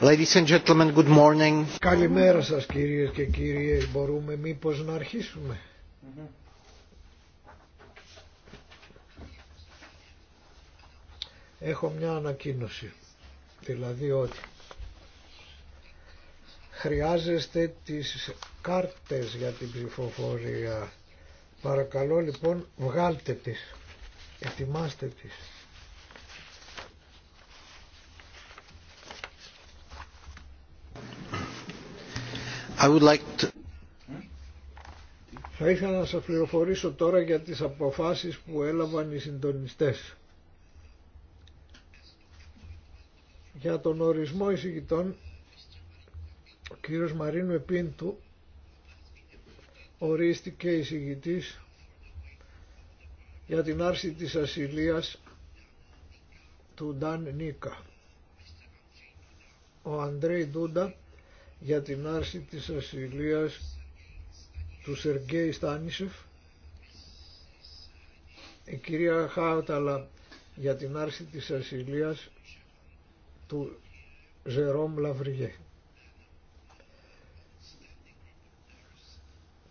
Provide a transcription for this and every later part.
Ladies gentlemen, good morning. Καλημέρα σας κυρίες και κύριοι. Μπορούμε μήπως να αρχίσουμε. Mm-hmm. Έχω μια ανακοίνωση. Δηλαδή ότι χρειάζεστε τις κάρτες για την ψηφοφορία. Παρακαλώ λοιπόν βγάλτε τις. Ετοιμάστε τις. Θα ήθελα να σας πληροφορήσω τώρα για τις αποφάσεις που έλαβαν οι συντονιστές. Για τον ορισμό εισηγητών, ο κύριος Μαρίνου Επίντου ορίστηκε εισηγητής για την άρση της ασυλίας του Νταν Νίκα. Ο Αντρέι Ντούντα για την άρση της ασυλίας του Σεργέη Στάνισεφ, η κυρία Χάουταλα για την άρση της ασυλίας του Ζερόμ Λαβριέ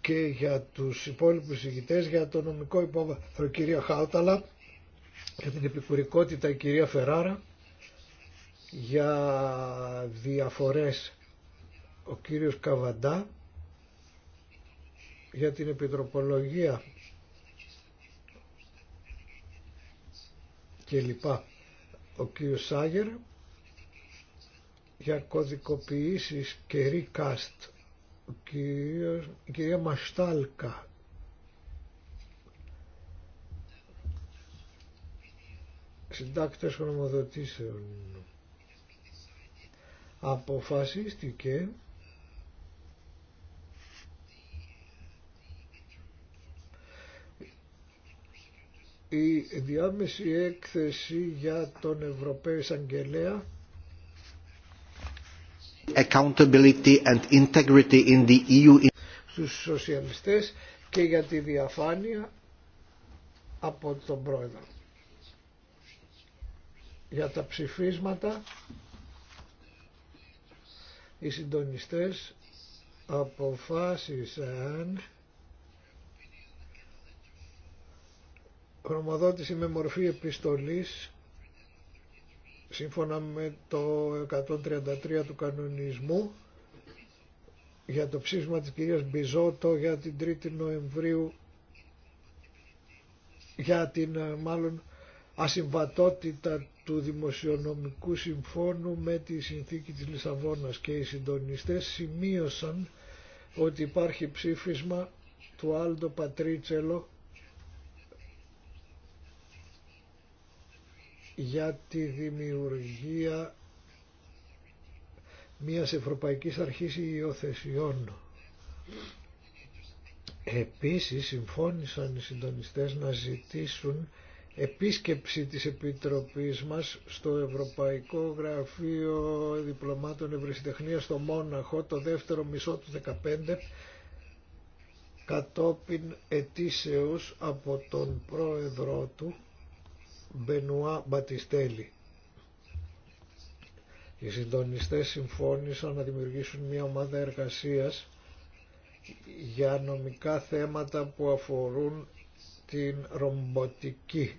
και για τους υπόλοιπους ηγητές για το νομικό υπόβαθρο κυρία Χάουταλα για την επικουρικότητα η κυρία Φεράρα για διαφορές ο κύριος Καβαντά για την επιτροπολογία και λοιπά. Ο κύριος Σάγερ για κωδικοποιήσεις και recast. Ο κύριος, η κυρία Μαστάλκα συντάκτες ονομοδοτήσεων. Αποφασίστηκε η διάμεση έκθεση για τον Ευρωπαίο Εισαγγελέα Accountability and integrity in the EU. στους σοσιαλιστές και για τη διαφάνεια από τον πρόεδρο. Για τα ψηφίσματα οι συντονιστές αποφάσισαν Χρωμοδότηση με μορφή επιστολής σύμφωνα με το 133 του κανονισμού για το ψήφισμα της κυρίας Μπιζότο για την 3η Νοεμβρίου για την ε, μάλλον ασυμβατότητα του Δημοσιονομικού Συμφώνου με τη συνθήκη της Λισαβόνας και οι συντονιστές σημείωσαν ότι υπάρχει ψήφισμα του Άλντο Πατρίτσελο για τη δημιουργία μιας Ευρωπαϊκής Αρχής Υιοθεσιών. Επίσης συμφώνησαν οι συντονιστές να ζητήσουν επίσκεψη της Επιτροπής μας στο Ευρωπαϊκό Γραφείο Διπλωμάτων Ευρεσιτεχνίας στο Μόναχο το δεύτερο μισό του 2015 κατόπιν ετήσεως από τον πρόεδρό του Μπενουά Μπατιστέλη. Οι συντονιστές συμφώνησαν να δημιουργήσουν μια ομάδα εργασίας για νομικά θέματα που αφορούν την ρομποτική.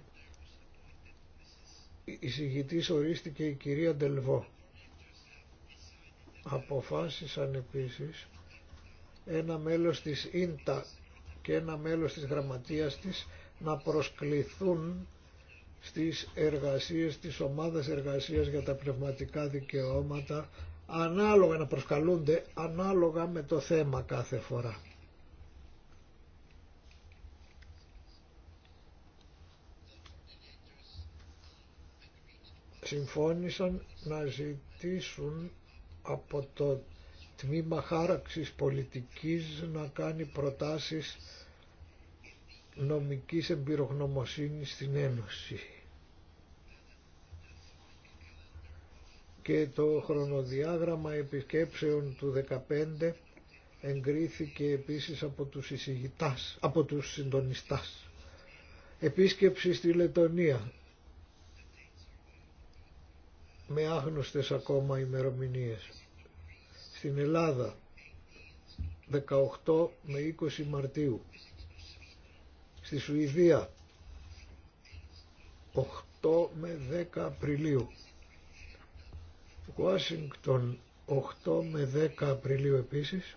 Η συγητής ορίστηκε η κυρία Ντελβό. Αποφάσισαν επίσης ένα μέλος της ΙΝΤΑ και ένα μέλος της γραμματείας της να προσκληθούν στις εργασίες της ομάδας εργασίας για τα πνευματικά δικαιώματα ανάλογα να προσκαλούνται ανάλογα με το θέμα κάθε φορά. Συμφώνησαν να ζητήσουν από το τμήμα χάραξης πολιτικής να κάνει προτάσεις νομικής εμπειρογνωμοσύνης στην Ένωση. και το χρονοδιάγραμμα επισκέψεων του 15 εγκρίθηκε επίσης από τους, εισηγητάς, από τους συντονιστάς. Επίσκεψη στη Λετωνία με άγνωστες ακόμα ημερομηνίες. Στην Ελλάδα 18 με 20 Μαρτίου. Στη Σουηδία 8 με 10 Απριλίου. Ουάσιγκτον 8 με 10 Απριλίου επίσης,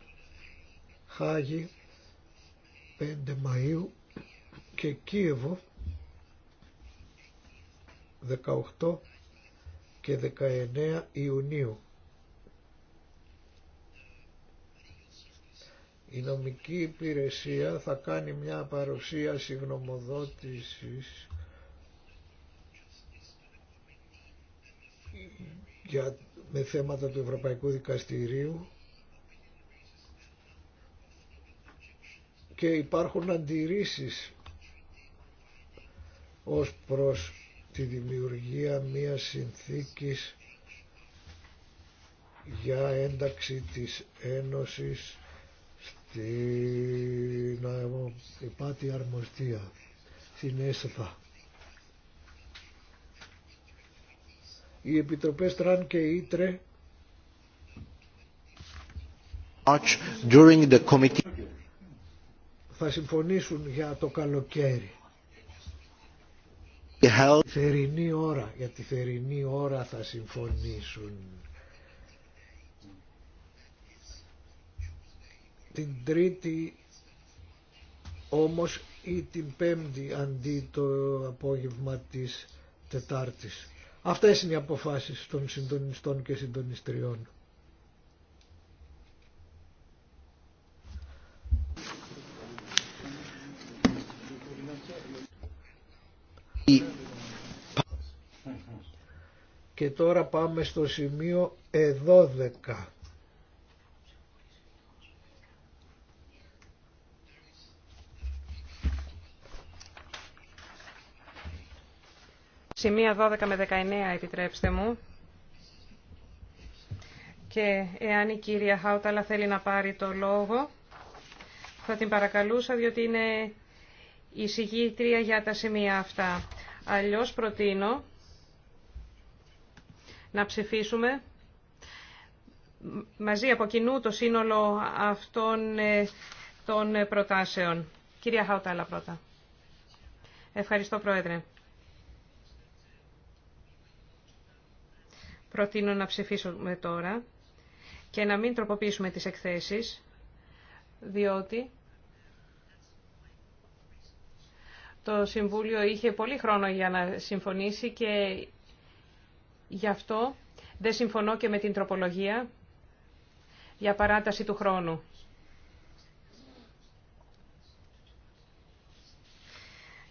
Χάγη 5 Μαΐου και Κίεβο 18 και 19 Ιουνίου. Η νομική υπηρεσία θα κάνει μια παρουσίαση γνωμοδότησης για, με θέματα του Ευρωπαϊκού Δικαστηρίου και υπάρχουν αντιρρήσεις ως προς τη δημιουργία μιας συνθήκης για ένταξη της Ένωσης στην υπάτη ε, ε, αρμοστία, στην ΕΣΦΑ. Οι επιτροπές Τραν και Ήτρε During the committee. θα συμφωνήσουν για το καλοκαίρι. Θερινή ώρα, για τη θερινή ώρα θα συμφωνήσουν. Την τρίτη όμως ή την πέμπτη αντί το απόγευμα της Τετάρτης. Αυτές είναι οι αποφάσεις των συντονιστών και συντονιστριών. Και τώρα πάμε στο σημείο 12. Σημεία 12 με 19 επιτρέψτε μου. Και εάν η κυρία Χάουταλα θέλει να πάρει το λόγο, θα την παρακαλούσα διότι είναι η για τα σημεία αυτά. Αλλιώς προτείνω να ψηφίσουμε μαζί από κοινού το σύνολο αυτών ε, των προτάσεων. Κυρία Χάουταλα πρώτα. Ευχαριστώ Πρόεδρε. προτείνω να ψηφίσουμε τώρα και να μην τροποποιήσουμε τις εκθέσεις, διότι το Συμβούλιο είχε πολύ χρόνο για να συμφωνήσει και γι' αυτό δεν συμφωνώ και με την τροπολογία για παράταση του χρόνου.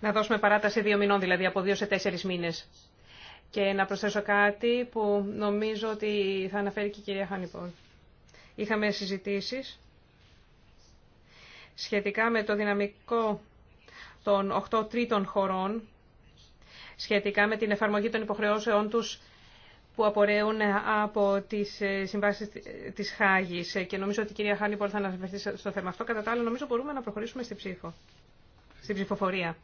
Να δώσουμε παράταση δύο μηνών, δηλαδή από δύο σε τέσσερις μήνες. Και να προσθέσω κάτι που νομίζω ότι θα αναφέρει και η κυρία Χάνιπολ. Είχαμε συζητήσεις σχετικά με το δυναμικό των 8 τρίτων χωρών, σχετικά με την εφαρμογή των υποχρεώσεών τους που απορρέουν από τις ε, συμβάσεις της Χάγης. Και νομίζω ότι η κυρία Χάνιπολ θα αναφερθεί στο θέμα αυτό. Κατά τα άλλα, νομίζω μπορούμε να προχωρήσουμε στη ψήφο, στην ψηφοφορία.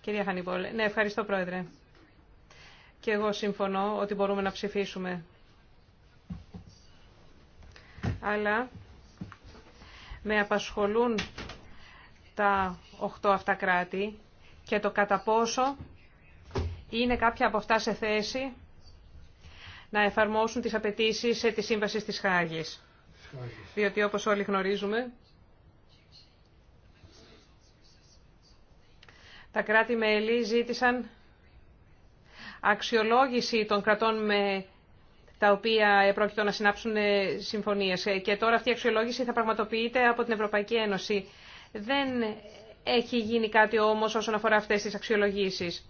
Κυρία Χάνιπολ, ναι, ευχαριστώ Πρόεδρε. Και εγώ συμφωνώ ότι μπορούμε να ψηφίσουμε. Αλλά με απασχολούν τα οχτώ αυτά κράτη και το κατά πόσο είναι κάποια από αυτά σε θέση να εφαρμόσουν τις απαιτήσεις τη Σύμβαση της Χάγης. Διότι όπως όλοι γνωρίζουμε, τα κράτη-μέλη ζήτησαν αξιολόγηση των κρατών με τα οποία πρόκειτο να συνάψουν ε, συμφωνίες. Ε, και τώρα αυτή η αξιολόγηση θα πραγματοποιείται από την Ευρωπαϊκή Ένωση. Δεν έχει γίνει κάτι όμως όσον αφορά αυτές τις αξιολογήσεις.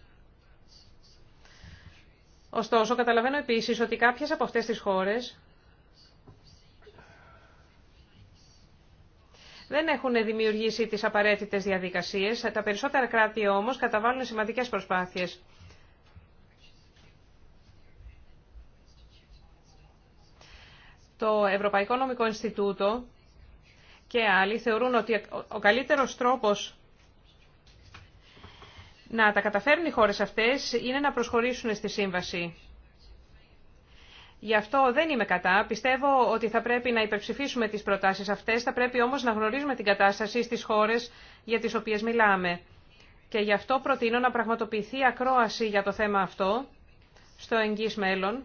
Ωστόσο, καταλαβαίνω επίσης ότι κάποιες από αυτές τις χώρες δεν έχουν δημιουργήσει τις απαραίτητες διαδικασίες. Τα περισσότερα κράτη όμως καταβάλουν σημαντικές προσπάθειες. Το Ευρωπαϊκό Νομικό Ινστιτούτο και άλλοι θεωρούν ότι ο καλύτερος τρόπος να τα καταφέρουν οι χώρες αυτές είναι να προσχωρήσουν στη σύμβαση. Γι' αυτό δεν είμαι κατά. Πιστεύω ότι θα πρέπει να υπερψηφίσουμε τις προτάσεις αυτές, θα πρέπει όμως να γνωρίζουμε την κατάσταση στις χώρες για τις οποίες μιλάμε. Και γι' αυτό προτείνω να πραγματοποιηθεί ακρόαση για το θέμα αυτό στο εγγύς μέλλον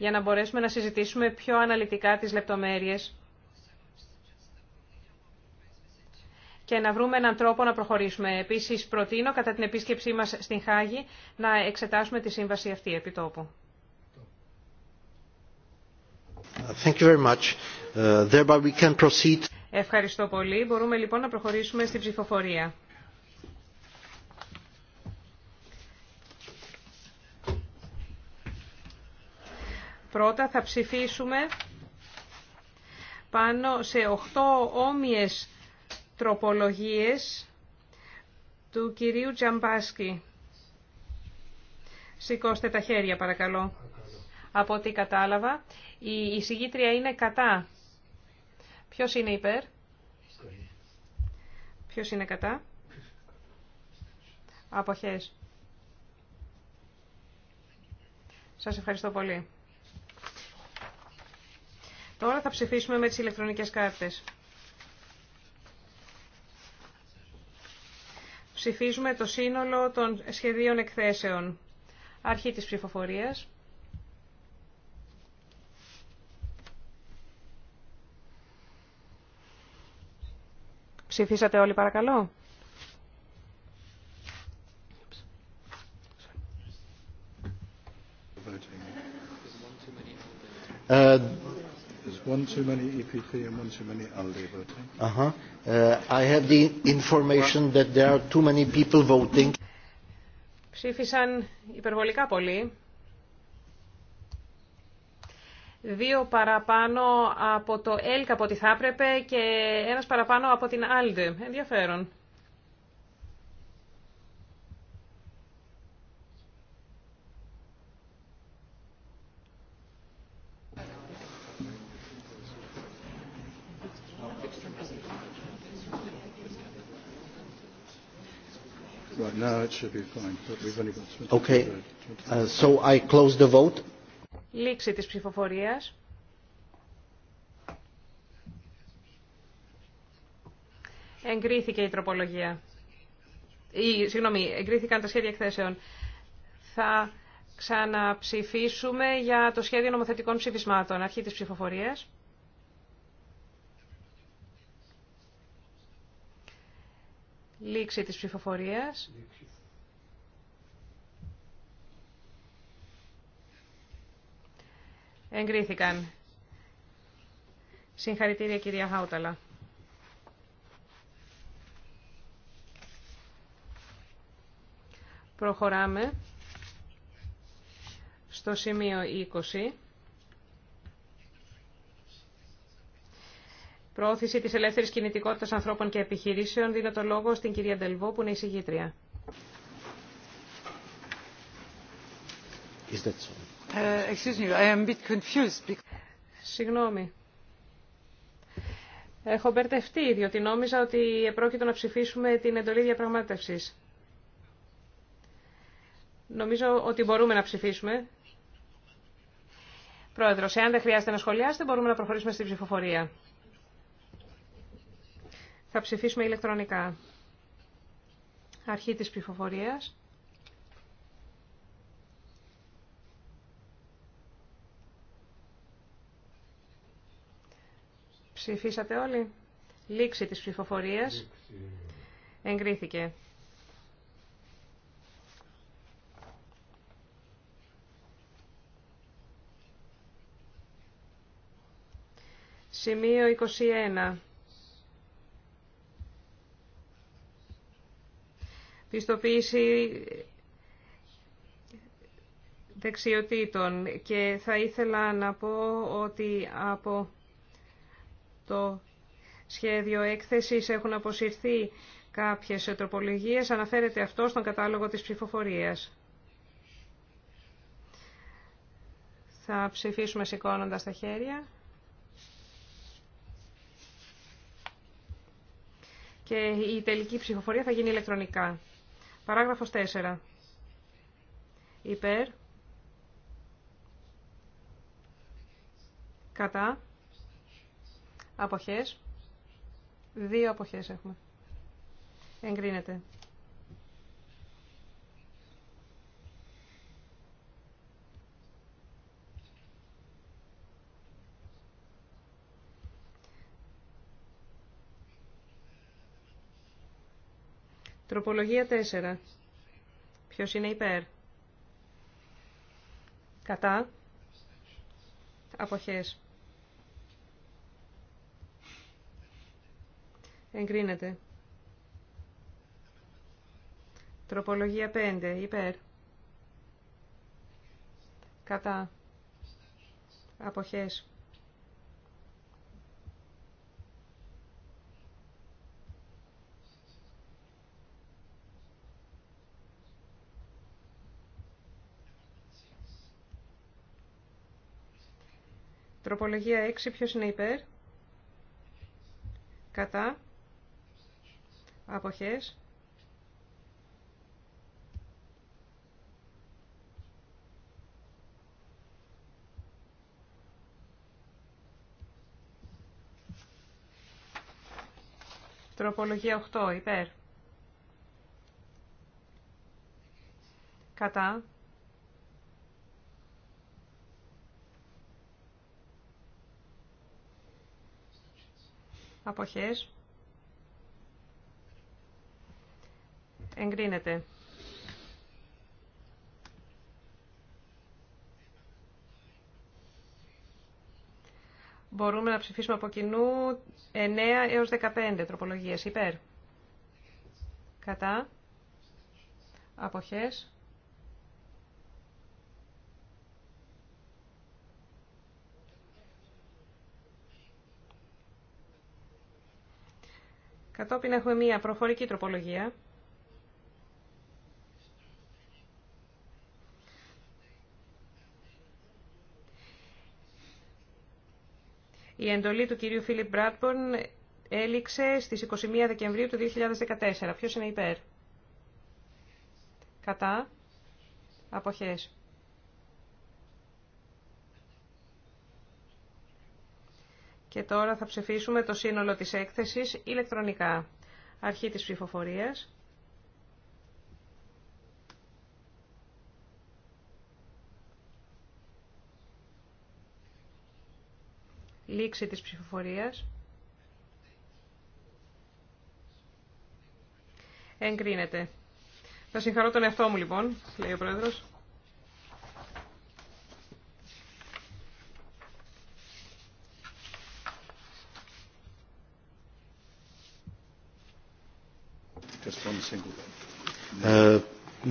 για να μπορέσουμε να συζητήσουμε πιο αναλυτικά τις λεπτομέρειες και να βρούμε έναν τρόπο να προχωρήσουμε. Επίσης, προτείνω κατά την επίσκεψή μας στην Χάγη να εξετάσουμε τη σύμβαση αυτή επί τόπου. Thank you very much. Uh, we can Ευχαριστώ πολύ. Μπορούμε λοιπόν να προχωρήσουμε στην ψηφοφορία. Πρώτα θα ψηφίσουμε πάνω σε 8 όμοιες τροπολογίες του κυρίου Τζαμπάσκη. Σηκώστε τα χέρια παρακαλώ. Από ό,τι κατάλαβα, η εισηγήτρια είναι κατά. Ποιος είναι υπέρ? Ποιος είναι κατά? Αποχές. Σας ευχαριστώ πολύ. Τώρα θα ψηφίσουμε με τις ηλεκτρονικές κάρτες. Ψηφίζουμε το σύνολο των σχεδίων εκθέσεων. Αρχή της ψηφοφορίας. Ψηφίσατε όλοι παρακαλώ. Uh, One too many EPP and one too many ALDE voting. Uh -huh. I have the information that there are too many people voting. Ψήφισαν υπερβολικά πολύ. Δύο παραπάνω από το ΕΛΚ από ό,τι θα έπρεπε και ένας παραπάνω από την ΑΛΔΕ. Ενδιαφέρον. Λήξη της ψηφοφορίας. Εγκρίθηκε η τροπολογία. συγγνώμη, εγκρίθηκαν τα σχέδια εκθέσεων. Θα ξαναψηφίσουμε για το σχέδιο νομοθετικών ψηφισμάτων. Αρχή της ψηφοφορίας. Λήξη της ψηφοφορίας. Εγκρίθηκαν. Συγχαρητήρια κυρία Χάουταλα. Προχωράμε στο σημείο 20. προώθηση της ελεύθερης κινητικότητας ανθρώπων και επιχειρήσεων. Δίνω το λόγο στην κυρία Ντελβό που είναι η συγγήτρια. Συγγνώμη. Έχω μπερδευτεί, διότι νόμιζα ότι επρόκειτο να ψηφίσουμε την εντολή διαπραγμάτευσης. Νομίζω ότι μπορούμε να ψηφίσουμε. Πρόεδρο, εάν δεν χρειάζεται να σχολιάσετε, μπορούμε να προχωρήσουμε στην ψηφοφορία. Θα ψηφίσουμε ηλεκτρονικά. Αρχή της ψηφοφορίας. Ψηφίσατε όλοι. Λήξη της ψηφοφορίας. Εγκρίθηκε. Σημείο 21. πιστοποίηση δεξιοτήτων και θα ήθελα να πω ότι από το σχέδιο έκθεσης έχουν αποσυρθεί κάποιες τροπολογίες. Αναφέρεται αυτό στον κατάλογο της ψηφοφορίας. Θα ψηφίσουμε σηκώνοντα τα χέρια. Και η τελική ψηφοφορία θα γίνει ηλεκτρονικά. Παράγραφος 4. Υπέρ. Κατά. Αποχές. Δύο αποχές έχουμε. Εγκρίνεται. Τροπολογία 4. Ποιος είναι υπέρ. Κατά. Αποχές. Εγκρίνεται. Τροπολογία 5. Υπέρ. Κατά. Αποχές. Τροπολογία 6. Ποιος είναι υπέρ. Κατά. Αποχές. Τροπολογία 8. Υπέρ. Κατά. Αποχές. Εγκρίνεται. Μπορούμε να ψηφίσουμε από κοινού 9 έως 15 τροπολογίες. Υπέρ. Κατά. Αποχές. Κατόπιν έχουμε μία προφορική τροπολογία. Η εντολή του κυρίου Φίλιπ Μπράτπορν έληξε στις 21 Δεκεμβρίου του 2014. Ποιος είναι υπέρ. Κατά. Αποχές. Και τώρα θα ψηφίσουμε το σύνολο της έκθεσης ηλεκτρονικά. Αρχή της ψηφοφορίας. Λήξη της ψηφοφορίας. Εγκρίνεται. Θα συγχαρώ τον εαυτό μου λοιπόν, λέει ο Πρόεδρος.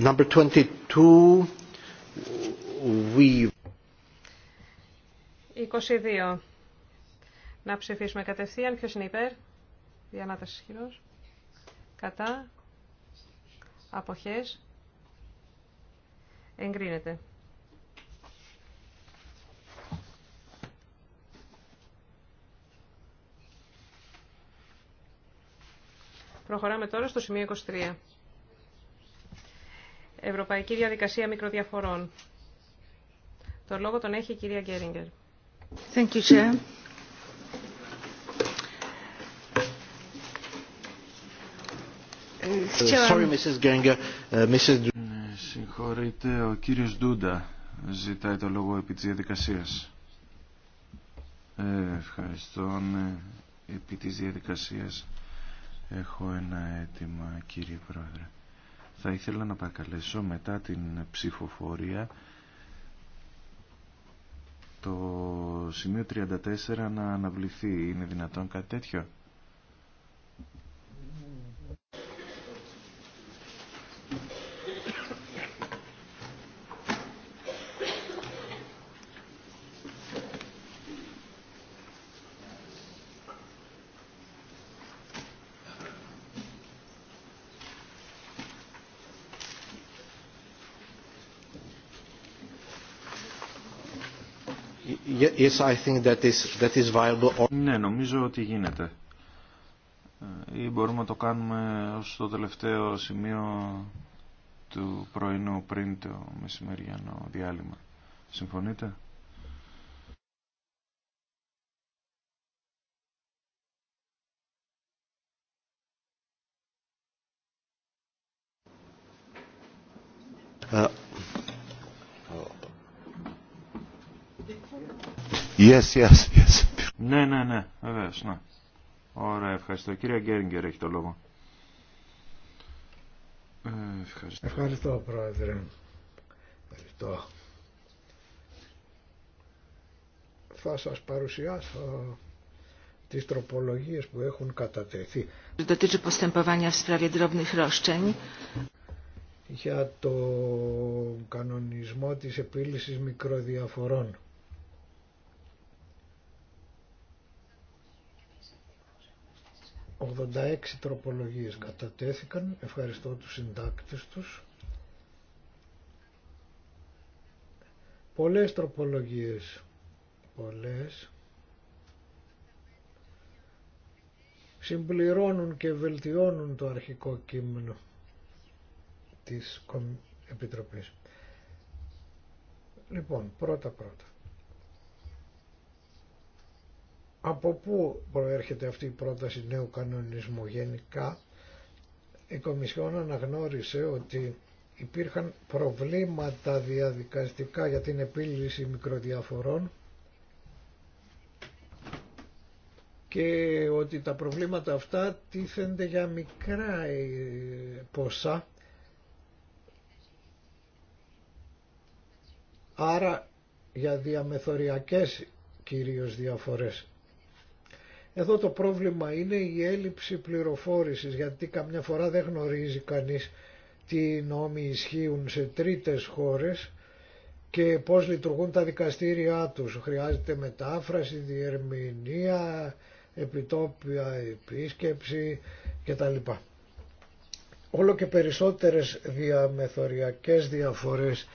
22, 22. Να ψηφίσουμε κατευθείαν. Ποιος είναι υπέρ. Διανάταση χειρός. Κατά. Αποχές. Εγκρίνεται. Προχωράμε τώρα στο σημείο 23. Ευρωπαϊκή Διαδικασία Μικροδιαφορών. Το λόγο τον έχει η κυρία Γκέριγκερ. Συγχωρείτε, ο κύριος Ντούντα ζητάει το λόγο επί της διαδικασίας. Ε, ευχαριστώ. Ναι. Επί της διαδικασίας έχω ένα αίτημα, κύριε Πρόεδρε θα ήθελα να παρακαλέσω μετά την ψηφοφορία το σημείο 34 να αναβληθεί. Είναι δυνατόν κάτι τέτοιο. Yes, I think that is, that is viable. Ναι, νομίζω ότι γίνεται. Ε, ή μπορούμε να το κάνουμε ως το τελευταίο σημείο του πρωινού πριν το μεσημεριανό διάλειμμα. Συμφωνείτε? Uh, Yes, yes, yes. Ναι, ναι, ναι, βεβαίω. Ναι. Ωραία, ευχαριστώ. Κύριε Γκέριγκερ έχει το λόγο. Ε, ευχαριστώ. Ευχαριστώ, Πρόεδρε. Ευχαριστώ. Θα σας παρουσιάσω τις τροπολογίες που έχουν κατατεθεί. Για το κανονισμό της επίλυσης μικροδιαφορών. 86 τροπολογίες κατατέθηκαν, ευχαριστώ τους συντάκτες τους. Πολλές τροπολογίες, πολλές, συμπληρώνουν και βελτιώνουν το αρχικό κείμενο της Επιτροπής. Λοιπόν, πρώτα πρώτα. Από πού προέρχεται αυτή η πρόταση νέου κανονισμού γενικά. Η Κομισιόν αναγνώρισε ότι υπήρχαν προβλήματα διαδικαστικά για την επίλυση μικροδιαφορών και ότι τα προβλήματα αυτά τίθενται για μικρά ε, ποσά άρα για διαμεθοριακές κυρίως διαφορές εδώ το πρόβλημα είναι η έλλειψη πληροφόρησης γιατί καμιά φορά δεν γνωρίζει κανείς τι νόμοι ισχύουν σε τρίτες χώρες και πώς λειτουργούν τα δικαστήριά τους. Χρειάζεται μετάφραση, διερμηνία, επιτόπια επίσκεψη κτλ. Όλο και περισσότερες διαμεθοριακές διαφορές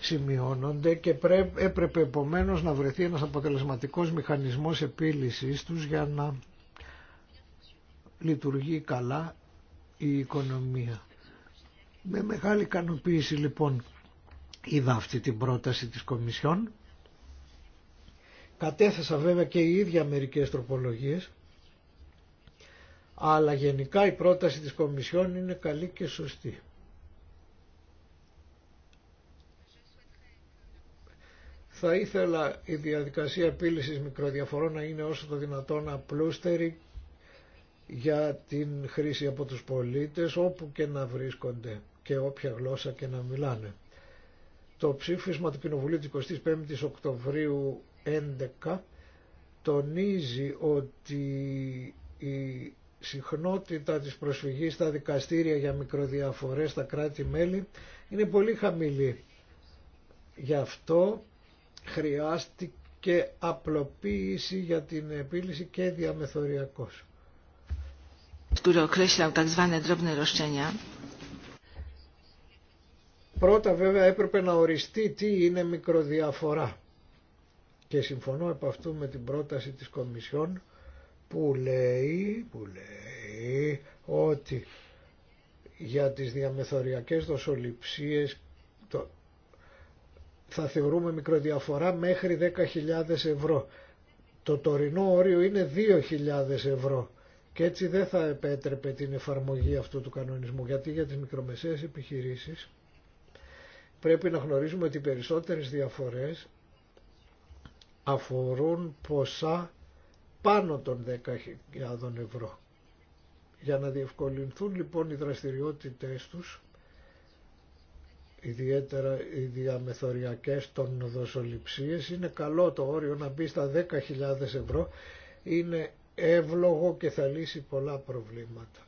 σημειώνονται και έπρεπε επομένω να βρεθεί ένας αποτελεσματικός μηχανισμός επίλυσης τους για να λειτουργεί καλά η οικονομία. Με μεγάλη ικανοποίηση λοιπόν είδα αυτή την πρόταση της Κομισιόν. Κατέθεσα βέβαια και οι ίδια μερικές τροπολογίες, αλλά γενικά η πρόταση της Κομισιόν είναι καλή και σωστή. Θα ήθελα η διαδικασία επίλυσης μικροδιαφορών να είναι όσο το δυνατόν απλούστερη για την χρήση από τους πολίτες όπου και να βρίσκονται και όποια γλώσσα και να μιλάνε. Το ψήφισμα του Κοινοβουλίου της 25ης Οκτωβρίου 11 τονίζει ότι η συχνότητα της προσφυγής στα δικαστήρια για μικροδιαφορές στα κράτη-μέλη είναι πολύ χαμηλή. Γι' αυτό χρειάστηκε απλοποίηση για την επίλυση και διαμεθοριακός. Πρώτα βέβαια έπρεπε να οριστεί τι είναι μικροδιαφορά και συμφωνώ από αυτού με την πρόταση της Κομισιόν που λέει, που λέει ότι για τις διαμεθοριακές δοσοληψίες θα θεωρούμε μικροδιαφορά μέχρι 10.000 ευρώ. Το τωρινό όριο είναι 2.000 ευρώ και έτσι δεν θα επέτρεπε την εφαρμογή αυτού του κανονισμού γιατί για τις μικρομεσαίες επιχειρήσεις πρέπει να γνωρίζουμε ότι οι περισσότερες διαφορές αφορούν ποσά πάνω των 10.000 ευρώ. Για να διευκολυνθούν λοιπόν οι δραστηριότητες τους ιδιαίτερα οι διαμεθοριακές των δοσοληψίες είναι καλό το όριο να μπει στα 10.000 ευρώ είναι εύλογο και θα λύσει πολλά προβλήματα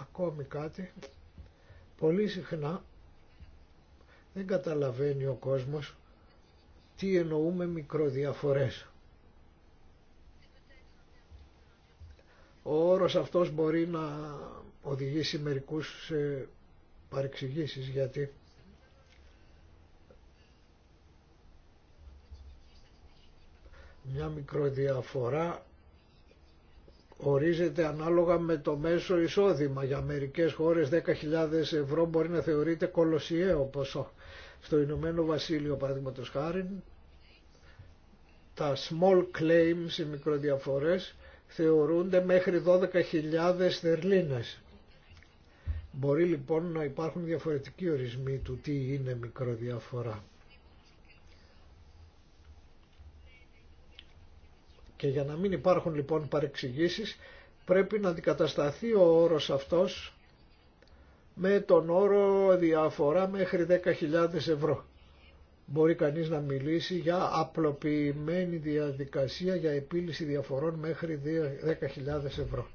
ακόμη κάτι πολύ συχνά δεν καταλαβαίνει ο κόσμος τι εννοούμε μικροδιαφορές ο όρος αυτός μπορεί να οδηγήσει μερικούς σε παρεξηγήσεις γιατί μια μικροδιαφορά ορίζεται ανάλογα με το μέσο εισόδημα. Για μερικές χώρες 10.000 ευρώ μπορεί να θεωρείται κολοσιαίο ποσό. Στο Ηνωμένο Βασίλειο παραδείγματος χάρη τα small claims, οι μικροδιαφορές, θεωρούνται μέχρι 12.000 θερλίνες. Μπορεί λοιπόν να υπάρχουν διαφορετικοί ορισμοί του τι είναι μικροδιαφορά. Και για να μην υπάρχουν λοιπόν παρεξηγήσεις πρέπει να αντικατασταθεί ο όρος αυτός με τον όρο διαφορά μέχρι 10.000 ευρώ. Μπορεί κανείς να μιλήσει για απλοποιημένη διαδικασία για επίλυση διαφορών μέχρι 10.000 ευρώ.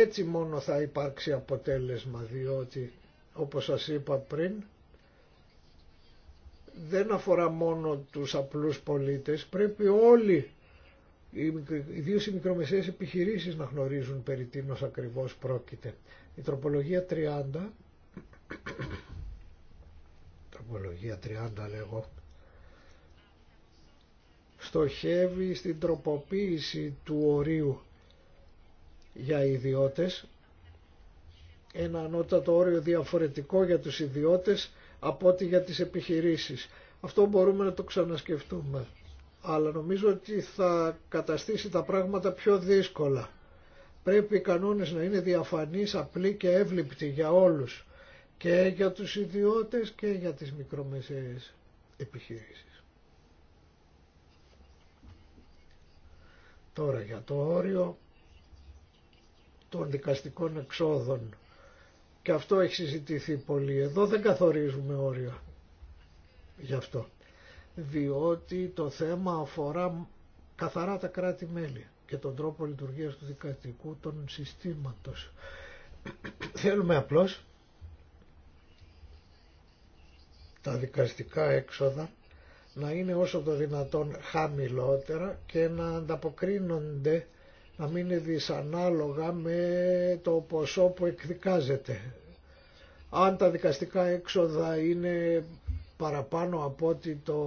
Έτσι μόνο θα υπάρξει αποτέλεσμα διότι όπως σας είπα πριν δεν αφορά μόνο τους απλούς πολίτες, πρέπει όλοι, οι οι μικρομεσαίες επιχειρήσεις να γνωρίζουν περί τίνος ακριβώς πρόκειται. Η τροπολογία 30, τροπολογία 30 λέγω, στοχεύει στην τροποποίηση του ορίου για ιδιώτες, ένα ανώτατο όριο διαφορετικό για τους ιδιώτες από ό,τι για τις επιχειρήσεις. Αυτό μπορούμε να το ξανασκεφτούμε. Αλλά νομίζω ότι θα καταστήσει τα πράγματα πιο δύσκολα. Πρέπει οι κανόνες να είναι διαφανείς, απλοί και εύληπτοι για όλους. Και για τους ιδιώτες και για τις μικρομεσαίες επιχειρήσεις. Τώρα για το όριο των δικαστικών εξόδων. Και αυτό έχει συζητηθεί πολύ. Εδώ δεν καθορίζουμε όρια γι' αυτό. Διότι το θέμα αφορά καθαρά τα κράτη-μέλη και τον τρόπο λειτουργίας του δικαστικού των συστήματος. Θέλουμε απλώς τα δικαστικά έξοδα να είναι όσο το δυνατόν χαμηλότερα και να ανταποκρίνονται να μην είναι δυσανάλογα με το ποσό που εκδικάζεται. Αν τα δικαστικά έξοδα είναι παραπάνω από ότι το,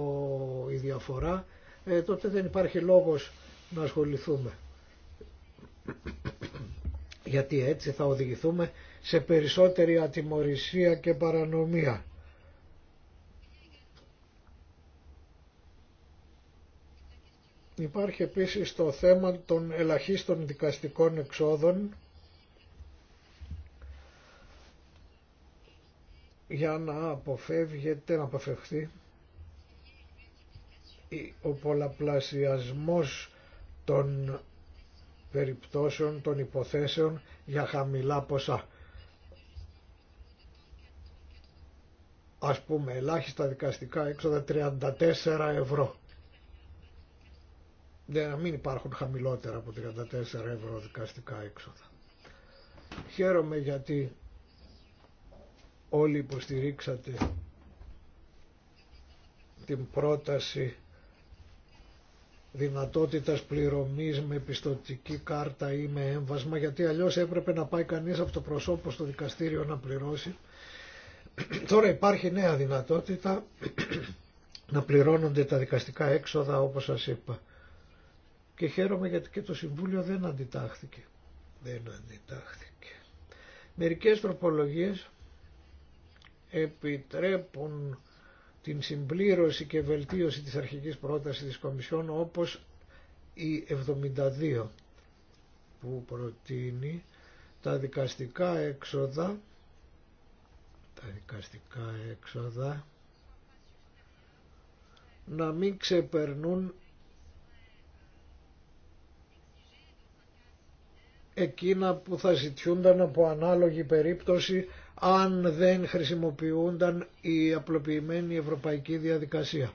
η διαφορά, ε, τότε δεν υπάρχει λόγος να ασχοληθούμε. Γιατί έτσι θα οδηγηθούμε σε περισσότερη ατιμορρησία και παρανομία. Υπάρχει επίσης το θέμα των ελαχίστων δικαστικών εξόδων για να αποφεύγεται, να αποφευχθεί ο πολλαπλασιασμός των περιπτώσεων, των υποθέσεων για χαμηλά ποσά. Ας πούμε ελάχιστα δικαστικά έξοδα 34 ευρώ. Ναι, να μην υπάρχουν χαμηλότερα από 34 ευρώ δικαστικά έξοδα. Χαίρομαι γιατί όλοι υποστηρίξατε την πρόταση δυνατότητας πληρωμής με πιστοτική κάρτα ή με έμβασμα γιατί αλλιώς έπρεπε να πάει κανείς από το προσώπο στο δικαστήριο να πληρώσει. Τώρα υπάρχει νέα δυνατότητα να πληρώνονται τα δικαστικά έξοδα όπως σας είπα και χαίρομαι γιατί και το Συμβούλιο δεν αντιτάχθηκε. Δεν αντιτάχθηκε. Μερικές τροπολογίες επιτρέπουν την συμπλήρωση και βελτίωση της αρχικής πρότασης της Κομισιόν όπως η 72 που προτείνει τα δικαστικά έξοδα τα δικαστικά έξοδα να μην ξεπερνούν εκείνα που θα ζητιούνταν από ανάλογη περίπτωση αν δεν χρησιμοποιούνταν η απλοποιημένη ευρωπαϊκή διαδικασία.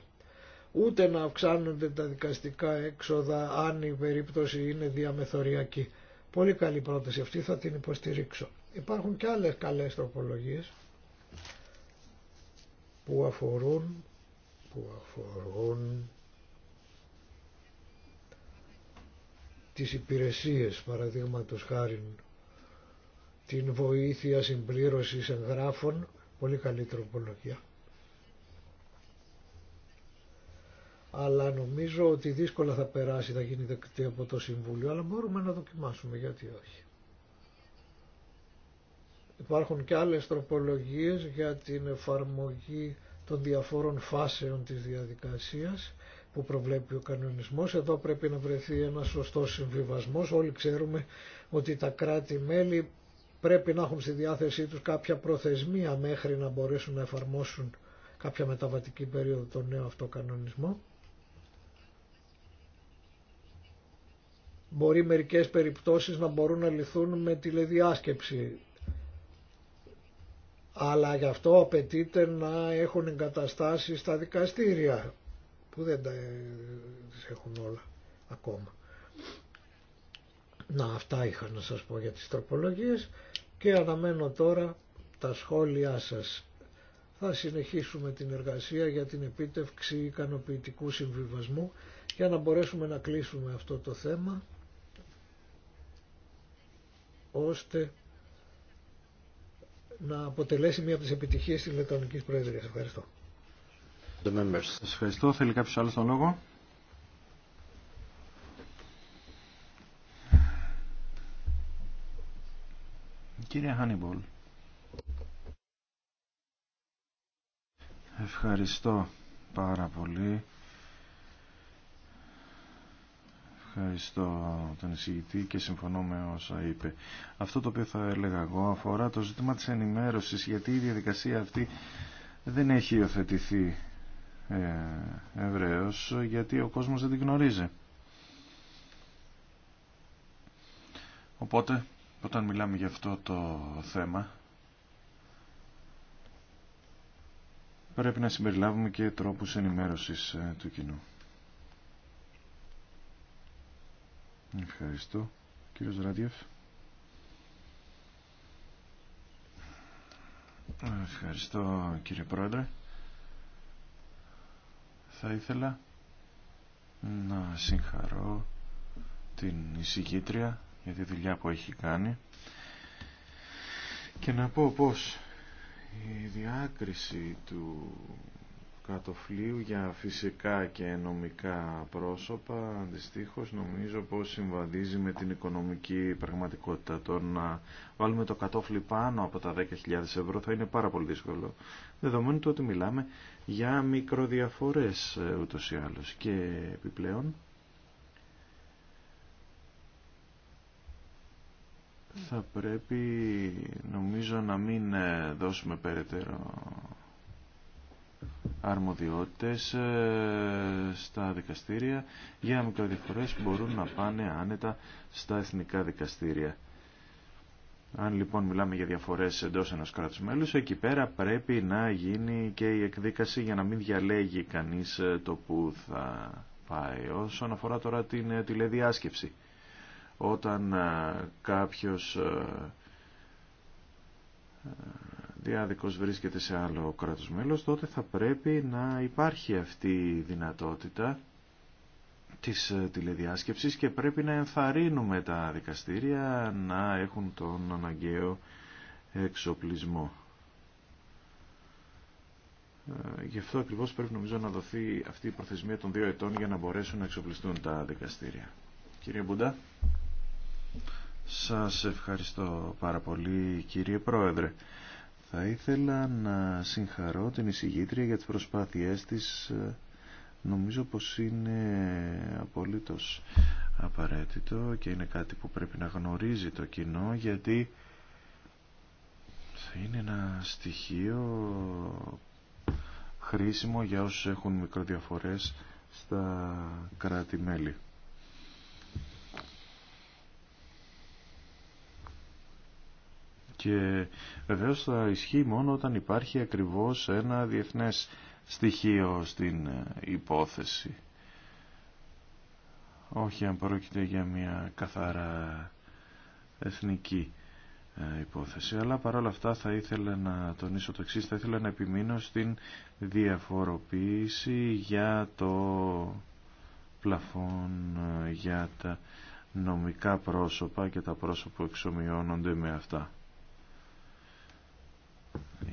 Ούτε να αυξάνονται τα δικαστικά έξοδα αν η περίπτωση είναι διαμεθοριακή. Πολύ καλή πρόταση αυτή, θα την υποστηρίξω. Υπάρχουν και άλλες καλές τροπολογίες που αφορούν, που αφορούν τις υπηρεσίες παραδείγματος χάρη την βοήθεια συμπλήρωσης εγγράφων, πολύ καλή τροπολογία. Αλλά νομίζω ότι δύσκολα θα περάσει, θα γίνει δεκτή από το Συμβούλιο, αλλά μπορούμε να δοκιμάσουμε, γιατί όχι. Υπάρχουν και άλλες τροπολογίες για την εφαρμογή των διαφόρων φάσεων της διαδικασίας που προβλέπει ο κανονισμός. Εδώ πρέπει να βρεθεί ένας σωστό συμβιβασμός. Όλοι ξέρουμε ότι τα κράτη-μέλη πρέπει να έχουν στη διάθεσή τους κάποια προθεσμία μέχρι να μπορέσουν να εφαρμόσουν κάποια μεταβατική περίοδο τον νέο αυτό κανονισμό. Μπορεί μερικές περιπτώσεις να μπορούν να λυθούν με τηλεδιάσκεψη. Αλλά γι' αυτό απαιτείται να έχουν εγκαταστάσει στα δικαστήρια που δεν τα ε, έχουν όλα ακόμα. Να αυτά είχα να σας πω για τις τροπολογίες και αναμένω τώρα τα σχόλιά σας. Θα συνεχίσουμε την εργασία για την επίτευξη ικανοποιητικού συμβιβασμού για να μπορέσουμε να κλείσουμε αυτό το θέμα ώστε να αποτελέσει μία από τις επιτυχίες της Λετωνικής Προεδρίας. Ευχαριστώ ευχαριστώ. Θέλει κάποιος άλλος τον λόγο. Κύριε Χάνιμπολ. Ευχαριστώ πάρα πολύ. Ευχαριστώ τον εισηγητή και συμφωνώ με όσα είπε. Αυτό το οποίο θα έλεγα εγώ αφορά το ζήτημα της ενημέρωσης γιατί η διαδικασία αυτή δεν έχει υιοθετηθεί ε, ευρέως γιατί ο κόσμος δεν την γνωρίζει. Οπότε, όταν μιλάμε για αυτό το θέμα, πρέπει να συμπεριλάβουμε και τρόπους ενημέρωσης ε, του κοινού. Ευχαριστώ. Κύριος Ράντιεφ. Ευχαριστώ κύριε Πρόεδρε θα ήθελα να συγχαρώ την εισηγήτρια για τη δουλειά που έχει κάνει και να πω πως η διάκριση του κατοφλίου για φυσικά και νομικά πρόσωπα αντιστοίχως νομίζω πως συμβαδίζει με την οικονομική πραγματικότητα το να βάλουμε το κατόφλι πάνω από τα 10.000 ευρώ θα είναι πάρα πολύ δύσκολο δεδομένου του ότι μιλάμε για μικροδιαφορές ε, ούτως ή άλλως και επιπλέον θα πρέπει νομίζω να μην ε, δώσουμε περαιτέρω αρμοδιότητες ε, στα δικαστήρια για μικροδιαφορές που μπορούν να πάνε άνετα στα εθνικά δικαστήρια. Αν λοιπόν μιλάμε για διαφορές εντός ενός κράτους μέλους, εκεί πέρα πρέπει να γίνει και η εκδίκαση για να μην διαλέγει κανείς ε, το που θα πάει. Όσον αφορά τώρα την ε, τηλεδιάσκεψη, όταν κάποιος διάδικος βρίσκεται σε άλλο κράτος μέλος, τότε θα πρέπει να υπάρχει αυτή η δυνατότητα της ε, τηλεδιάσκεψης και πρέπει να ενθαρρύνουμε τα δικαστήρια να έχουν τον αναγκαίο εξοπλισμό. Ε, γι' αυτό ακριβώς πρέπει νομίζω να δοθεί αυτή η προθεσμία των δύο ετών για να μπορέσουν να εξοπλιστούν τα δικαστήρια. Κύριε Μπουντά. Σας ευχαριστώ πάρα πολύ κύριε Πρόεδρε. Θα ήθελα να συγχαρώ την εισηγήτρια για τις προσπάθειές της. Νομίζω πως είναι απολύτως απαραίτητο και είναι κάτι που πρέπει να γνωρίζει το κοινό γιατί θα είναι ένα στοιχείο χρήσιμο για όσους έχουν μικροδιαφορές στα κράτη-μέλη. και βεβαίως θα ισχύει μόνο όταν υπάρχει ακριβώς ένα διεθνές στοιχείο στην υπόθεση. Όχι αν πρόκειται για μια καθαρά εθνική ε, υπόθεση. Αλλά παρόλα αυτά θα ήθελα να τονίσω το εξή, θα ήθελα να επιμείνω στην διαφοροποίηση για το πλαφών ε, για τα νομικά πρόσωπα και τα πρόσωπα που εξομοιώνονται με αυτά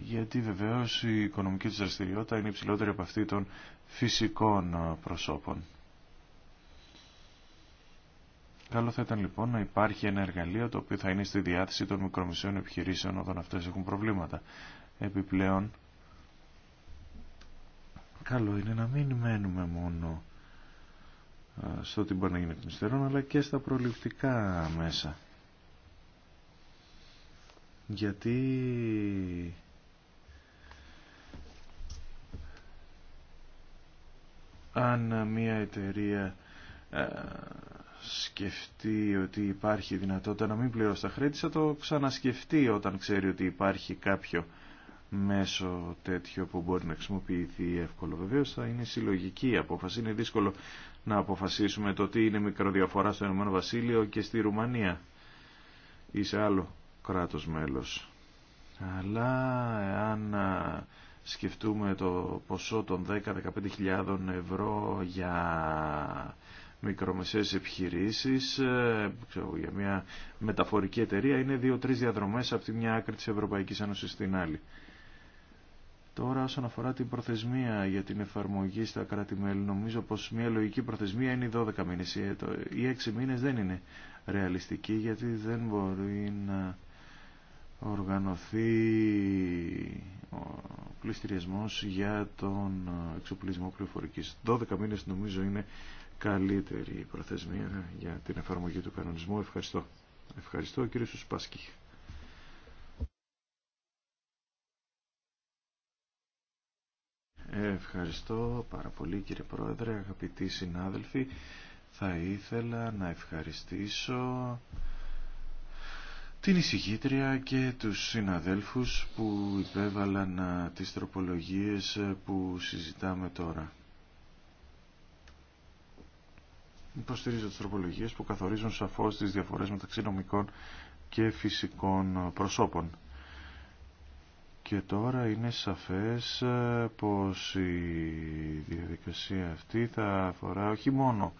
γιατί βεβαίως η οικονομική της δραστηριότητα είναι υψηλότερη από αυτή των φυσικών ε, προσώπων. Καλό θα ήταν λοιπόν να υπάρχει ένα εργαλείο το οποίο θα είναι στη διάθεση των μικρομεσαίων επιχειρήσεων όταν αυτές έχουν προβλήματα. Επιπλέον, καλό είναι να μην μένουμε μόνο ε, στο τι μπορεί να γίνει εκ αλλά και στα προληπτικά μέσα γιατί αν μια εταιρεία ε, σκεφτεί ότι υπάρχει δυνατότητα να μην πληρώσει τα χρέη θα το ξανασκεφτεί όταν ξέρει ότι υπάρχει κάποιο μέσο τέτοιο που μπορεί να χρησιμοποιηθεί εύκολο. Βεβαίω θα είναι συλλογική η απόφαση. Είναι δύσκολο να αποφασίσουμε το τι είναι μικροδιαφορά στο Ηνωμένο Βασίλειο και στη Ρουμανία ή σε άλλο κράτος μέλος. Αλλά εάν σκεφτούμε το ποσό των 10-15 ευρώ για μικρομεσαίες επιχειρήσεις ε, για μια μεταφορική εταιρεία είναι δύο-τρεις διαδρομές από τη μια άκρη της Ευρωπαϊκής Ένωσης στην άλλη. Τώρα όσον αφορά την προθεσμία για την εφαρμογή στα κράτη-μέλη νομίζω πως μια λογική προθεσμία είναι οι 12 μήνες. Ε, οι 6 μήνες δεν είναι ρεαλιστική γιατί δεν μπορεί να οργανωθεί ο πληστηριασμός για τον εξοπλισμό πληροφορικής. 12 μήνες νομίζω είναι καλύτερη η προθεσμία για την εφαρμογή του κανονισμού. Ευχαριστώ. Ευχαριστώ κύριε Σουσπάσκη. Ευχαριστώ πάρα πολύ κύριε Πρόεδρε, αγαπητοί συνάδελφοι. Θα ήθελα να ευχαριστήσω την εισηγήτρια και τους συναδέλφους που υπέβαλαν τις τροπολογίες που συζητάμε τώρα. Υποστηρίζω τις τροπολογίες που καθορίζουν σαφώς τις διαφορές μεταξύ νομικών και φυσικών προσώπων. Και τώρα είναι σαφές πως η διαδικασία αυτή θα αφορά όχι μόνο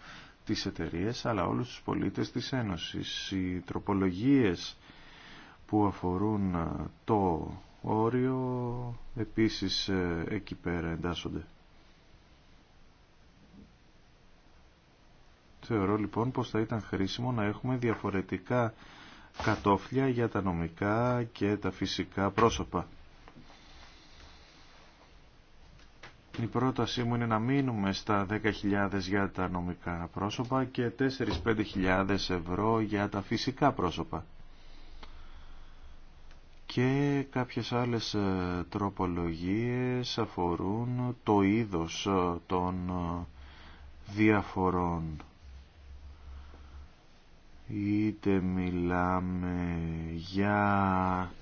τις εταιρείες αλλά όλους τους πολίτες της Ένωσης. Οι τροπολογίες που αφορούν το όριο επίσης ε, εκεί πέρα εντάσσονται. Θεωρώ λοιπόν πως θα ήταν χρήσιμο να έχουμε διαφορετικά κατόφλια για τα νομικά και τα φυσικά πρόσωπα. Η πρότασή μου είναι να μείνουμε στα 10.000 για τα νομικά πρόσωπα και 4-5.000 ευρώ για τα φυσικά πρόσωπα και κάποιες άλλες ε, τροπολογίες αφορούν το είδος ε, των ε, διαφορών. Είτε μιλάμε για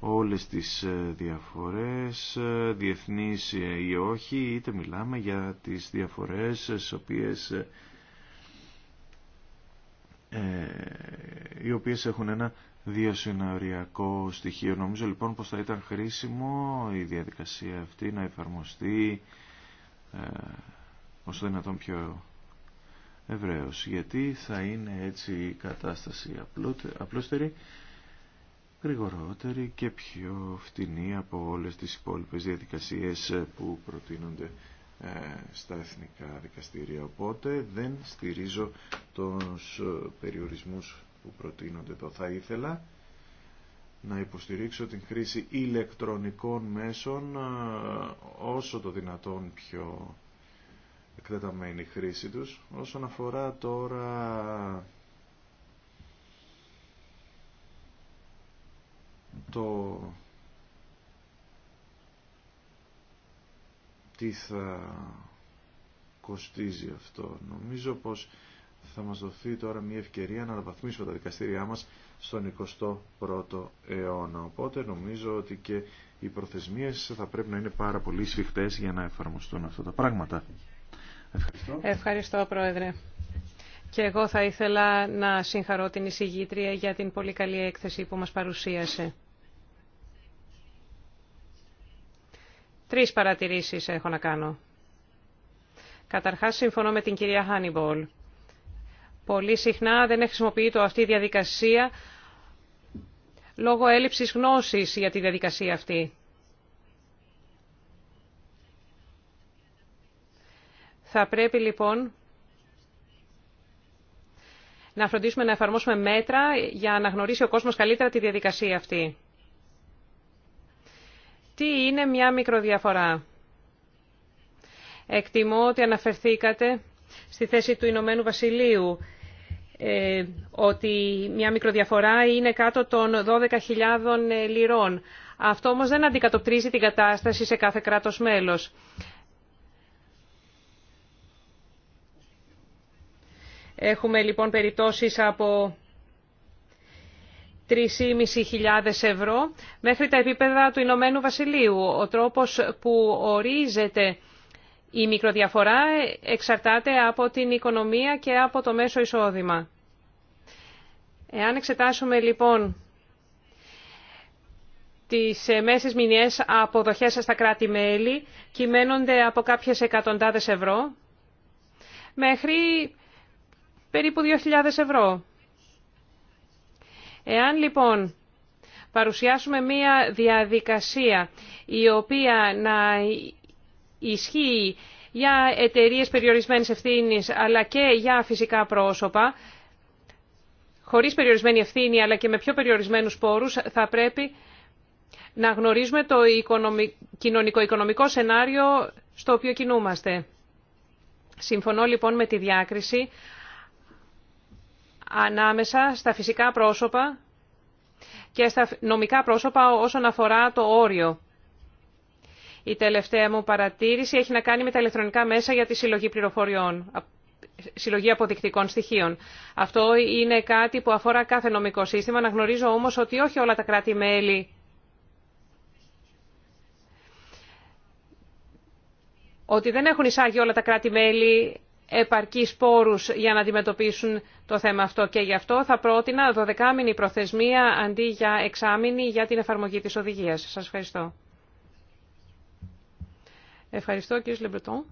όλες τις διαφορές, διεθνείς ή όχι, είτε μιλάμε για τις διαφορές οποίες, οι οποίες έχουν ένα διασυνοριακό στοιχείο. Νομίζω λοιπόν πως θα ήταν χρήσιμο η διαδικασία αυτή να εφαρμοστεί ε, όσο δυνατόν πιο ευρέως. Γιατί θα είναι έτσι η κατάσταση απλούστερη, γρηγορότερη και πιο φτηνή από όλες τις υπόλοιπες διαδικασίες που προτείνονται ε, στα εθνικά δικαστήρια. Οπότε δεν στηρίζω τους περιορισμούς που προτείνονται Θα ήθελα να υποστηρίξω την χρήση ηλεκτρονικών μέσων όσο το δυνατόν πιο εκτεταμένη χρήση τους. Όσον αφορά τώρα το τι θα κοστίζει αυτό. Νομίζω πως θα μας δοθεί τώρα μια ευκαιρία να αναβαθμίσουμε τα δικαστήριά μας στον 21ο αιώνα. Οπότε νομίζω ότι και οι προθεσμίες θα πρέπει να είναι πάρα πολύ σφιχτές για να εφαρμοστούν αυτά τα πράγματα. Ευχαριστώ. Ευχαριστώ Πρόεδρε. Και εγώ θα ήθελα να συγχαρώ την εισηγήτρια για την πολύ καλή έκθεση που μας παρουσίασε. Τρεις παρατηρήσεις έχω να κάνω. Καταρχάς συμφωνώ με την κυρία Χάνιμπολ Πολύ συχνά δεν χρησιμοποιείται αυτή η διαδικασία λόγω έλλειψης γνώσης για τη διαδικασία αυτή. Θα πρέπει λοιπόν να φροντίσουμε να εφαρμόσουμε μέτρα για να γνωρίσει ο κόσμος καλύτερα τη διαδικασία αυτή. Τι είναι μια μικροδιαφορά. Εκτιμώ ότι αναφερθήκατε στη θέση του Ηνωμένου Βασιλείου ε, ότι μια μικροδιαφορά είναι κάτω των 12.000 ε, λιρών. Αυτό όμως δεν αντικατοπτρίζει την κατάσταση σε κάθε κράτος μέλος. Έχουμε λοιπόν περιπτώσεις από 3.500 ευρώ μέχρι τα επίπεδα του Ηνωμένου Βασιλείου. Ο τρόπος που ορίζεται η μικροδιαφορά εξαρτάται από την οικονομία και από το μέσο εισόδημα. Εάν εξετάσουμε λοιπόν τις μέσες μηνιές αποδοχές στα κράτη-μέλη, κυμαίνονται από κάποιες εκατοντάδες ευρώ μέχρι περίπου 2.000 ευρώ. Εάν λοιπόν παρουσιάσουμε μία διαδικασία η οποία να ισχύει για εταιρείε περιορισμένη ευθύνη αλλά και για φυσικά πρόσωπα, χωρί περιορισμένη ευθύνη αλλά και με πιο περιορισμένου πόρου, θα πρέπει να γνωρίζουμε το κοινωνικο-οικονομικό σενάριο στο οποίο κινούμαστε. Συμφωνώ λοιπόν με τη διάκριση ανάμεσα στα φυσικά πρόσωπα και στα νομικά πρόσωπα όσον αφορά το όριο. Η τελευταία μου παρατήρηση έχει να κάνει με τα ηλεκτρονικά μέσα για τη συλλογή πληροφοριών, συλλογή αποδεικτικών στοιχείων. Αυτό είναι κάτι που αφορά κάθε νομικό σύστημα. Να γνωρίζω όμως ότι όχι όλα τα κράτη-μέλη ότι δεν έχουν εισάγει όλα τα κράτη-μέλη επαρκή πόρους για να αντιμετωπίσουν το θέμα αυτό και γι' αυτό θα πρότεινα 12 μήνη προθεσμία αντί για εξάμηνη για την εφαρμογή της οδηγίας. Σας ευχαριστώ. Ευχαριστώ κύριε Λεμπρετών.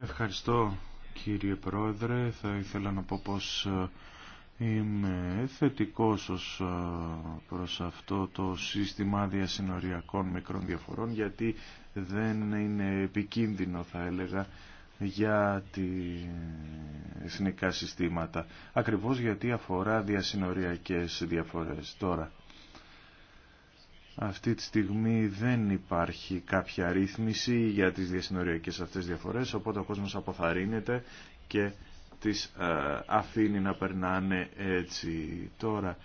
Ευχαριστώ κύριε Πρόεδρε. Θα ήθελα να πω πως ε, είμαι θετικός ως ε, προς αυτό το σύστημα διασυνοριακών μικρών διαφορών γιατί δεν είναι επικίνδυνο θα έλεγα για τη εθνικά συστήματα. Ακριβώς γιατί αφορά διασυνοριακές διαφορές τώρα. Αυτή τη στιγμή δεν υπάρχει κάποια ρύθμιση για τις διασυνοριακές αυτές διαφορές, οπότε ο κόσμος αποθαρρύνεται και τις ε, αφήνει να περνάνε έτσι τώρα.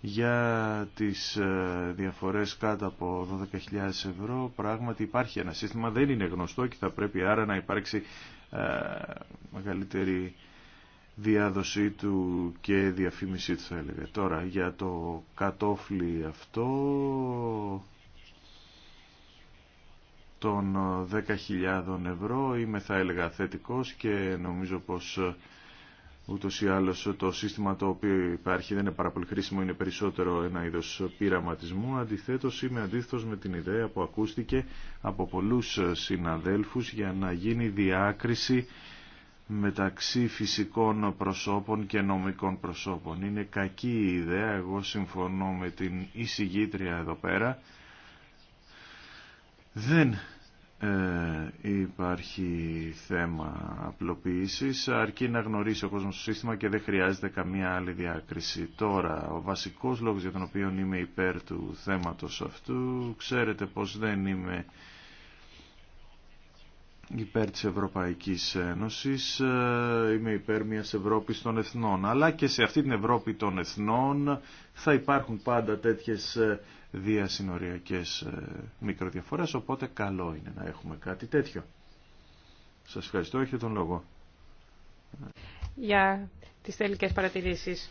Για τις ε, διαφορές κάτω από 12.000 ευρώ πράγματι υπάρχει ένα σύστημα, δεν είναι γνωστό και θα πρέπει άρα να υπάρξει ε, μεγαλύτερη διάδοσή του και διαφήμιση του θα έλεγα. Τώρα για το κατόφλι αυτό των 10.000 ε, ευρώ είμαι θα έλεγα θετικός και νομίζω πως ε, ούτως ή άλλως το σύστημα το οποίο υπάρχει δεν είναι πάρα πολύ χρήσιμο, είναι περισσότερο ένα είδος πειραματισμού. Αντιθέτως είμαι αντίθετος με την ιδέα που ακούστηκε από πολλούς ε, συναδέλφους για να γίνει διάκριση μεταξύ φυσικών προσώπων και νομικών προσώπων. Είναι κακή η ιδέα, εγώ συμφωνώ με την εισηγήτρια εδώ πέρα. Δεν ε, υπάρχει θέμα απλοποίησης, αρκεί να γνωρίσει ο κόσμος το σύστημα και δεν χρειάζεται καμία άλλη διάκριση. Τώρα, ο βασικός λόγος για τον οποίο είμαι υπέρ του θέματος αυτού, ξέρετε πως δεν είμαι υπέρ της Ευρωπαϊκής Ένωσης, ε, είμαι υπέρ μιας Ευρώπης των Εθνών. Αλλά και σε αυτή την Ευρώπη των Εθνών θα υπάρχουν πάντα τέτοιες ε, διασυνοριακές ε, μικροδιαφορές, οπότε καλό είναι να έχουμε κάτι τέτοιο. Σας ευχαριστώ, έχετε τον λόγο. Για τις τελικές παρατηρήσεις.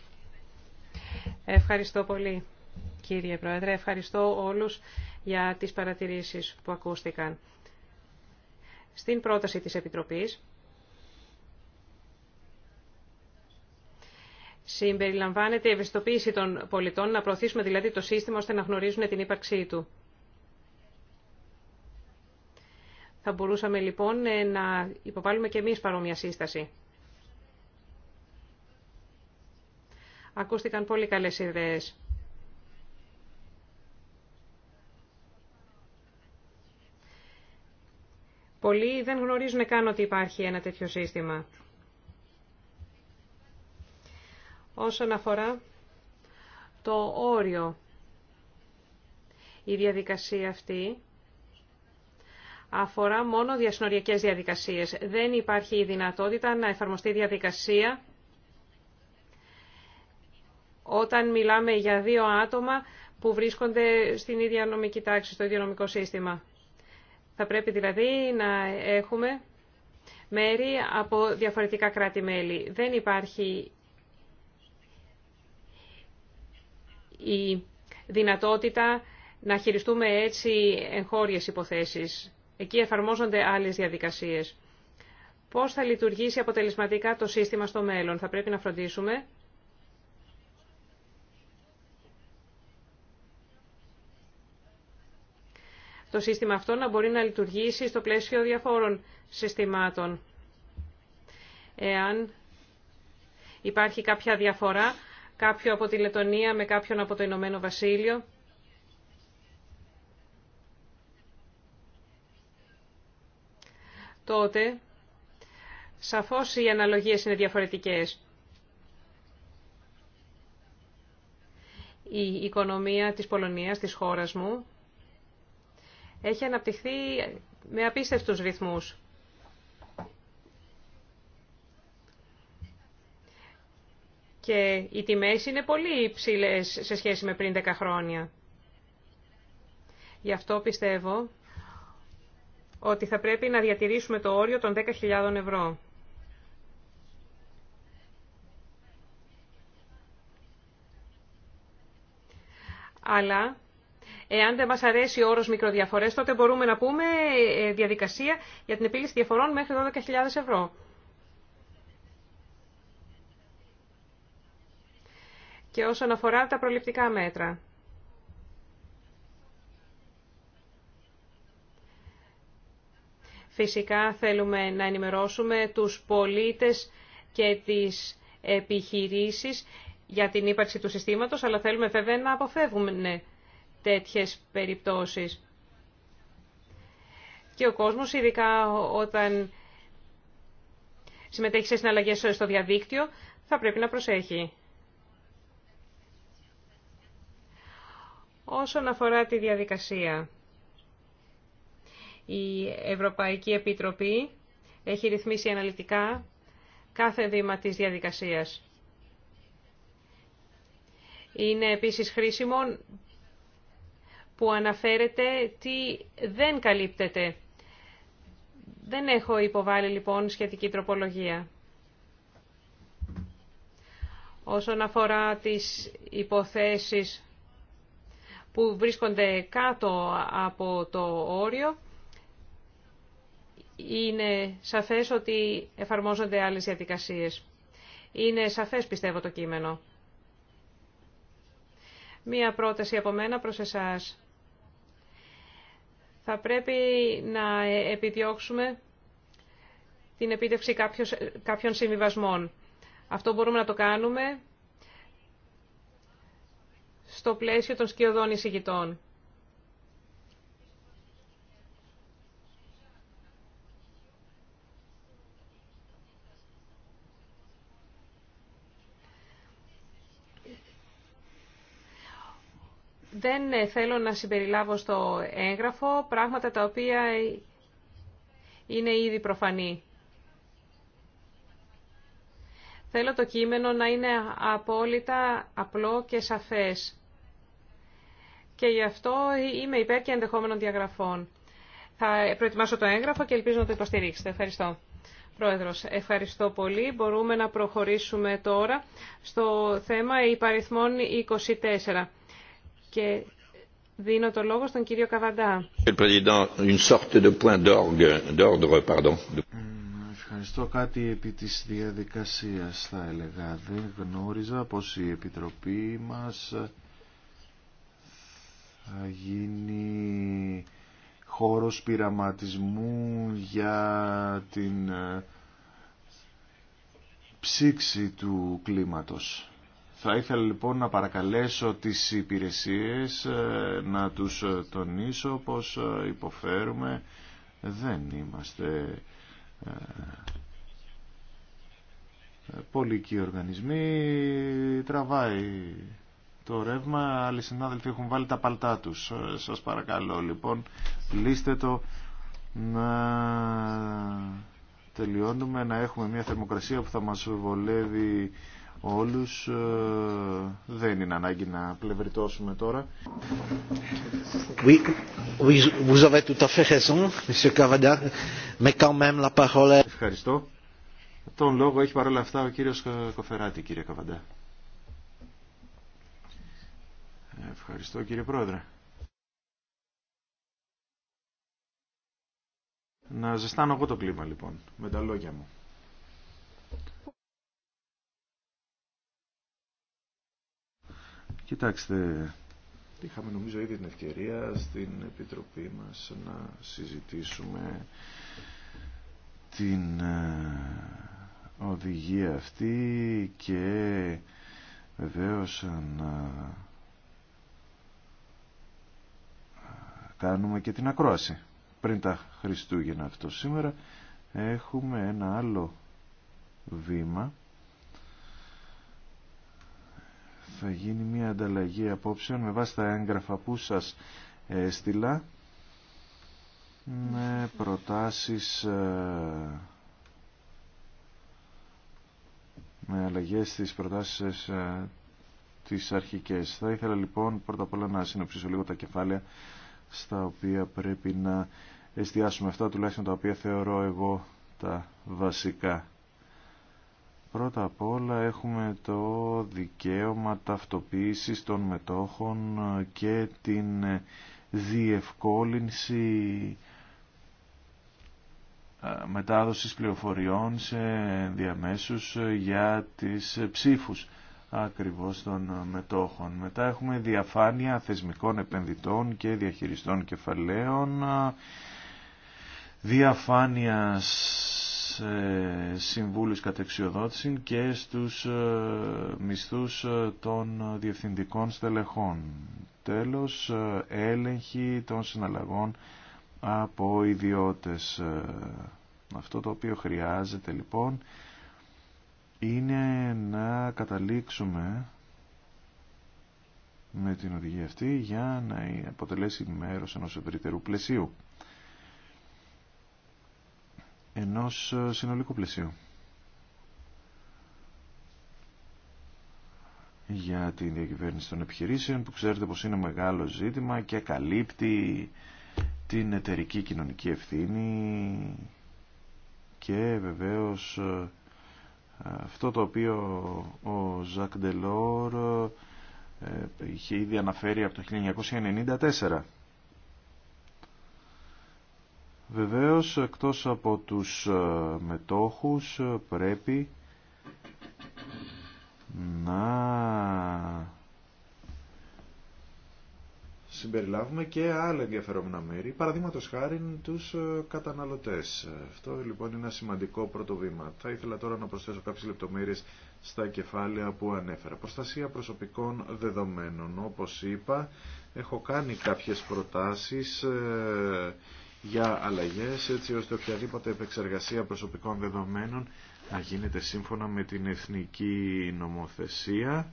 Ευχαριστώ πολύ, κύριε Πρόεδρε. Ευχαριστώ όλους για τις παρατηρήσεις που ακούστηκαν στην πρόταση της Επιτροπής συμπεριλαμβάνεται η ευαισθητοποίηση των πολιτών, να προωθήσουμε δηλαδή το σύστημα ώστε να γνωρίζουν την ύπαρξή του. Θα μπορούσαμε λοιπόν ε, να υποβάλουμε και εμείς παρόμοια σύσταση. Ακούστηκαν πολύ καλές ιδέες. Πολλοί δεν γνωρίζουν καν ότι υπάρχει ένα τέτοιο σύστημα. Όσον αφορά το όριο, η διαδικασία αυτή αφορά μόνο διασυνοριακές διαδικασίες. Δεν υπάρχει η δυνατότητα να εφαρμοστεί διαδικασία όταν μιλάμε για δύο άτομα που βρίσκονται στην ίδια νομική τάξη, στο ίδιο νομικό σύστημα. Θα πρέπει δηλαδή να έχουμε μέρη από διαφορετικά κράτη-μέλη. Δεν υπάρχει η δυνατότητα να χειριστούμε έτσι εγχώριες υποθέσεις. Εκεί εφαρμόζονται άλλες διαδικασίες. Πώς θα λειτουργήσει αποτελεσματικά το σύστημα στο μέλλον. Θα πρέπει να φροντίσουμε το σύστημα αυτό να μπορεί να λειτουργήσει στο πλαίσιο διαφόρων συστημάτων. Εάν υπάρχει κάποια διαφορά, κάποιο από τη Λετωνία με κάποιον από το Ηνωμένο Βασίλειο, τότε σαφώς οι αναλογίες είναι διαφορετικές. Η οικονομία της Πολωνίας, της χώρας μου, έχει αναπτυχθεί με απίστευτους ρυθμούς. Και οι τιμές είναι πολύ υψηλέ σε σχέση με πριν 10 χρόνια. Γι' αυτό πιστεύω ότι θα πρέπει να διατηρήσουμε το όριο των 10.000 ευρώ. Αλλά Εάν δεν μα αρέσει ο όρος μικροδιαφορές, τότε μπορούμε να πούμε ε, διαδικασία για την επίλυση διαφορών μέχρι 12.000 ευρώ. Και όσον αφορά τα προληπτικά μέτρα. Φυσικά θέλουμε να ενημερώσουμε τους πολίτες και τις επιχειρήσεις για την ύπαρξη του συστήματος, αλλά θέλουμε βέβαια να αποφεύγουμε τέτοιες περιπτώσεις. Και ο κόσμος, ειδικά όταν συμμετέχει σε συναλλαγές στο διαδίκτυο, θα πρέπει να προσέχει. Όσον αφορά τη διαδικασία, η Ευρωπαϊκή Επιτροπή έχει ρυθμίσει αναλυτικά κάθε βήμα της διαδικασίας. Είναι επίσης χρήσιμο που αναφέρεται τι δεν καλύπτεται. Δεν έχω υποβάλει λοιπόν σχετική τροπολογία. Όσον αφορά τις υποθέσεις που βρίσκονται κάτω από το όριο, είναι σαφές ότι εφαρμόζονται άλλες διαδικασίες. Είναι σαφές πιστεύω το κείμενο. Μία πρόταση από μένα προς εσάς θα πρέπει να επιδιώξουμε την επίτευξη κάποιων συμβιβασμών. Αυτό μπορούμε να το κάνουμε στο πλαίσιο των σκιωδών εισηγητών. Δεν ε, θέλω να συμπεριλάβω στο έγγραφο πράγματα τα οποία είναι ήδη προφανή. Θέλω το κείμενο να είναι απόλυτα απλό και σαφές. Και γι' αυτό είμαι υπέρ και ενδεχόμενων διαγραφών. Θα προετοιμάσω το έγγραφο και ελπίζω να το υποστηρίξετε. Ευχαριστώ. Πρόεδρος, ευχαριστώ πολύ. Μπορούμε να προχωρήσουμε τώρα στο θέμα υπαριθμών 24. Και δίνω το λόγο στον κύριο Καβαντά. Ε, ευχαριστώ κάτι επί της διαδικασίας θα έλεγα. Δεν γνώριζα πως η Επιτροπή μας θα γίνει χώρος πειραματισμού για την ε, ψήξη του κλίματος. Θα ήθελα λοιπόν να παρακαλέσω τις υπηρεσίες ε, να τους ε, τονίσω πως ε, υποφέρουμε. Δεν είμαστε πολικοί οργανισμοί. Τραβάει το ρεύμα. Άλλοι συνάδελφοι έχουν βάλει τα παλτά τους. Σας παρακαλώ λοιπόν λύστε το να τελειώνουμε να έχουμε μια θερμοκρασία που θα μας βολεύει όλους. Ε, δεν είναι ανάγκη να πλευριτώσουμε τώρα. Oui, vous avez tout à fait raison, Monsieur Cavada, mais quand même la parole. Ευχαριστώ. Τον λόγο έχει παρόλα αυτά ο κύριος ε, Κοφεράτη, κύριε Καβαντά. Ευχαριστώ κύριε Πρόεδρε. Να ζεστάνω εγώ το κλίμα λοιπόν, με τα λόγια μου. Κοιτάξτε, είχαμε νομίζω ήδη την ευκαιρία στην Επιτροπή μας να συζητήσουμε την ε, οδηγία αυτή και βεβαίως να ε, κάνουμε και την ακρόαση. Πριν τα Χριστούγεννα αυτό σήμερα έχουμε ένα άλλο βήμα θα γίνει μια ανταλλαγή απόψεων με βάση τα έγγραφα που σας έστειλα με προτάσεις ε, με αλλαγές στις προτάσεις ε, τις αρχικές. Θα ήθελα λοιπόν πρώτα απ' όλα να συνοψίσω λίγο τα κεφάλαια στα οποία πρέπει να εστιάσουμε αυτά τουλάχιστον τα οποία θεωρώ εγώ τα βασικά. Πρώτα απ' όλα έχουμε το δικαίωμα ταυτοποίησης των μετόχων ε, και την ε, διευκόλυνση ε, μετάδοσης πληροφοριών σε διαμέσους για τις ψήφους ακριβώς των μετόχων. Μετά έχουμε διαφάνεια θεσμικών επενδυτών και διαχειριστών κεφαλαίων, διαφάνειας συμβούλους κατεξιοδότηση και στους ε, μισθούς ε, των διευθυντικών στελεχών. Τέλος, ε, έλεγχη των συναλλαγών από ιδιώτες. Αυτό το οποίο χρειάζεται λοιπόν είναι να καταλήξουμε με την οδηγία αυτή για να αποτελέσει μέρος ενός ευρύτερου πλαισίου ενός ε, συνολικού πλαισίου. για την διακυβέρνηση των επιχειρήσεων που ξέρετε πως είναι μεγάλο ζήτημα και καλύπτει την εταιρική κοινωνική ευθύνη και βεβαίως ε, αυτό το οποίο ο Ζακ Ντελόρ ε, είχε ήδη αναφέρει από το 1994 Βεβαίως, εκτός από τους ε, μετόχους, ε, πρέπει να συμπεριλάβουμε και άλλα ενδιαφερόμενα μέρη, παραδείγματος χάρη τους ε, καταναλωτές. Αυτό λοιπόν είναι ένα σημαντικό πρώτο βήμα. Θα ήθελα τώρα να προσθέσω κάποιες λεπτομέρειες στα κεφάλαια που ανέφερα. Προστασία προσωπικών δεδομένων. Όπως είπα, έχω κάνει κάποιες προτάσεις για αλλαγές έτσι ώστε οποιαδήποτε επεξεργασία προσωπικών δεδομένων να γίνεται σύμφωνα με την εθνική νομοθεσία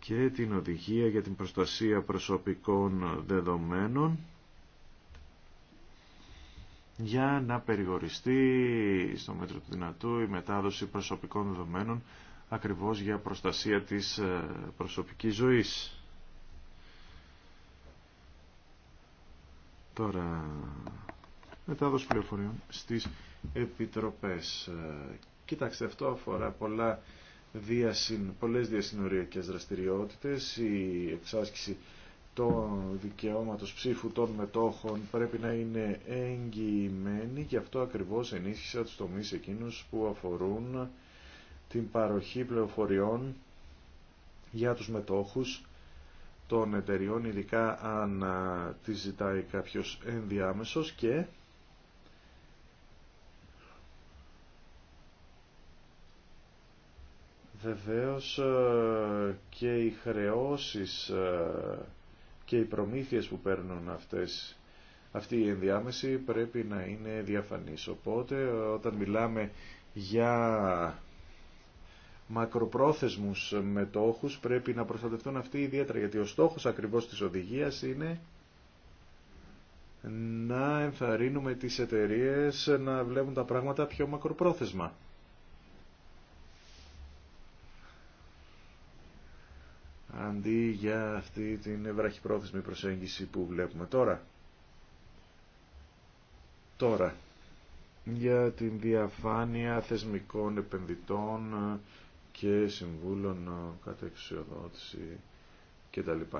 και την οδηγία για την προστασία προσωπικών δεδομένων για να περιοριστεί στο μέτρο του δυνατού η μετάδοση προσωπικών δεδομένων ακριβώς για προστασία της ε, προσωπικής ζωής. Τώρα, μετάδοση πληροφοριών στις επιτροπές. Ε, κοιτάξτε, αυτό αφορά πολλά διασυν, πολλές διασυνοριακές δραστηριότητες. Η εξάσκηση των δικαιώματος ψήφου των μετόχων πρέπει να είναι εγγυημένη. και αυτό ακριβώς ενίσχυσα τους τομείς εκείνους που αφορούν την παροχή πληροφοριών για τους μετόχους των εταιριών, ειδικά αν τη ζητάει κάποιος ενδιάμεσος και βεβαίως και οι χρεώσεις και οι προμήθειες που παίρνουν αυτές αυτή η ενδιάμεση πρέπει να είναι διαφανής. Οπότε όταν μιλάμε για μακροπρόθεσμους μετόχους πρέπει να προστατευτούν αυτοί ιδιαίτερα γιατί ο στόχος ακριβώς της οδηγίας είναι να ενθαρρύνουμε τις εταιρείες να βλέπουν τα πράγματα πιο μακροπρόθεσμα. Αντί για αυτή την βραχυπρόθεσμη προσέγγιση που βλέπουμε τώρα. Τώρα, για την διαφάνεια θεσμικών επενδυτών και συμβούλων κατά τα κτλ.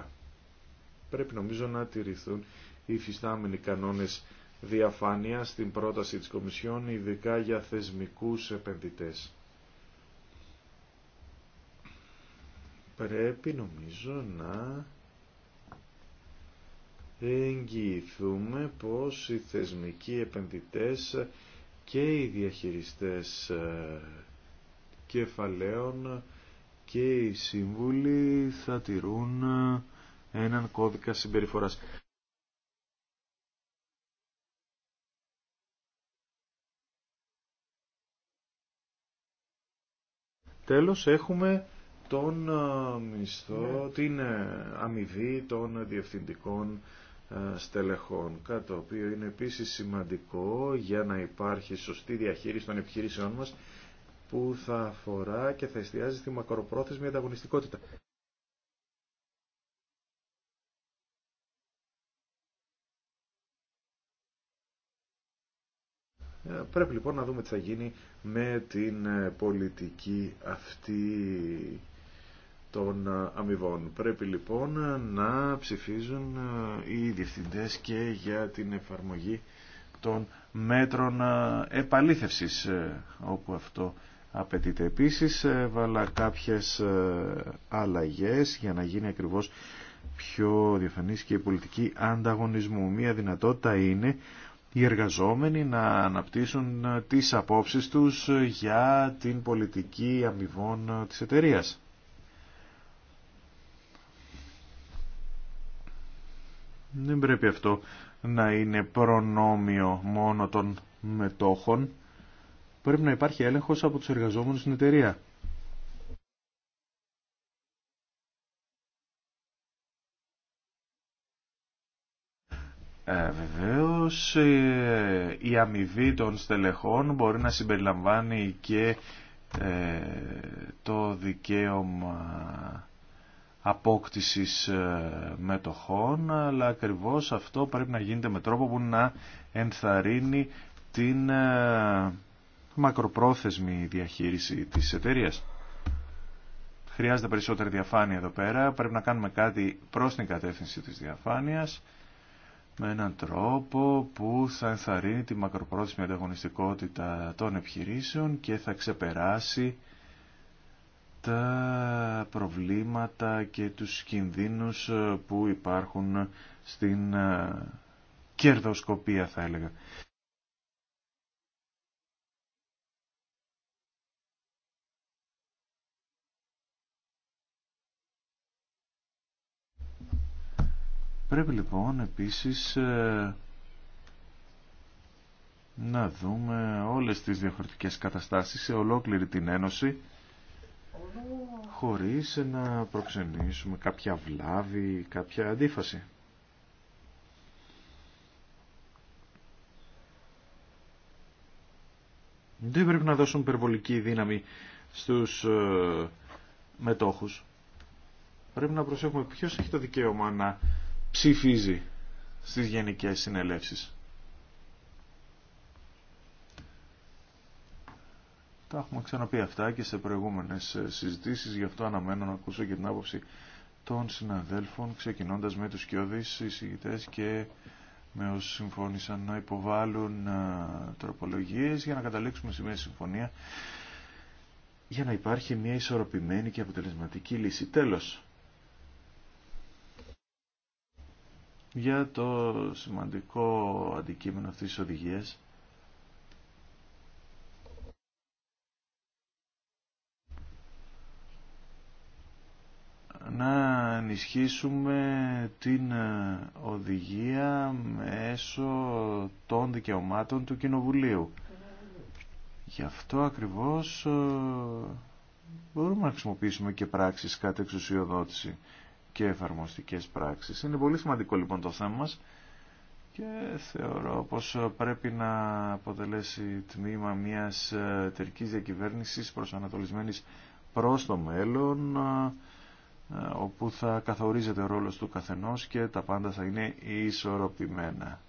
Πρέπει νομίζω να τηρηθούν οι φυστάμενοι κανόνες διαφάνεια στην πρόταση της Κομισιόν, ειδικά για θεσμικούς επενδυτές. Πρέπει νομίζω να εγγυηθούμε πως οι θεσμικοί επενδυτές και οι διαχειριστές ε, κεφαλαίων και οι σύμβουλοι θα τηρούν έναν κώδικα συμπεριφοράς. Τέλος έχουμε τον ε, μισθό, ναι. την ε, αμοιβή των διευθυντικών ε, στελεχών, κάτι το οποίο είναι επίσης σημαντικό για να υπάρχει σωστή διαχείριση των επιχειρήσεών μας που θα αφορά και θα εστιάζει στη μακροπρόθεσμη ανταγωνιστικότητα. Ε, πρέπει λοιπόν να δούμε τι θα γίνει με την ε, πολιτική αυτή των ε, αμοιβών. Πρέπει λοιπόν να ψηφίζουν οι διευθυντές και για την εφαρμογή των μέτρων επαλήθευσης όπου αυτό απαιτείται. Επίσης ε, βάλα κάποιες ε, αλλαγές για να γίνει ακριβώς πιο διαφανής και η πολιτική ανταγωνισμού. Μία δυνατότητα είναι οι εργαζόμενοι να αναπτύσσουν ε, τις απόψεις τους για την πολιτική αμοιβών της εταιρείας. Δεν πρέπει αυτό να είναι προνόμιο μόνο των μετόχων πρέπει να υπάρχει έλεγχος από τους εργαζόμενους στην εταιρεία. Ε, ε η αμοιβή των στελεχών μπορεί να συμπεριλαμβάνει και ε, το δικαίωμα απόκτησης ε, μετοχών αλλά ακριβώς αυτό πρέπει να γίνεται με τρόπο που να ενθαρρύνει την μακροπρόθεσμη διαχείριση της εταιρεία. Χρειάζεται περισσότερη διαφάνεια εδώ πέρα. Πρέπει να κάνουμε κάτι προς την κατεύθυνση της διαφάνειας με έναν τρόπο που θα ενθαρρύνει τη μακροπρόθεσμη ανταγωνιστικότητα των επιχειρήσεων και θα ξεπεράσει τα προβλήματα και τους κινδύνους που υπάρχουν στην κερδοσκοπία θα έλεγα. Πρέπει λοιπόν επίσης ε, να δούμε όλες τις διαφορετικές καταστάσεις σε ολόκληρη την Ένωση χωρίς να προξενήσουμε κάποια βλάβη, κάποια αντίφαση. Δεν πρέπει να δώσουν υπερβολική δύναμη στους ε, μετόχους. Πρέπει να προσέχουμε ποιος έχει το δικαίωμα να ψηφίζει στις γενικές συνελεύσεις. Τα έχουμε ξαναπεί αυτά και σε προηγούμενες ε, συζητήσεις, γι' αυτό αναμένω να ακούσω και την άποψη των συναδέλφων, ξεκινώντας με τους κοιόδης συζητητές και με όσους συμφώνησαν να υποβάλουν ε, τροπολογίες για να καταλήξουμε σε μια συμφωνία για να υπάρχει μια ισορροπημένη και αποτελεσματική λύση. Τέλος, για το σημαντικό αντικείμενο αυτής της οδηγίας να ενισχύσουμε την ε, οδηγία μέσω των δικαιωμάτων του Κοινοβουλίου. Γι' αυτό ακριβώς ε, μπορούμε να χρησιμοποιήσουμε και πράξεις κάτω εξουσιοδότηση και εφαρμοστικές πράξεις. Είναι πολύ σημαντικό λοιπόν το θέμα μας και θεωρώ πως πρέπει να αποτελέσει τμήμα μιας εταιρική διακυβέρνησης προσανατολισμένης προς το μέλλον όπου θα καθορίζεται ο ρόλος του καθενός και τα πάντα θα είναι ισορροπημένα.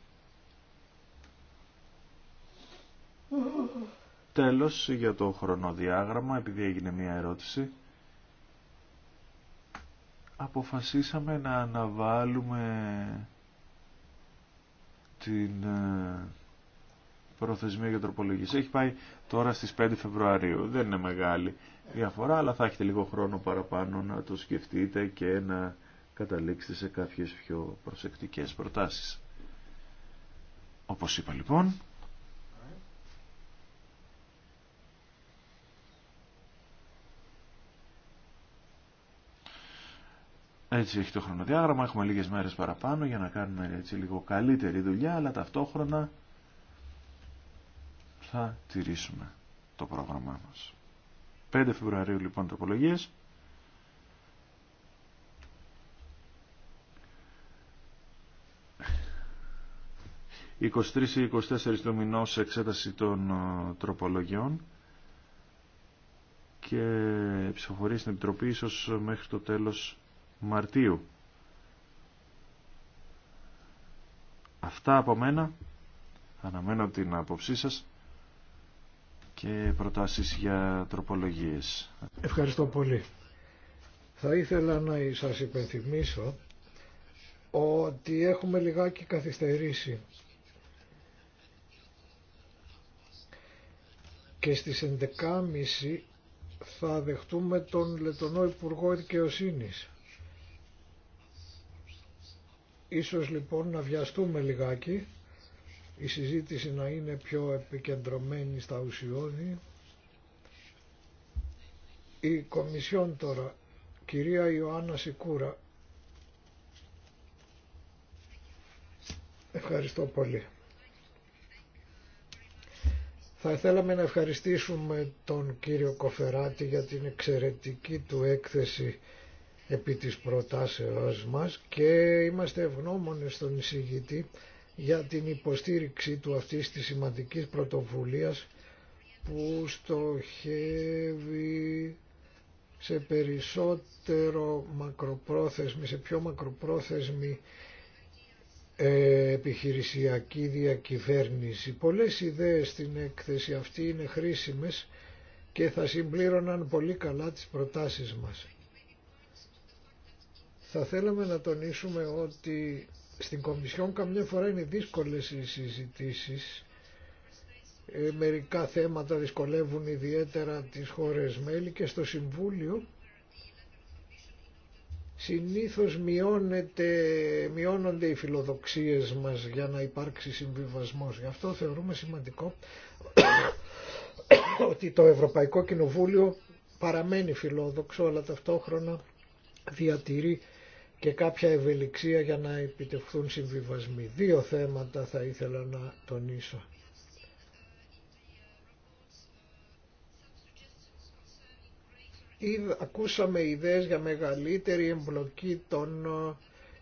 Τέλος για το χρονοδιάγραμμα επειδή έγινε μια ερώτηση αποφασίσαμε να αναβάλουμε την ε, προθεσμία για τροπολογίες. Έχει πάει τώρα στις 5 Φεβρουαρίου. Δεν είναι μεγάλη διαφορά, αλλά θα έχετε λίγο χρόνο παραπάνω να το σκεφτείτε και να καταλήξετε σε κάποιες πιο προσεκτικές προτάσεις. Όπως είπα λοιπόν, Έτσι έχει το χρονοδιάγραμμα, έχουμε λίγες μέρες παραπάνω για να κάνουμε έτσι λίγο καλύτερη δουλειά, αλλά ταυτόχρονα θα τηρήσουμε το πρόγραμμά μας. 5 Φεβρουαρίου λοιπόν τροπολογίες. ή 24 του σε εξέταση των ε, τροπολογιών και ψηφοφορία στην Επιτροπή ίσως μέχρι το τέλος Μαρτίου. Αυτά από μένα. Αναμένω την άποψή σας και προτάσεις για τροπολογίες. Ευχαριστώ πολύ. Θα ήθελα να σας υπενθυμίσω ότι έχουμε λιγάκι καθυστερήσει και στις 11.30 θα δεχτούμε τον Λετωνό Υπουργό Δικαιοσύνης. Ίσως λοιπόν να βιαστούμε λιγάκι, η συζήτηση να είναι πιο επικεντρωμένη στα ουσιώδη. Η Κομισιόν τώρα, κυρία Ιωάννα Σικούρα. Ευχαριστώ πολύ. Θα θέλαμε να ευχαριστήσουμε τον κύριο Κοφεράτη για την εξαιρετική του έκθεση επί της προτάσεώς μας και είμαστε ευγνώμονες στον εισηγητή για την υποστήριξη του αυτής της σημαντικής πρωτοβουλίας που στοχεύει σε περισσότερο μακροπρόθεσμη, σε πιο μακροπρόθεσμη ε, επιχειρησιακή διακυβέρνηση. Πολλές ιδέες στην έκθεση αυτή είναι χρήσιμες και θα συμπλήρωναν πολύ καλά τις προτάσεις μας. Θα θέλαμε να τονίσουμε ότι στην Κομισιόν καμιά φορά είναι δύσκολες οι συζητήσεις. Ε, μερικά θέματα δυσκολεύουν ιδιαίτερα τις χώρες μέλη και στο Συμβούλιο συνήθως μειώνεται, μειώνονται οι φιλοδοξίες μας για να υπάρξει συμβιβασμός. Γι' αυτό θεωρούμε σημαντικό ότι το Ευρωπαϊκό Κοινοβούλιο παραμένει φιλόδοξο αλλά ταυτόχρονα διατηρεί και κάποια ευελιξία για να επιτευχθούν συμβιβασμοί. Δύο θέματα θα ήθελα να τονίσω. Ακούσαμε ιδέες για μεγαλύτερη εμπλοκή των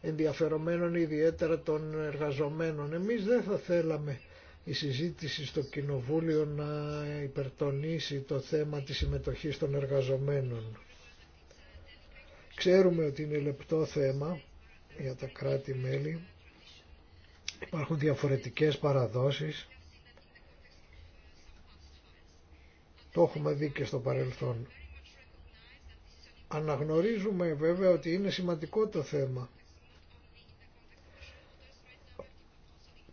ε, ενδιαφερομένων ιδιαίτερα των εργαζομένων. Εμείς δεν θα θέλαμε η συζήτηση στο Κοινοβούλιο να υπερτονίσει το θέμα της συμμετοχής των εργαζομένων. Ξέρουμε ότι είναι λεπτό θέμα για τα κράτη-μέλη. Υπάρχουν διαφορετικές παραδόσεις. Το έχουμε δει και στο παρελθόν. Αναγνωρίζουμε βέβαια ότι είναι σημαντικό το θέμα.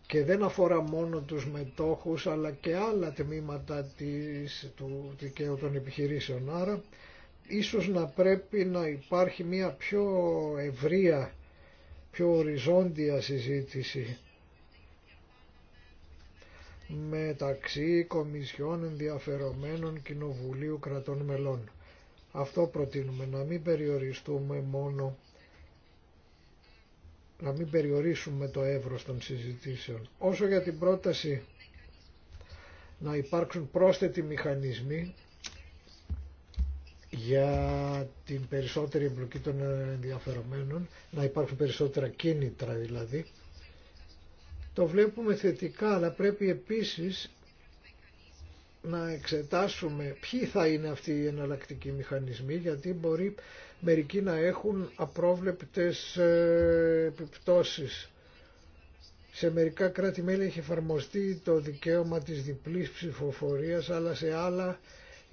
και δεν αφορά μόνο τους μετόχους αλλά και άλλα τμήματα της, του δικαίου των επιχειρήσεων. Άρα ίσως να πρέπει να υπάρχει μια πιο ευρεία, πιο οριζόντια συζήτηση μεταξύ κομισιών ενδιαφερομένων κοινοβουλίου κρατών μελών. Αυτό προτείνουμε, να μην περιοριστούμε μόνο, να μην περιορίσουμε το εύρος των συζητήσεων. Όσο για την πρόταση να υπάρξουν πρόσθετοι μηχανισμοί, για την περισσότερη εμπλοκή των ενδιαφερομένων, να υπάρχουν περισσότερα κίνητρα δηλαδή. Το βλέπουμε θετικά, αλλά πρέπει επίσης να εξετάσουμε ποιοι θα είναι αυτοί οι εναλλακτικοί μηχανισμοί, γιατί μπορεί μερικοί να έχουν απρόβλεπτες ε, επιπτώσεις. Σε μερικά κράτη-μέλη έχει εφαρμοστεί το δικαίωμα της διπλής ψηφοφορίας, αλλά σε άλλα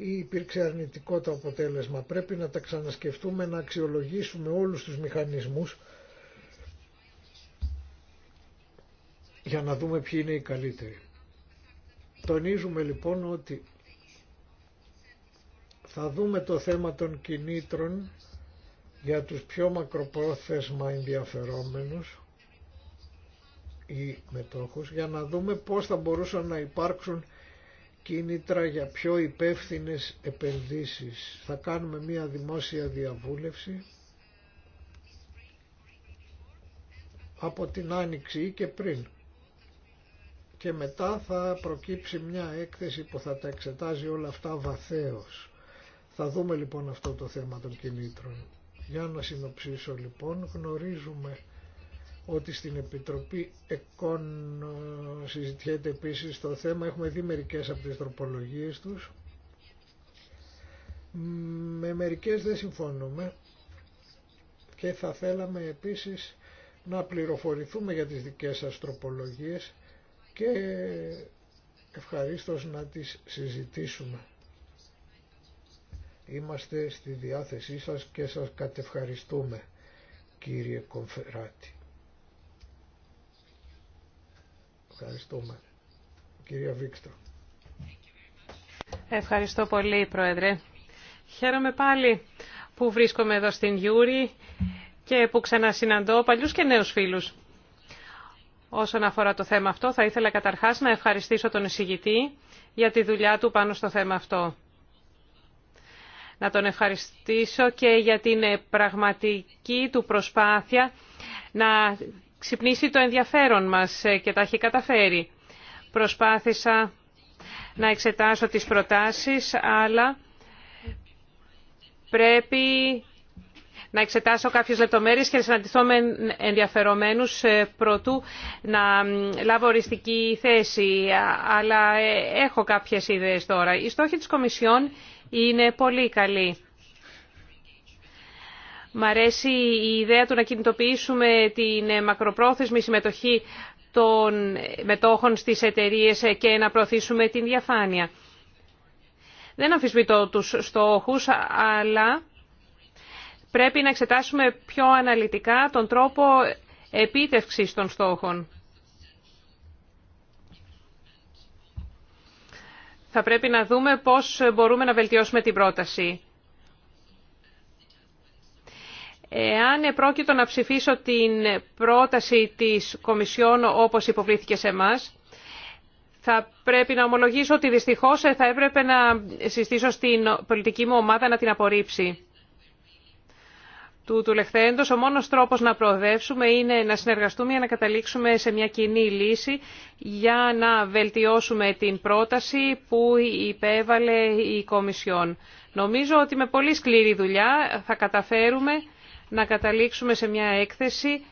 ή υπήρξε αρνητικό το αποτέλεσμα. Πρέπει να τα ξανασκεφτούμε, να αξιολογήσουμε όλους τους μηχανισμούς για να δούμε ποιοι είναι οι καλύτεροι. Τονίζουμε λοιπόν ότι θα δούμε το θέμα των κινήτρων για τους πιο μακροπρόθεσμα ενδιαφερόμενους ή μετόχους για να δούμε πώς θα μπορούσαν να υπάρξουν κίνητρα για πιο υπεύθυνες επενδύσεις. Θα κάνουμε μία δημόσια διαβούλευση από την Άνοιξη ή και πριν. Και μετά θα προκύψει μια έκθεση που θα τα εξετάζει όλα αυτά βαθέως. Θα δούμε λοιπόν αυτό το θέμα των κινήτρων. Για να συνοψίσω λοιπόν, γνωρίζουμε ότι στην Επιτροπή ΕΚΟΝ ε, συζητιέται επίσης το θέμα. Έχουμε δει μερικές από τις τροπολογίες τους. Με μερικές δεν συμφωνούμε και θα θέλαμε επίσης να πληροφορηθούμε για τις δικές σας τροπολογίες και ευχαρίστως να τις συζητήσουμε. Είμαστε στη διάθεσή σας και σας κατευχαριστούμε κύριε Κομφεράτη. Ευχαριστούμε. Κυρία Βίξτρο. Ευχαριστώ πολύ, Πρόεδρε. Χαίρομαι πάλι που βρίσκομαι εδώ στην Γιούρη και που ξανασυναντώ παλιούς και νέους φίλους. Όσον αφορά το θέμα αυτό, θα ήθελα καταρχάς να ευχαριστήσω τον εισηγητή για τη δουλειά του πάνω στο θέμα αυτό. Να τον ευχαριστήσω και για την πραγματική του προσπάθεια να ξυπνήσει το ενδιαφέρον μας ε, και τα έχει καταφέρει. Προσπάθησα να εξετάσω τις προτάσεις, αλλά πρέπει να εξετάσω κάποιες λεπτομέρειες και να συναντηθώ με ενδιαφερομένους ε, προτού να λάβω οριστική θέση. Αλλά ε, έχω κάποιες ιδέες τώρα. Η στόχη της Κομισιόν είναι πολύ καλή. Μ' αρέσει η ιδέα του να κινητοποιήσουμε την ε, μακροπρόθεσμη συμμετοχή των μετόχων στις εταιρείες ε, και να προωθήσουμε την διαφάνεια. Δεν αμφισβητώ τους στόχους, αλλά πρέπει να εξετάσουμε πιο αναλυτικά τον τρόπο επίτευξης των στόχων. Θα πρέπει να δούμε πώς μπορούμε να βελτιώσουμε την πρόταση. Εάν πρόκειτο να ψηφίσω την πρόταση της Κομισιόν όπως υποβλήθηκε σε εμά, θα πρέπει να ομολογήσω ότι δυστυχώς θα έπρεπε να συστήσω στην πολιτική μου ομάδα να την απορρίψει. Του, του λεχθέντος, ο μόνος τρόπος να προοδεύσουμε είναι να συνεργαστούμε για να καταλήξουμε σε μια κοινή λύση για να βελτιώσουμε την πρόταση που υπέβαλε η Κομισιόν. Νομίζω ότι με πολύ σκληρή δουλειά θα καταφέρουμε να καταλήξουμε σε μια έκθεση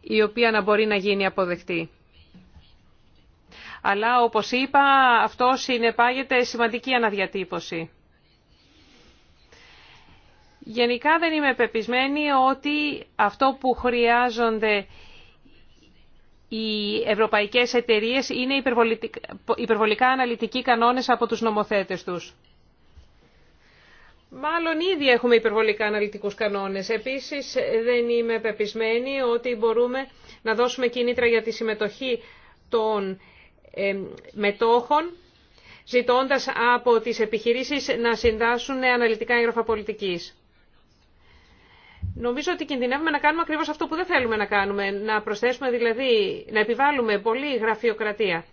η οποία να μπορεί να γίνει αποδεκτή. Αλλά όπως είπα αυτό συνεπάγεται σημαντική αναδιατύπωση. Γενικά δεν είμαι πεπισμένη ότι αυτό που χρειάζονται οι ευρωπαϊκές εταιρείες είναι υπερβολικά αναλυτικοί κανόνες από τους νομοθέτες τους. Μάλλον ήδη έχουμε υπερβολικά αναλυτικούς κανόνες. Επίσης δεν είμαι πεπισμένη ότι μπορούμε να δώσουμε κίνητρα για τη συμμετοχή των μετόχων ζητώντας από τις επιχειρήσεις να συντάσσουν αναλυτικά έγγραφα πολιτικής. Νομίζω ότι κινδυνεύουμε να κάνουμε ακριβώς αυτό που δεν θέλουμε να κάνουμε, να προσθέσουμε δηλαδή, να επιβάλλουμε πολύ γραφειοκρατία.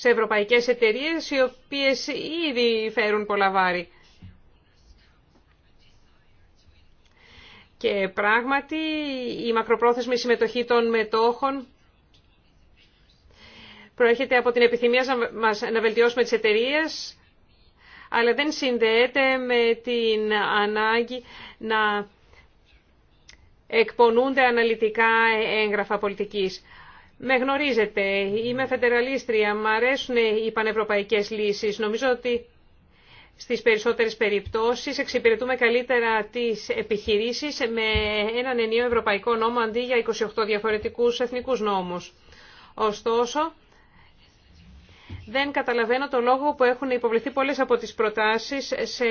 σε ευρωπαϊκές εταιρείες οι οποίες ήδη φέρουν πολλά βάρη. Και πράγματι η μακροπρόθεσμη συμμετοχή των μετόχων προέρχεται από την επιθυμία μας να βελτιώσουμε τις εταιρείες, αλλά δεν συνδέεται με την ανάγκη να εκπονούνται αναλυτικά έγγραφα πολιτικής. Με γνωρίζετε, είμαι φεντεραλίστρια, μ' αρέσουν οι πανευρωπαϊκές λύσεις. Νομίζω ότι στις περισσότερες περιπτώσεις εξυπηρετούμε καλύτερα τις επιχειρήσεις με έναν ενίο ευρωπαϊκό νόμο αντί για 28 διαφορετικούς εθνικούς νόμους. Ωστόσο, δεν καταλαβαίνω το λόγο που έχουν υποβληθεί πολλές από τις προτάσεις σε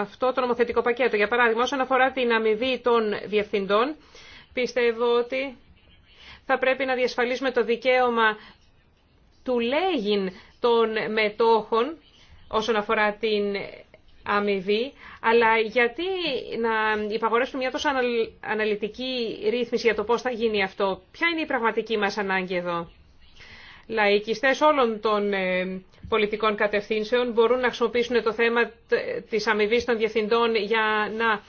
αυτό το νομοθετικό πακέτο. Για παράδειγμα, όσον αφορά την αμοιβή των διευθυντών, πιστεύω ότι θα πρέπει να διασφαλίσουμε το δικαίωμα του λέγειν των μετόχων όσον αφορά την αμοιβή, αλλά γιατί να υπαγορέσουμε μια τόσο αναλυτική ρύθμιση για το πώς θα γίνει αυτό. Ποια είναι η πραγματική μας ανάγκη εδώ. Λαϊκιστές όλων των ε, πολιτικών κατευθύνσεων μπορούν να χρησιμοποιήσουν το θέμα της αμοιβή των διευθυντών για να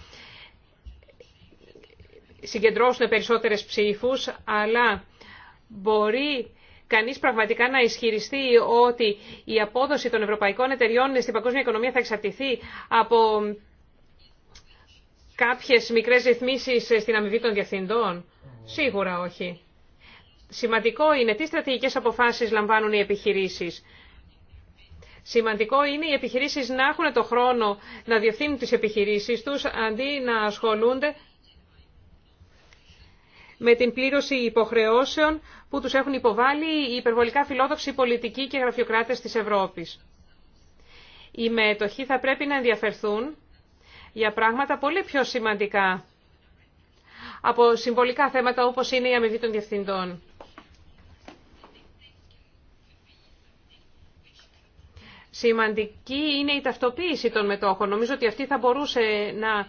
συγκεντρώσουν περισσότερες ψήφους, αλλά μπορεί κανείς πραγματικά να ισχυριστεί ότι η απόδοση των ευρωπαϊκών εταιριών στην παγκόσμια οικονομία θα εξαρτηθεί από κάποιες μικρές ρυθμίσεις στην αμοιβή των διευθυντών. Σίγουρα όχι. Σημαντικό είναι τι στρατηγικές αποφάσεις λαμβάνουν οι επιχειρήσεις. Σημαντικό είναι οι επιχειρήσεις να έχουν το χρόνο να διευθύνουν τις επιχειρήσεις τους αντί να ασχολούνται με την πλήρωση υποχρεώσεων που τους έχουν υποβάλει οι υπερβολικά φιλόδοξοι πολιτικοί και γραφειοκράτες της Ευρώπης. Οι μετοχοί θα πρέπει να ενδιαφερθούν για πράγματα πολύ πιο σημαντικά από συμβολικά θέματα όπως είναι η αμοιβή των διευθυντών. Σημαντική είναι η ταυτοποίηση των μετόχων. Νομίζω ότι αυτή θα μπορούσε να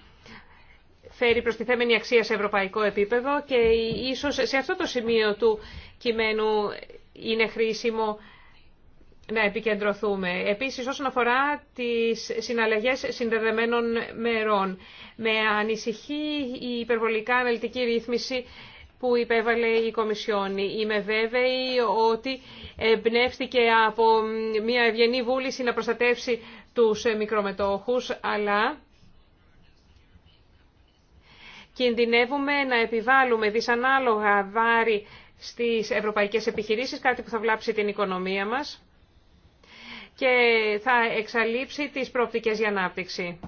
φέρει προστιθέμενη αξία σε ευρωπαϊκό επίπεδο και ίσως σε αυτό το σημείο του κειμένου είναι χρήσιμο να επικεντρωθούμε. Επίσης, όσον αφορά τις συναλλαγές συνδεδεμένων μερών, με ανησυχεί η υπερβολικά αναλυτική ρύθμιση που υπέβαλε η Κομισιόν. Είμαι βέβαιη ότι εμπνεύστηκε από μια ευγενή βούληση να προστατεύσει τους μικρομετόχους, αλλά κινδυνεύουμε να επιβάλλουμε δυσανάλογα βάρη στις ευρωπαϊκές επιχειρήσεις, κάτι που θα βλάψει την οικονομία μας και θα εξαλείψει τις προοπτικές για ανάπτυξη.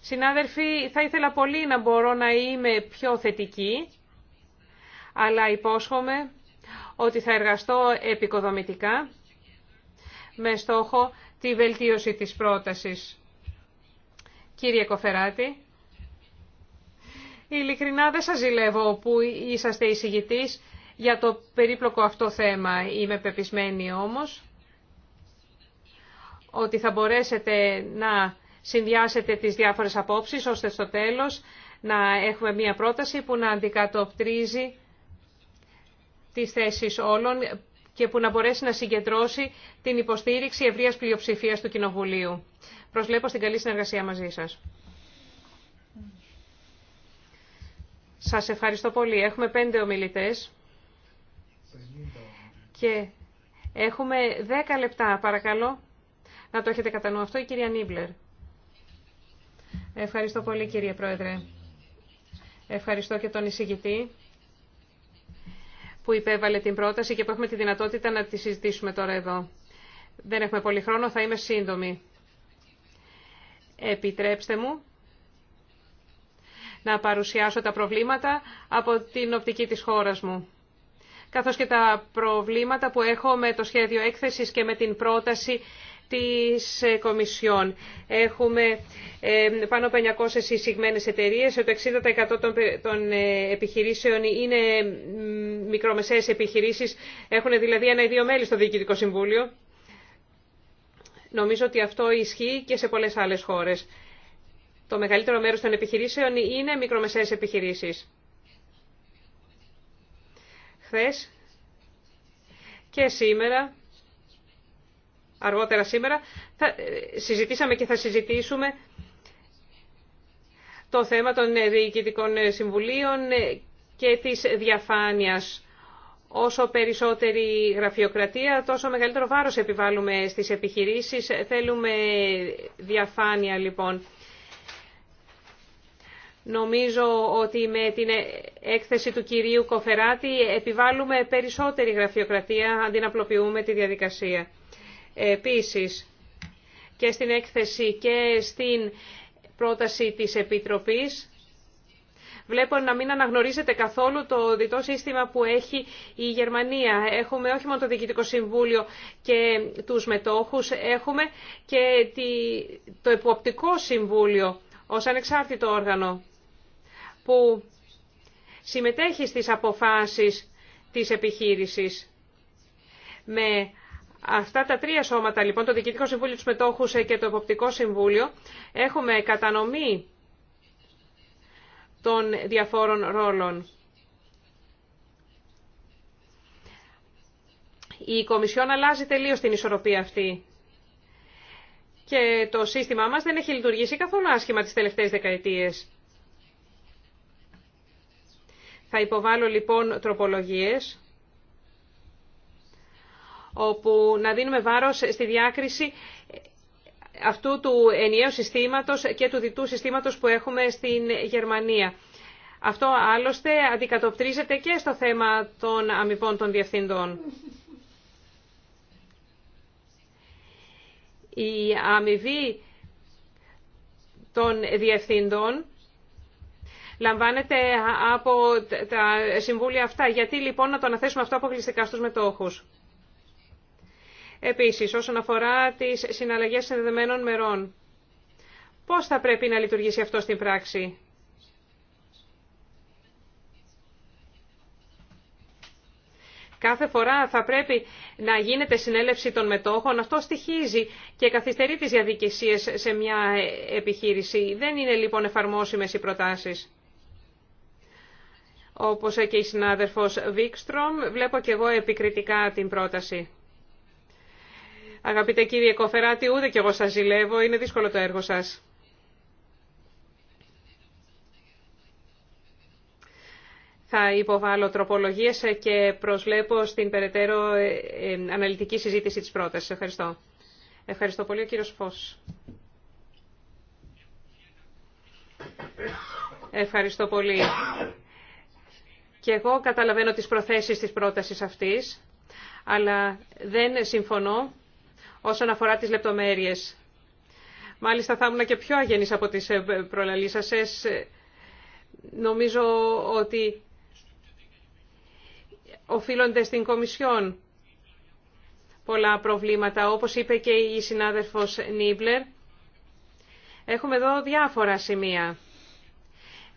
Συνάδελφοι, θα ήθελα πολύ να μπορώ να είμαι πιο θετική, αλλά υπόσχομαι ότι θα εργαστώ επικοδομητικά με στόχο τη βελτίωση της πρότασης. Κύριε Κοφεράτη, Ειλικρινά δεν σας ζηλεύω που είσαστε εισηγητής για το περίπλοκο αυτό θέμα. Είμαι πεπισμένη όμως ότι θα μπορέσετε να συνδυάσετε τις διάφορες απόψεις ώστε στο τέλος να έχουμε μία πρόταση που να αντικατοπτρίζει τις θέσεις όλων και που να μπορέσει να συγκεντρώσει την υποστήριξη ευρείας πλειοψηφίας του Κοινοβουλίου. Προσλέπω στην καλή συνεργασία μαζί σας. Σας ευχαριστώ πολύ. Έχουμε πέντε ομιλητές και έχουμε δέκα λεπτά. Παρακαλώ να το έχετε κατά νου αυτό η κυρία Νίμπλερ. Ευχαριστώ πολύ κύριε Πρόεδρε. Ευχαριστώ και τον εισηγητή που υπέβαλε την πρόταση και που έχουμε τη δυνατότητα να τη συζητήσουμε τώρα εδώ. Δεν έχουμε πολύ χρόνο, θα είμαι σύντομη. Επιτρέψτε μου να παρουσιάσω τα προβλήματα από την οπτική της χώρας μου καθώς και τα προβλήματα που έχω με το σχέδιο έκθεσης και με την πρόταση της ε, Κομισιόν. Έχουμε ε, πάνω από 500 εισηγμένες εταιρείες, το 60% των ε, επιχειρήσεων είναι μικρομεσαίες επιχειρήσεις, έχουν δηλαδή ένα ή δύο μέλη στο Διοικητικό Συμβούλιο. Νομίζω ότι αυτό ισχύει και σε πολλές άλλες χώρες το μεγαλύτερο μέρος των επιχειρήσεων είναι μικρομεσαίες επιχειρήσεις. Χθες και σήμερα, αργότερα σήμερα, θα ε, συζητήσαμε και θα συζητήσουμε το θέμα των ε, διοικητικών ε, συμβουλίων και της διαφάνειας. Όσο περισσότερη γραφειοκρατία, τόσο μεγαλύτερο βάρος επιβάλλουμε στις επιχειρήσεις. Θέλουμε διαφάνεια λοιπόν. Νομίζω ότι με την έκθεση του κυρίου Κοφεράτη επιβάλλουμε περισσότερη γραφειοκρατία αντί να απλοποιούμε τη διαδικασία. Επίσης, και στην έκθεση και στην πρόταση της Επιτροπής βλέπω να μην αναγνωρίζετε καθόλου το διτό σύστημα που έχει η Γερμανία. Έχουμε όχι μόνο το Διοικητικό Συμβούλιο και τους μετόχους, έχουμε και το Εποπτικό Συμβούλιο ως ανεξάρτητο όργανο που συμμετέχει στις αποφάσεις της επιχείρησης. Με αυτά τα τρία σώματα, λοιπόν, το Διοικητικό Συμβούλιο, του Μετόχους και το Εποπτικό Συμβούλιο, έχουμε κατανομή των διαφόρων ρόλων. Η Κομισιόν αλλάζει τελείως την ισορροπία αυτή. Και το σύστημά μας δεν έχει λειτουργήσει καθόλου άσχημα τις τελευταίες δεκαετίες. Θα υποβάλω λοιπόν τροπολογίες όπου να δίνουμε βάρος στη διάκριση αυτού του ενιαίου συστήματος και του διτού συστήματος που έχουμε στην Γερμανία. Αυτό άλλωστε αντικατοπτρίζεται και στο θέμα των αμοιβών των διευθυντών. Η αμοιβή των διευθυντών λαμβάνεται από τα συμβούλια αυτά. Γιατί λοιπόν να το αναθέσουμε αυτό αποκλειστικά στους μετόχους. Επίσης, όσον αφορά τις συναλλαγές συνδεδεμένων μερών, πώς θα πρέπει να λειτουργήσει αυτό στην πράξη. Κάθε φορά θα πρέπει να γίνεται συνέλευση των μετόχων. Αυτό στοιχίζει και καθυστερεί τις διαδικασίες σε μια επιχείρηση. Δεν είναι λοιπόν εφαρμόσιμες οι προτάσεις. Όπως και η συνάδελφος Βίκστρομ, βλέπω και εγώ επικριτικά την πρόταση. Αγαπητέ κύριε Κοφεράτη, ούτε κι εγώ σας ζηλεύω, είναι δύσκολο το έργο σας. Θα υποβάλω τροπολογίες και προσλέπω στην περαιτέρω ε, ε, αναλυτική συζήτηση της πρότασης. Ευχαριστώ. Ευχαριστώ πολύ, ο κύριος Φως. Ευχαριστώ πολύ. Και εγώ καταλαβαίνω τις προθέσεις της πρότασης αυτής, αλλά δεν συμφωνώ όσον αφορά τις λεπτομέρειες. Μάλιστα θα ήμουν και πιο αγενής από τις ε, προλαλήσασες. Νομίζω ότι οφείλονται στην Κομισιόν πολλά προβλήματα. Όπως είπε και η συνάδελφος Νίμπλερ, έχουμε εδώ διάφορα σημεία.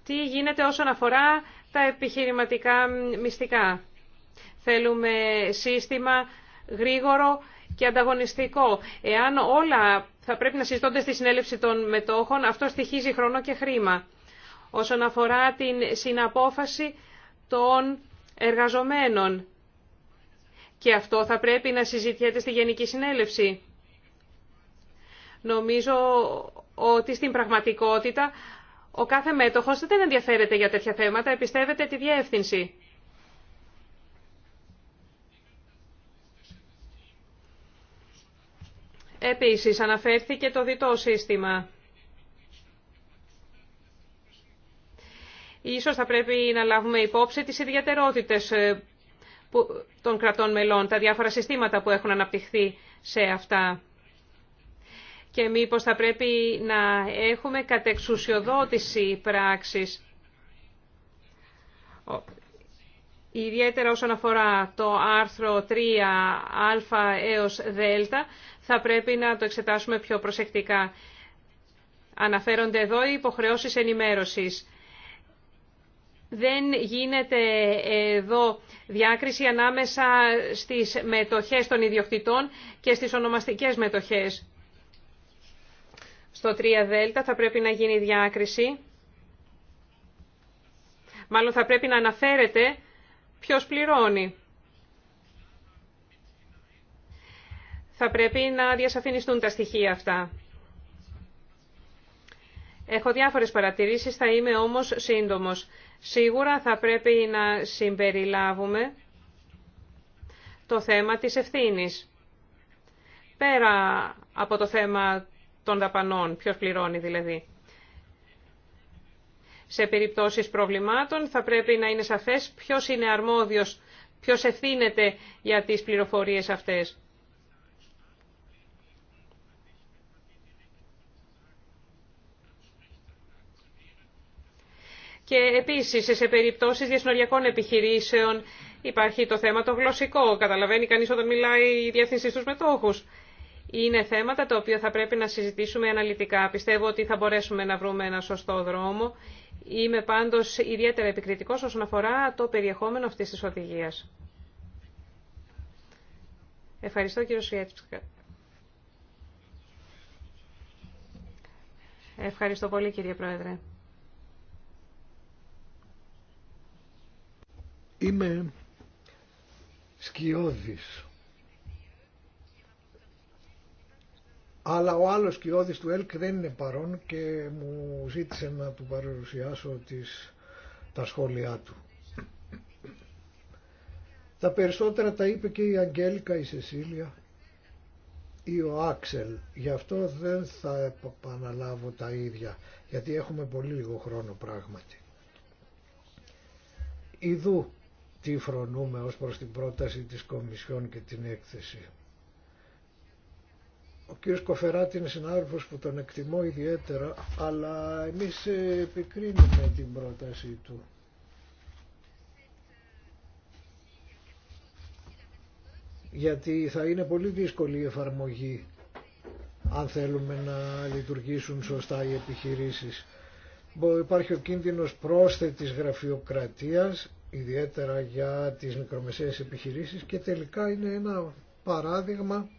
Τι γίνεται όσον αφορά τα επιχειρηματικά μυστικά. Θέλουμε σύστημα γρήγορο και ανταγωνιστικό. Εάν όλα θα πρέπει να συζητώνται στη συνέλευση των μετόχων, αυτό στοιχίζει χρόνο και χρήμα. Όσον αφορά την συναπόφαση των εργαζομένων. Και αυτό θα πρέπει να συζητιέται στη Γενική Συνέλευση. Νομίζω ότι στην πραγματικότητα ο κάθε μέτοχος δεν ενδιαφέρεται για τέτοια θέματα, επιστεύεται τη διεύθυνση. Επίσης, αναφέρθηκε το διτό σύστημα. Ίσως θα πρέπει να λάβουμε υπόψη τις ιδιαιτερότητες ε, των κρατών μελών, τα διάφορα συστήματα που έχουν αναπτυχθεί σε αυτά και μήπως θα πρέπει να έχουμε κατεξουσιοδότηση πράξης. Ιδιαίτερα όσον αφορά το άρθρο 3α έως δ, θα πρέπει να το εξετάσουμε πιο προσεκτικά. Αναφέρονται εδώ οι υποχρεώσεις ενημέρωσης. Δεν γίνεται εδώ διάκριση ανάμεσα στις μετοχές των ιδιοκτητών και στις ονομαστικές μετοχές. Στο 3 δ θα πρέπει να γίνει διάκριση. Μάλλον θα πρέπει να αναφέρεται ποιος πληρώνει. Θα πρέπει να διασαφινιστούν τα στοιχεία αυτά. Έχω διάφορες παρατηρήσεις, θα είμαι όμως σύντομος. Σίγουρα θα πρέπει να συμπεριλάβουμε το θέμα της ευθύνης. Πέρα από το θέμα των δαπανών, ποιο πληρώνει δηλαδή. Σε περιπτώσει προβλημάτων θα πρέπει να είναι σαφέ ποιο είναι αρμόδιος, ποιο ευθύνεται για τι πληροφορίε αυτέ. Και επίσης σε περιπτώσεις διασυνοριακών επιχειρήσεων υπάρχει το θέμα το γλωσσικό. Καταλαβαίνει κανείς όταν μιλάει η διεύθυνση στους μετόχους είναι θέματα τα οποία θα πρέπει να συζητήσουμε αναλυτικά. Πιστεύω ότι θα μπορέσουμε να βρούμε ένα σωστό δρόμο. Είμαι πάντως ιδιαίτερα επικριτικός όσον αφορά το περιεχόμενο αυτής της οδηγίας. Ευχαριστώ κύριο Σιέτσικα. Ευχαριστώ πολύ κύριε Πρόεδρε. Είμαι σκιώδης Αλλά ο άλλος κοιόδης του ΕΛΚ δεν είναι παρόν και μου ζήτησε να του παρουσιάσω τις, τα σχόλιά του. Τα περισσότερα τα είπε και η Αγγέλικα, η Σεσίλια ή ο Άξελ. Γι' αυτό δεν θα επαναλάβω τα ίδια, γιατί έχουμε πολύ λίγο χρόνο πράγματι. Ιδού τι φρονούμε ως προς την πρόταση της Κομισιόν και την έκθεση. Ο κύριος Κοφεράτη είναι συνάδελφος που τον εκτιμώ ιδιαίτερα, αλλά εμείς επικρίνουμε την πρόταση του. Γιατί θα είναι πολύ δύσκολη η εφαρμογή αν θέλουμε να λειτουργήσουν σωστά οι επιχειρήσεις. Υπάρχει ο κίνδυνος πρόσθετης γραφειοκρατίας, ιδιαίτερα για τις μικρομεσαίες επιχειρήσεις και τελικά είναι ένα παράδειγμα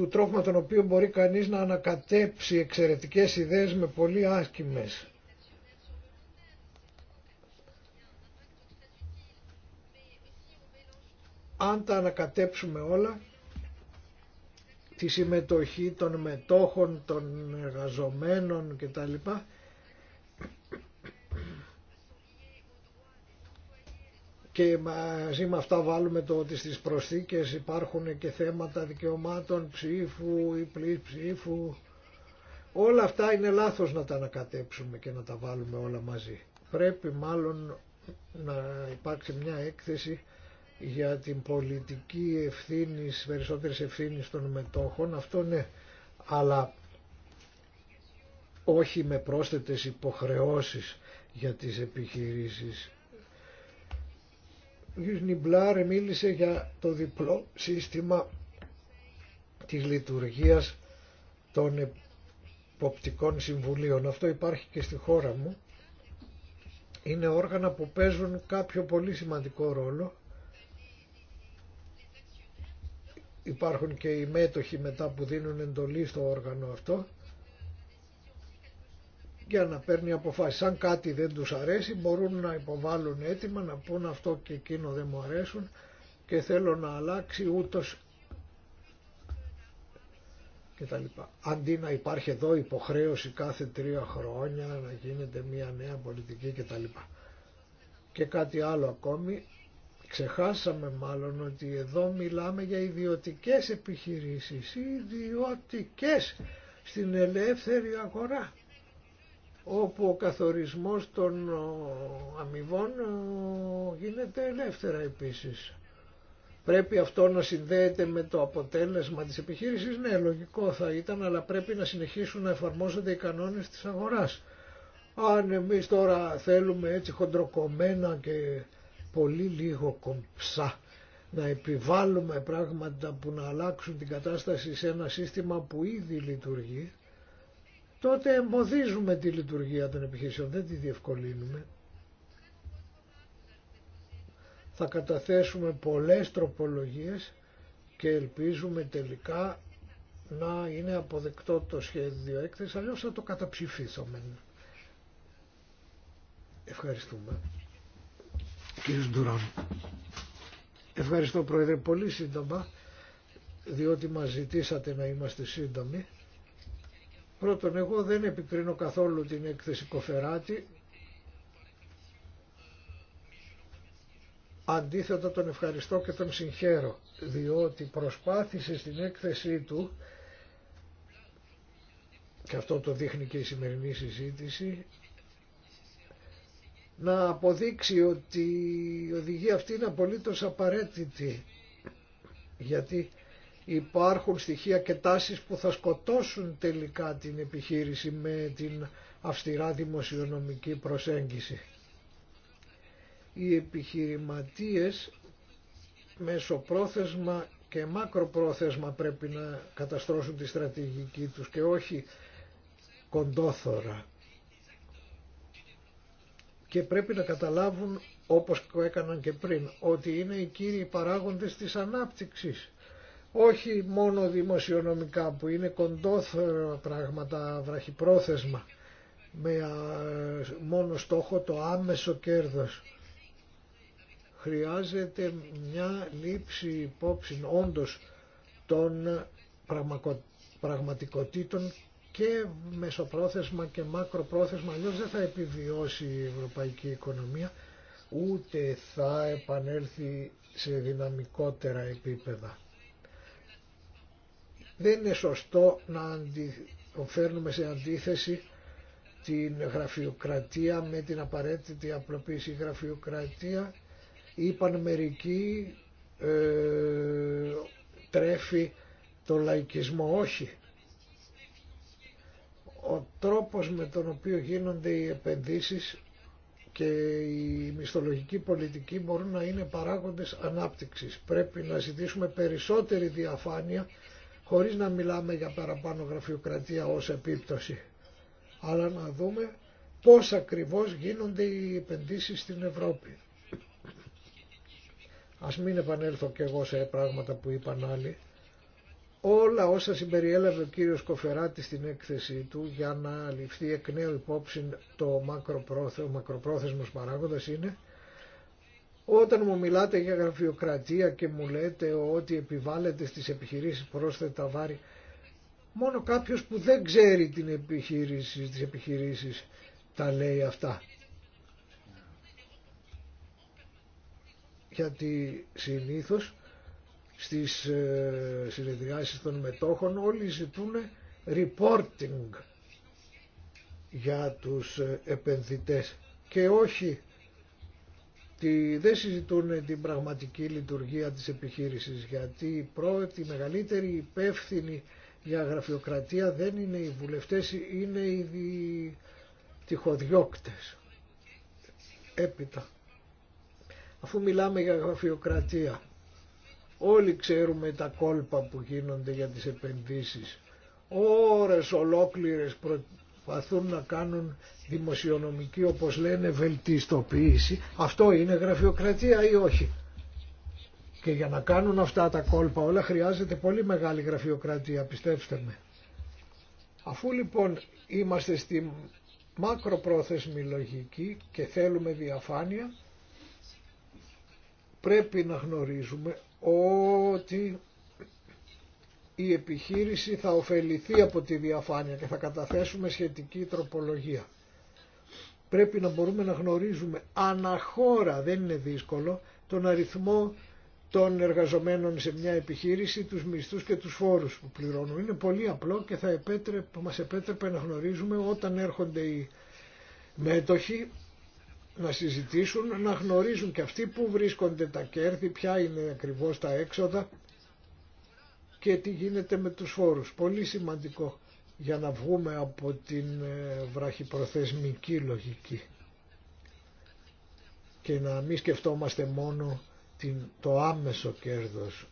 του τρόπου με τον οποίο μπορεί κανείς να ανακατέψει εξαιρετικές ιδέες με πολύ άσκημες. Αν τα ανακατέψουμε όλα, τη συμμετοχή των μετόχων, των εργαζομένων κτλ, και μαζί με αυτά βάλουμε το ότι στις προσθήκες υπάρχουν και θέματα δικαιωμάτων ψήφου ή πλήρης ψήφου. Όλα αυτά είναι λάθος να τα ανακατέψουμε και να τα βάλουμε όλα μαζί. Πρέπει μάλλον να υπάρξει μια έκθεση για την πολιτική ευθύνη, περισσότερη ευθύνη των μετόχων. Αυτό ναι, αλλά όχι με πρόσθετες υποχρεώσεις για τις επιχειρήσεις ο κ. μίλησε για το διπλό σύστημα της λειτουργίας των υποπτικών συμβουλίων. Αυτό υπάρχει και στη χώρα μου. Είναι όργανα που παίζουν κάποιο πολύ σημαντικό ρόλο. Υπάρχουν και οι μέτοχοι μετά που δίνουν εντολή στο όργανο αυτό για να παίρνει αποφάσεις. Αν κάτι δεν τους αρέσει μπορούν να υποβάλουν έτοιμα, να πούν αυτό και εκείνο δεν μου αρέσουν και θέλω να αλλάξει ούτως και Αντί να υπάρχει εδώ υποχρέωση κάθε τρία χρόνια να γίνεται μια νέα πολιτική και Και κάτι άλλο ακόμη, ξεχάσαμε μάλλον ότι εδώ μιλάμε για ιδιωτικές επιχειρήσεις, ιδιωτικές στην ελεύθερη αγορά όπου ο καθορισμός των αμοιβών γίνεται ελεύθερα επίσης. Πρέπει αυτό να συνδέεται με το αποτέλεσμα της επιχείρησης, ναι λογικό θα ήταν, αλλά πρέπει να συνεχίσουν να εφαρμόζονται οι κανόνες της αγοράς. Αν εμείς τώρα θέλουμε έτσι χοντροκομμένα και πολύ λίγο κομψά να επιβάλλουμε πράγματα που να αλλάξουν την κατάσταση σε ένα σύστημα που ήδη λειτουργεί, τότε εμποδίζουμε τη λειτουργία των επιχειρήσεων, δεν τη διευκολύνουμε. Θα καταθέσουμε πολλές τροπολογίες και ελπίζουμε τελικά να είναι αποδεκτό το σχέδιο έκθεση, αλλιώς θα το καταψηφίσουμε. Ευχαριστούμε. Κύριε Ντουράν. Ευχαριστώ Πρόεδρε πολύ σύντομα, διότι μας ζητήσατε να είμαστε σύντομοι. Πρώτον, εγώ δεν επικρίνω καθόλου την έκθεση Κοφεράτη. Αντίθετα τον ευχαριστώ και τον συγχαίρω, διότι προσπάθησε στην έκθεσή του, και αυτό το δείχνει και η σημερινή συζήτηση, να αποδείξει ότι η οδηγία αυτή είναι απολύτως απαραίτητη, γιατί υπάρχουν στοιχεία και τάσεις που θα σκοτώσουν τελικά την επιχείρηση με την αυστηρά δημοσιονομική προσέγγιση. Οι επιχειρηματίες μεσοπρόθεσμα και μακροπρόθεσμα πρέπει να καταστρώσουν τη στρατηγική τους και όχι κοντόθωρα. Και πρέπει να καταλάβουν, όπως έκαναν και πριν, ότι είναι οι κύριοι παράγοντες της ανάπτυξης όχι μόνο δημοσιονομικά που είναι κοντόθερα πράγματα βραχυπρόθεσμα με μόνο στόχο το άμεσο κέρδος. Χρειάζεται μια λήψη υπόψη όντως των πραγματικοτήτων και μεσοπρόθεσμα και μακροπρόθεσμα, αλλιώς δεν θα επιβιώσει η ευρωπαϊκή οικονομία ούτε θα επανέλθει σε δυναμικότερα επίπεδα. Δεν είναι σωστό να αντι... φέρνουμε σε αντίθεση την γραφειοκρατία με την απαραίτητη απλοποίηση. γραφειοκρατία, είπαν μερικοί, ε, τρέφει το λαϊκισμό. Όχι. Ο τρόπος με τον οποίο γίνονται οι επενδύσεις και η μισθολογική πολιτική μπορούν να είναι παράγοντες ανάπτυξης. Πρέπει να ζητήσουμε περισσότερη διαφάνεια χωρίς να μιλάμε για παραπάνω γραφειοκρατία ως επίπτωση, αλλά να δούμε πώς ακριβώς γίνονται οι επενδύσεις στην Ευρώπη. Ας μην επανέλθω και εγώ σε πράγματα που είπαν άλλοι. Όλα όσα συμπεριέλαβε ο κύριος Κοφεράτη στην έκθεσή του για να ληφθεί εκ νέου υπόψη το μακροπρόθεσμος παράγοντας είναι όταν μου μιλάτε για γραφειοκρατία και μου λέτε ότι επιβάλλεται στις επιχειρήσεις πρόσθετα βάρη, μόνο κάποιος που δεν ξέρει την επιχείρηση, τις επιχειρήσεις τα λέει αυτά. Γιατί συνήθως στις ε, συνεδριάσεις των μετόχων όλοι ζητούν reporting για τους ε, επενδυτές και όχι ότι δεν συζητούν την πραγματική λειτουργία της επιχείρησης γιατί η μεγαλύτερη υπεύθυνη για γραφειοκρατία δεν είναι οι βουλευτές, είναι οι δι... τυχοδιώκτες. Έπειτα, αφού μιλάμε για γραφειοκρατία, όλοι ξέρουμε τα κόλπα που γίνονται για τις επενδύσεις. Ώρες ολόκληρες προ προσπαθούν να κάνουν δημοσιονομική όπως λένε βελτιστοποίηση. Αυτό είναι γραφειοκρατία ή όχι. Και για να κάνουν αυτά τα κόλπα όλα χρειάζεται πολύ μεγάλη γραφειοκρατία πιστέψτε με. Αφού λοιπόν είμαστε στη μακροπρόθεσμη λογική και θέλουμε διαφάνεια πρέπει να γνωρίζουμε ότι η επιχείρηση θα ωφεληθεί από τη διαφάνεια και θα καταθέσουμε σχετική τροπολογία. Πρέπει να μπορούμε να γνωρίζουμε αναχώρα, δεν είναι δύσκολο, τον αριθμό των εργαζομένων σε μια επιχείρηση, τους μισθούς και τους φόρους που πληρώνουν. Είναι πολύ απλό και θα επέτρεπε, μας επέτρεπε να γνωρίζουμε όταν έρχονται οι μέτοχοι να συζητήσουν, να γνωρίζουν και αυτοί που βρίσκονται τα κέρδη, ποια είναι ακριβώς τα έξοδα και τι γίνεται με τους φόρους. Πολύ σημαντικό για να βγούμε από την ε, βραχυπροθεσμική λογική και να μην σκεφτόμαστε μόνο την, το άμεσο κέρδος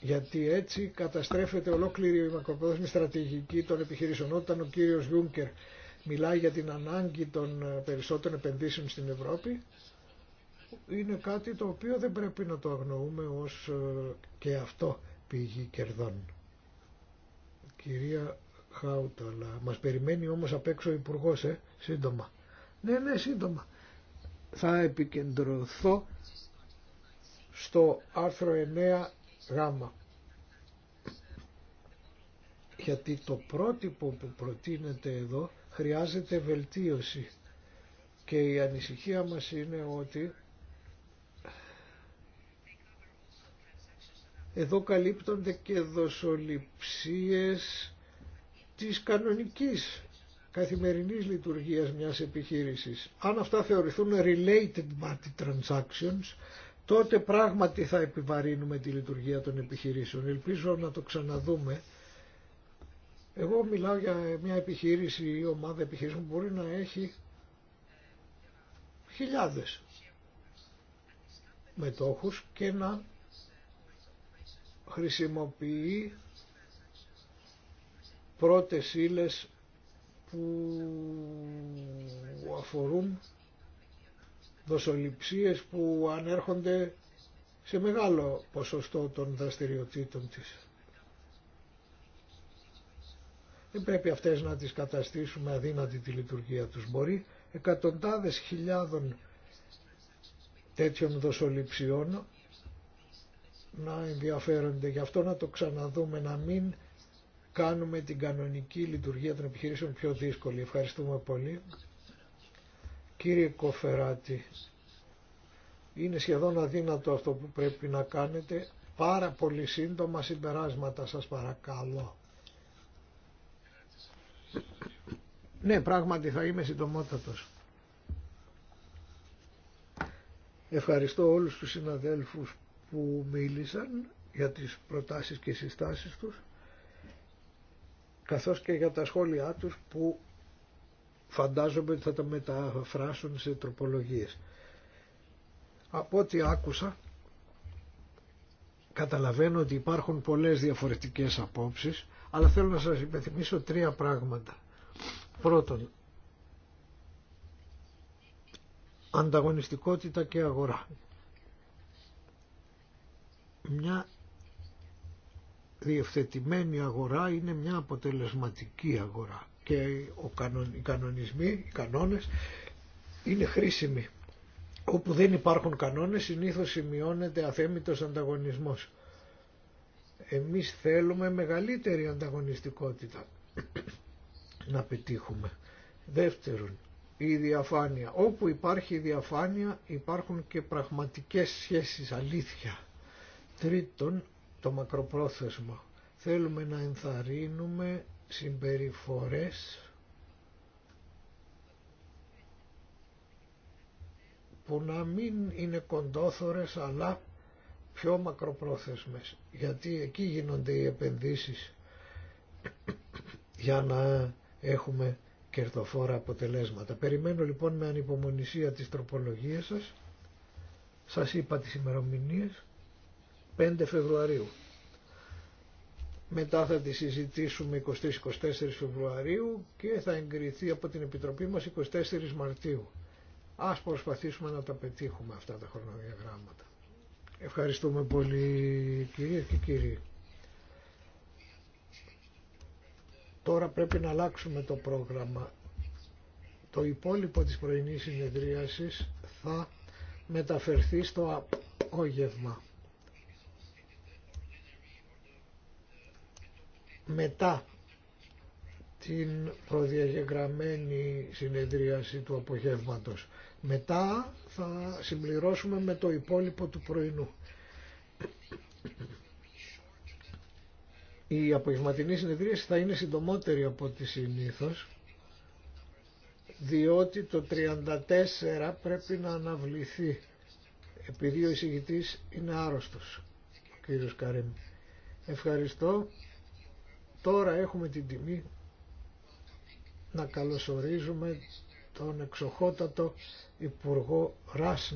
γιατί έτσι καταστρέφεται ολόκληρη η μακροπρόθεσμη στρατηγική των επιχειρήσεων. Όταν ο κύριος Γιούνκερ μιλάει για την ανάγκη των ε, περισσότερων επενδύσεων στην Ευρώπη, είναι κάτι το οποίο δεν πρέπει να το αγνοούμε ως ε, και αυτό πηγή κερδών. Κυρία Χάουταλα, μας περιμένει όμως απ' έξω ο ε, σύντομα. Ναι, ναι, σύντομα. Θα επικεντρωθώ στο άρθρο 9 γάμα. Γιατί το πρότυπο που προτείνεται εδώ χρειάζεται βελτίωση. Και η ανησυχία μας είναι ότι Εδώ καλύπτονται και δοσοληψίες της κανονικής καθημερινής λειτουργίας μιας επιχείρησης. Αν αυτά θεωρηθούν related party transactions, τότε πράγματι θα επιβαρύνουμε τη λειτουργία των επιχειρήσεων. Ελπίζω να το ξαναδούμε. Εγώ μιλάω για μια επιχείρηση ή ομάδα επιχειρήσεων που μπορεί να έχει χιλιάδες μετόχους και να χρησιμοποιεί πρώτες ύλες που αφορούν δοσοληψίες που ανέρχονται σε μεγάλο ποσοστό των δραστηριοτήτων της. Δεν πρέπει αυτές να τις καταστήσουμε αδύνατη τη λειτουργία τους. Μπορεί εκατοντάδες χιλιάδων τέτοιων δοσοληψιών να ενδιαφέρονται. Γι' αυτό να το ξαναδούμε, να μην κάνουμε την κανονική λειτουργία των επιχειρήσεων πιο δύσκολη. Ευχαριστούμε πολύ. Κύριε Κοφεράτη, είναι σχεδόν αδύνατο αυτό που πρέπει να κάνετε. Πάρα πολύ σύντομα συμπεράσματα σας παρακαλώ. Ναι, πράγματι θα είμαι συντομότατος. Ευχαριστώ όλους τους συναδέλφους που μίλησαν για τις προτάσεις και συστάσεις τους καθώς και για τα σχόλιά τους που φαντάζομαι ότι θα τα μεταφράσουν σε τροπολογίες. Από ό,τι άκουσα καταλαβαίνω ότι υπάρχουν πολλές διαφορετικές απόψεις αλλά θέλω να σας υπενθυμίσω τρία πράγματα. Πρώτον, ανταγωνιστικότητα και αγορά μια διευθετημένη αγορά είναι μια αποτελεσματική αγορά και ο οι κανονισμοί, οι κανόνες είναι χρήσιμοι. Όπου δεν υπάρχουν κανόνες συνήθως σημειώνεται αθέμητος ανταγωνισμός. Εμείς θέλουμε μεγαλύτερη ανταγωνιστικότητα να πετύχουμε. Δεύτερον, η διαφάνεια. Όπου υπάρχει διαφάνεια υπάρχουν και πραγματικές σχέσεις, αλήθεια. Τρίτον, το μακροπρόθεσμα. Θέλουμε να ενθαρρύνουμε συμπεριφορές που να μην είναι κοντόθωρες αλλά πιο μακροπρόθεσμες γιατί εκεί γίνονται οι επενδύσεις για να έχουμε κερδοφόρα αποτελέσματα. Περιμένω λοιπόν με ανυπομονησία τις τροπολογίες σας. Σας είπα τις ημερομηνίες. 5 Φεβρουαρίου. Μετά θα τη συζητήσουμε 23-24 Φεβρουαρίου και θα εγκριθεί από την Επιτροπή μας 24 Μαρτίου. Ας προσπαθήσουμε να τα πετύχουμε αυτά τα χρονοδιαγράμματα. Ευχαριστούμε πολύ κυρίε και κύριοι. Τώρα πρέπει να αλλάξουμε το πρόγραμμα. Το υπόλοιπο της πρωινής συνεδρίασης θα μεταφερθεί στο απόγευμα. μετά την προδιαγεγραμμένη συνεδρίαση του απογεύματος. Μετά θα συμπληρώσουμε με το υπόλοιπο του πρωινού. Η απογευματινή συνεδρίαση θα είναι συντομότερη από τη συνήθως, διότι το 34 πρέπει να αναβληθεί, επειδή ο εισηγητής είναι άρρωστος, ο κύριος Καρέμ. Ευχαριστώ. Τώρα έχουμε την τιμή να καλωσορίζουμε τον εξοχότατο Υπουργό Ρας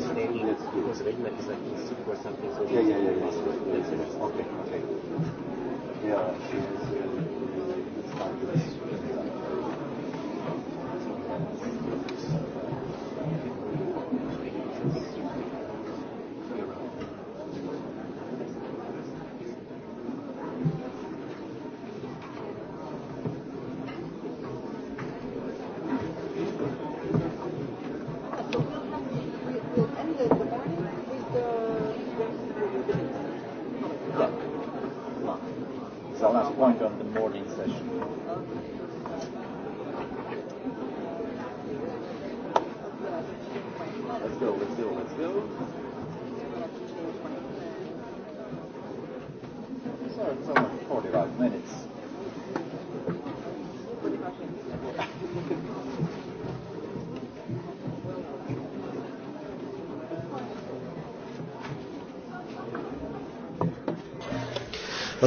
that's yeah, yeah, yeah, yeah, Okay, okay. Yeah,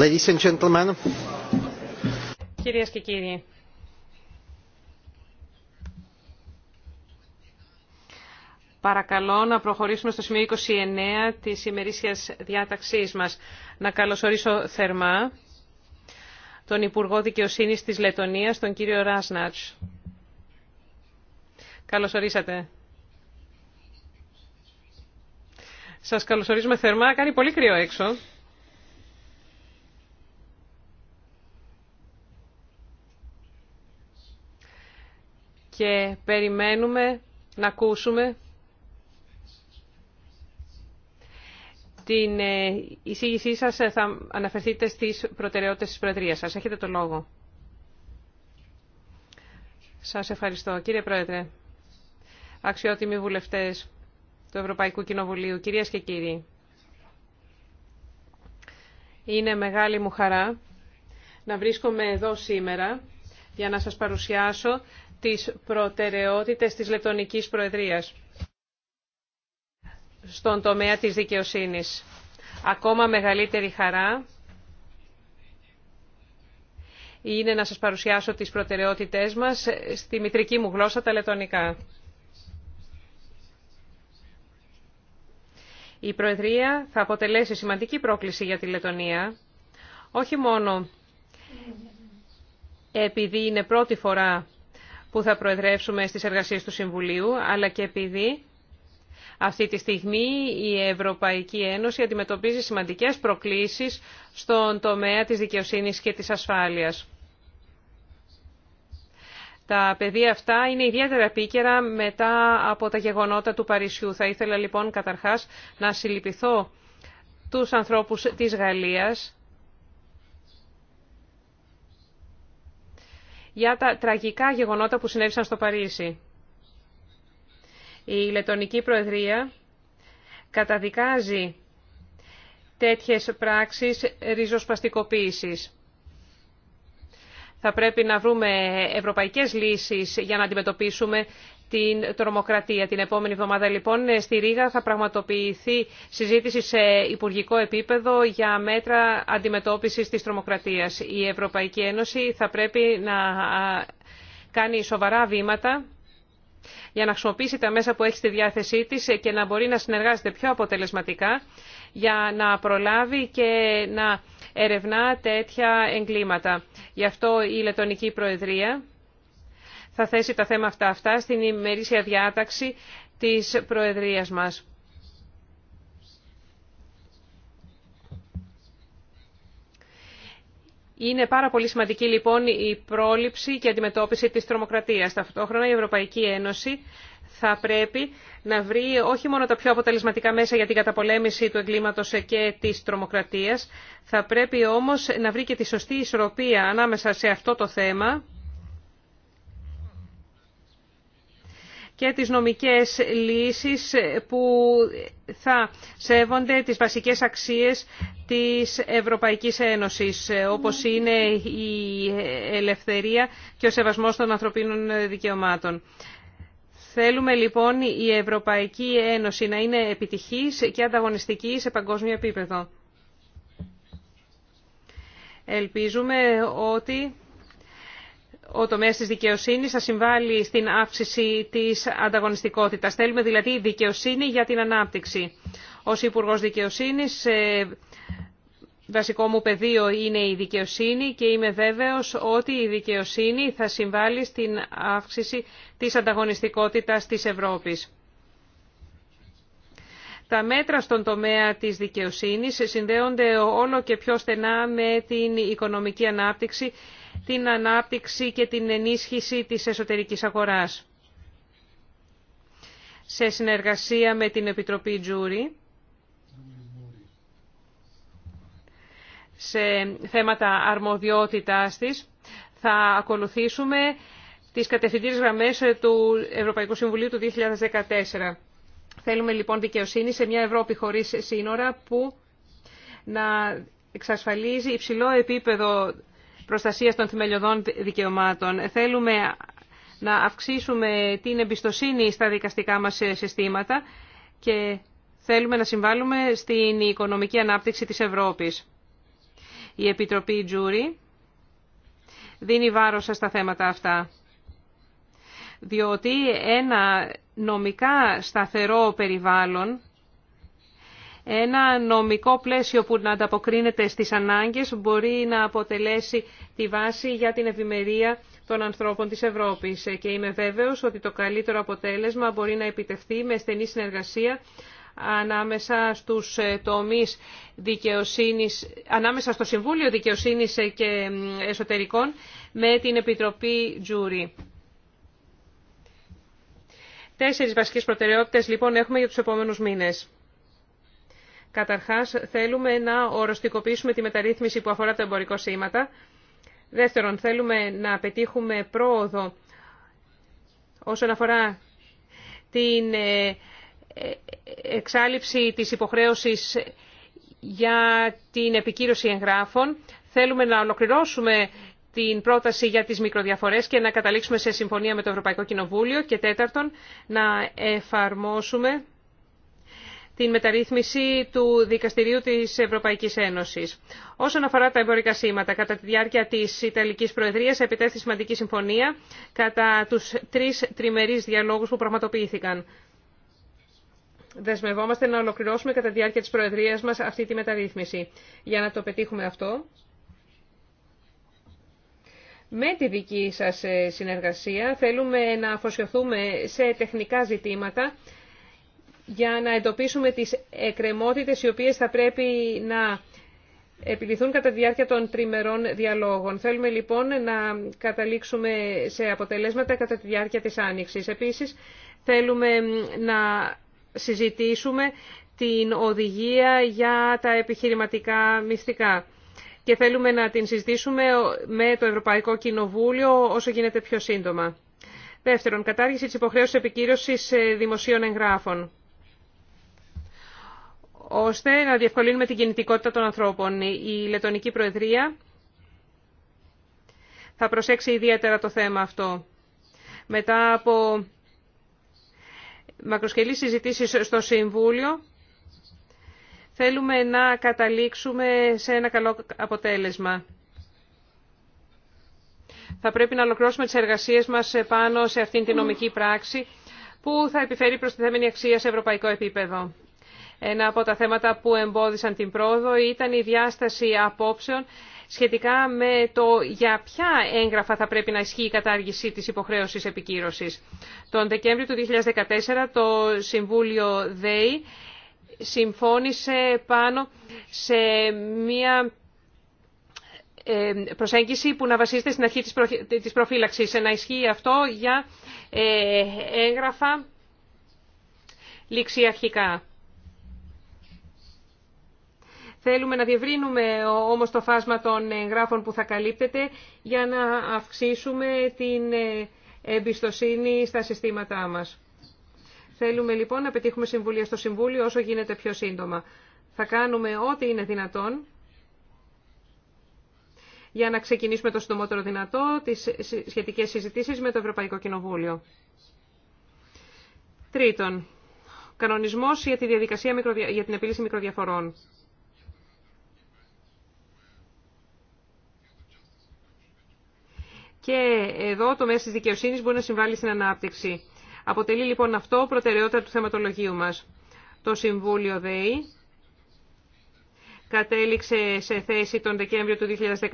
Ladies Κυρίες και κύριοι. Παρακαλώ να προχωρήσουμε στο σημείο 29 της ημερήσιας διάταξής μας. Να καλωσορίσω θερμά τον Υπουργό Δικαιοσύνης της Λετωνίας, τον κύριο Ράσνατς. Καλωσορίσατε. Σας καλωσορίζουμε θερμά. Κάνει πολύ κρύο έξω. και περιμένουμε να ακούσουμε την ε, εισήγησή σας. Ε, θα αναφερθείτε στις προτεραιότητες της Προεδρίας σας. Έχετε το λόγο. Σας ευχαριστώ. Κύριε Πρόεδρε, αξιότιμοι βουλευτές του Ευρωπαϊκού Κοινοβουλίου, κυρίες και κύριοι, είναι μεγάλη μου χαρά να βρίσκομαι εδώ σήμερα για να σας παρουσιάσω τις προτεραιότητες της λετωνικής Προεδρίας στον τομέα της δικαιοσύνης. Ακόμα μεγαλύτερη χαρά είναι να σας παρουσιάσω τις προτεραιότητές μας στη μητρική μου γλώσσα τα λετωνικά. Η Προεδρία θα αποτελέσει σημαντική πρόκληση για τη Λετωνία, όχι μόνο επειδή είναι πρώτη φορά που θα προεδρεύσουμε στις εργασίες του Συμβουλίου, αλλά και επειδή αυτή τη στιγμή η Ευρωπαϊκή Ένωση αντιμετωπίζει σημαντικές προκλήσεις στον τομέα της δικαιοσύνης και της ασφάλειας. Τα παιδεία αυτά είναι ιδιαίτερα επίκαιρα μετά από τα γεγονότα του Παρισιού. Θα ήθελα λοιπόν καταρχάς να συλληπιθώ τους ανθρώπους της Γαλλίας για τα τραγικά γεγονότα που συνέβησαν στο Παρίσι. Η Λετωνική Προεδρία καταδικάζει τέτοιες πράξεις ριζοσπαστικοποίησης. Θα πρέπει να βρούμε ευρωπαϊκές λύσεις για να αντιμετωπίσουμε την τρομοκρατία. Την επόμενη εβδομάδα λοιπόν στη Ρήγα θα πραγματοποιηθεί συζήτηση σε υπουργικό επίπεδο για μέτρα αντιμετώπισης της τρομοκρατίας. Η Ευρωπαϊκή Ένωση θα πρέπει να κάνει σοβαρά βήματα για να χρησιμοποιήσει τα μέσα που έχει στη διάθεσή της και να μπορεί να συνεργάζεται πιο αποτελεσματικά για να προλάβει και να ερευνά τέτοια εγκλήματα. Γι' αυτό η Λετωνική Προεδρία θα θέσει τα θέματα αυτά, στην ημερήσια διάταξη της Προεδρίας μας. Είναι πάρα πολύ σημαντική λοιπόν η πρόληψη και αντιμετώπιση της τρομοκρατίας. Ταυτόχρονα η Ευρωπαϊκή Ένωση θα πρέπει να βρει όχι μόνο τα πιο αποτελεσματικά μέσα για την καταπολέμηση του εγκλήματος και της τρομοκρατίας, θα πρέπει όμως να βρει και τη σωστή ισορροπία ανάμεσα σε αυτό το θέμα και τις νομικές λύσεις που θα σέβονται τις βασικές αξίες της Ευρωπαϊκής Ένωσης, όπως είναι η ελευθερία και ο σεβασμός των ανθρωπίνων δικαιωμάτων. Θέλουμε λοιπόν η Ευρωπαϊκή Ένωση να είναι επιτυχής και ανταγωνιστική σε παγκόσμιο επίπεδο. Ελπίζουμε ότι ο τομέας της δικαιοσύνης θα συμβάλλει στην αύξηση της ανταγωνιστικότητας. Θέλουμε δηλαδή δικαιοσύνη για την ανάπτυξη. Ως Υπουργός Δικαιοσύνης, ε, βασικό μου πεδίο είναι η δικαιοσύνη και είμαι βέβαιος ότι η δικαιοσύνη θα συμβάλλει στην αύξηση της ανταγωνιστικότητας της Ευρώπης. Τα μέτρα στον τομέα της δικαιοσύνης συνδέονται όλο και πιο στενά με την οικονομική ανάπτυξη την ανάπτυξη και την ενίσχυση της εσωτερικής αγοράς. Σε συνεργασία με την Επιτροπή Τζούρι, σε θέματα αρμοδιότητάς της, θα ακολουθήσουμε τις κατευθυντήρες γραμμές του Ευρωπαϊκού Συμβουλίου του 2014. Θέλουμε λοιπόν δικαιοσύνη σε μια Ευρώπη χωρίς σύνορα που να εξασφαλίζει υψηλό επίπεδο Προστασία των θεμελιωδών δικαιωμάτων. Θέλουμε να αυξήσουμε την εμπιστοσύνη στα δικαστικά μας ε, συστήματα και θέλουμε να συμβάλλουμε στην οικονομική ανάπτυξη της Ευρώπης. Η Επιτροπή Τζούρι δίνει βάρος στα θέματα αυτά, διότι ένα νομικά σταθερό περιβάλλον ένα νομικό πλαίσιο που να ανταποκρίνεται στις ανάγκες μπορεί να αποτελέσει τη βάση για την ευημερία των ανθρώπων της Ευρώπης και είμαι βέβαιος ότι το καλύτερο αποτέλεσμα μπορεί να επιτευχθεί με στενή συνεργασία ανάμεσα στους ε, τομείς δικαιοσύνης, ανάμεσα στο Συμβούλιο Δικαιοσύνης ε, και Εσωτερικών με την Επιτροπή Τζούρι. Τέσσερις βασικές προτεραιότητες λοιπόν έχουμε για τους επόμενους μήνες. Καταρχάς, θέλουμε να οροστικοποιήσουμε τη μεταρρύθμιση που αφορά τα εμπορικό σήματα. Δεύτερον, θέλουμε να πετύχουμε πρόοδο όσον αφορά την ε, ε, εξάλληψη της υποχρέωσης για την επικύρωση εγγράφων. Θέλουμε να ολοκληρώσουμε την πρόταση για τις μικροδιαφορές και να καταλήξουμε σε συμφωνία με το Ευρωπαϊκό Κοινοβούλιο. Και τέταρτον, να εφαρμόσουμε την μεταρρύθμιση του Δικαστηρίου της Ευρωπαϊκής Ένωσης. Όσον αφορά τα εμπορικά σήματα, κατά τη διάρκεια της Ιταλικής Προεδρίας επιτέθη σημαντική συμφωνία κατά τους τρει τριμερεί διαλόγους που πραγματοποιήθηκαν. Δεσμευόμαστε να ολοκληρώσουμε κατά τη διάρκεια της Προεδρίας μας αυτή τη μεταρρύθμιση. Για να το πετύχουμε αυτό, με τη δική σας ε, συνεργασία θέλουμε να αφοσιωθούμε σε τεχνικά ζητήματα για να εντοπίσουμε τις εκκρεμότητες οι οποίες θα πρέπει να επιληθούν κατά τη διάρκεια των τριμερών διαλόγων. Θέλουμε λοιπόν να καταλήξουμε σε αποτελέσματα κατά τη διάρκεια της Άνοιξης. Επίσης, θέλουμε να συζητήσουμε την οδηγία για τα επιχειρηματικά μυστικά και θέλουμε να την συζητήσουμε με το Ευρωπαϊκό Κοινοβούλιο όσο γίνεται πιο σύντομα. Δεύτερον, κατάργηση της υποχρέωσης επικύρωσης δημοσίων εγγράφων ώστε να διευκολύνουμε την κινητικότητα των ανθρώπων. Η Λετωνική Προεδρία θα προσέξει ιδιαίτερα το θέμα αυτό. Μετά από μακροσκελή συζητήσεις στο Συμβούλιο, θέλουμε να καταλήξουμε σε ένα καλό αποτέλεσμα. Θα πρέπει να ολοκληρώσουμε τις εργασίες μας πάνω σε αυτήν την νομική πράξη που θα επιφέρει προστιθέμενη αξία σε ευρωπαϊκό επίπεδο. Ένα από τα θέματα που εμπόδισαν την πρόοδο ήταν η διάσταση απόψεων σχετικά με το για ποια έγγραφα θα πρέπει να ισχύει η κατάργηση της υποχρέωσης επικύρωσης. Τον Δεκέμβριο του 2014 το Συμβούλιο ΔΕΗ συμφώνησε πάνω σε μία ε, προσέγγιση που να βασίζεται στην αρχή της προφύλαξης. Να ισχύει αυτό για ε, έγγραφα ληξιαρχικά. Θέλουμε να διευρύνουμε όμως το φάσμα των εγγράφων που θα καλύπτεται για να αυξήσουμε την ε, εμπιστοσύνη στα συστήματά μας. Θέλουμε λοιπόν να πετύχουμε συμβουλία στο Συμβούλιο όσο γίνεται πιο σύντομα. Θα κάνουμε ό,τι είναι δυνατόν για να ξεκινήσουμε το συντομότερο δυνατό τις σχετικές συζητήσεις με το Ευρωπαϊκό Κοινοβούλιο. Τρίτον, κανονισμός για, τη διαδικασία, για την επίλυση μικροδιαφορών. Και εδώ το μέσο τη δικαιοσύνη μπορεί να συμβάλλει στην ανάπτυξη. Αποτελεί λοιπόν αυτό προτεραιότητα του θεματολογίου μας. Το Συμβούλιο ΔΕΗ κατέληξε σε θέση τον Δεκέμβριο του 2014.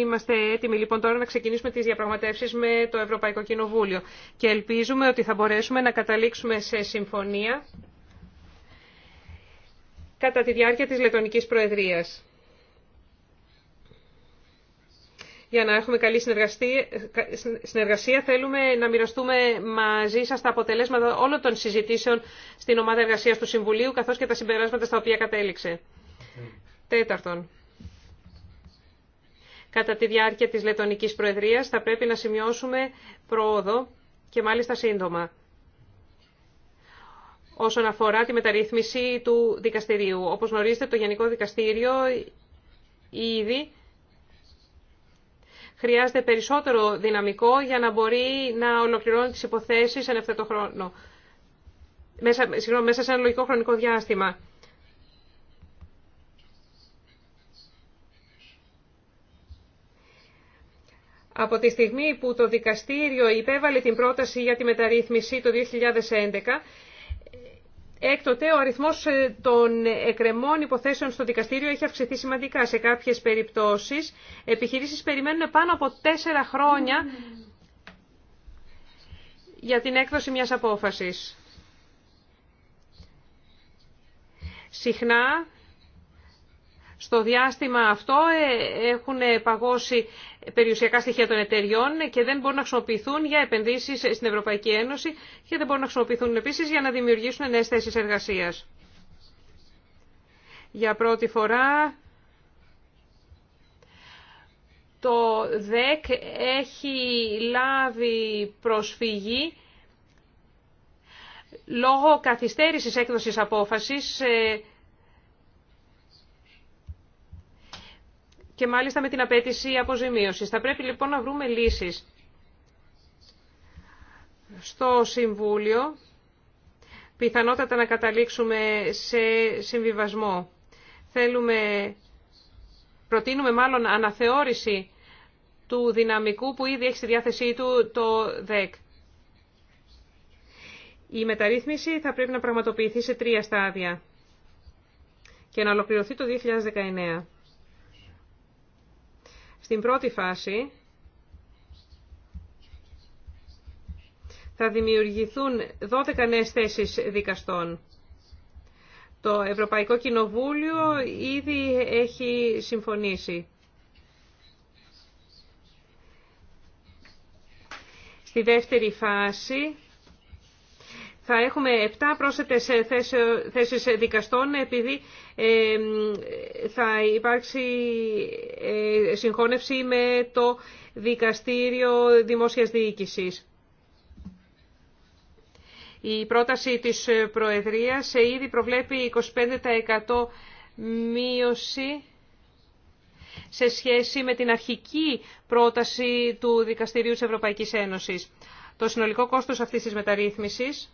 Είμαστε έτοιμοι λοιπόν τώρα να ξεκινήσουμε τις διαπραγματεύσεις με το Ευρωπαϊκό Κοινοβούλιο και ελπίζουμε ότι θα μπορέσουμε να καταλήξουμε σε συμφωνία κατά τη διάρκεια της Λετωνικής Προεδρίας. Για να έχουμε καλή συνεργασία θέλουμε να μοιραστούμε μαζί σας τα αποτελέσματα όλων των συζητήσεων στην ομάδα εργασίας του Συμβουλίου καθώς και τα συμπεράσματα στα οποία κατέληξε. Τέταρτον. Κατά τη διάρκεια της Λετωνικής Προεδρίας θα πρέπει να σημειώσουμε πρόοδο και μάλιστα σύντομα όσον αφορά τη μεταρρύθμιση του δικαστηρίου. Όπως γνωρίζετε, το Γενικό Δικαστήριο ήδη χρειάζεται περισσότερο δυναμικό για να μπορεί να ολοκληρώνει τις υποθέσεις εν χρόνο. Μέσα, μέσα σε ένα λογικό χρονικό διάστημα. Από τη στιγμή που το δικαστήριο υπέβαλε την πρόταση για τη μεταρρύθμιση το 2011, Έκτοτε, ο αριθμό ε, των εκρεμών υποθέσεων στο δικαστήριο έχει αυξηθεί σημαντικά. Σε κάποιες περιπτώσεις, επιχειρήσεις περιμένουν πάνω από τέσσερα χρόνια για την έκδοση μιας απόφασης. Συχνά στο διάστημα αυτό ε, έχουν παγώσει περιουσιακά στοιχεία των εταιριών και δεν μπορούν να χρησιμοποιηθούν για επενδύσεις στην Ευρωπαϊκή Ένωση και δεν μπορούν να χρησιμοποιηθούν επίσης για να δημιουργήσουν νέες θέσεις εργασίας. Για πρώτη φορά το ΔΕΚ έχει λάβει προσφυγή λόγω καθυστέρησης έκδοσης απόφασης ε, και μάλιστα με την απέτηση αποζημίωσης. Θα πρέπει λοιπόν να βρούμε λύσεις στο Συμβούλιο, πιθανότατα να καταλήξουμε σε συμβιβασμό. Θέλουμε, προτείνουμε μάλλον αναθεώρηση του δυναμικού που ήδη έχει στη διάθεσή του το ΔΕΚ. Η μεταρρύθμιση θα πρέπει να πραγματοποιηθεί σε τρία στάδια και να ολοκληρωθεί το 2019. Στην πρώτη φάση θα δημιουργηθούν 12 νέες θέσεις δικαστών. Το Ευρωπαϊκό Κοινοβούλιο ήδη έχει συμφωνήσει. Στη δεύτερη φάση θα έχουμε 7 πρόσθετες ε, θέσεις ε, δικαστών επειδή ε, θα υπάρξει συγχώνευση με το Δικαστήριο Δημόσιας Διοίκησης. Η πρόταση της Προεδρίας ήδη προβλέπει 25% μείωση σε σχέση με την αρχική πρόταση του Δικαστηρίου της Ευρωπαϊκής Ένωσης. Το συνολικό κόστος αυτής της μεταρρύθμισης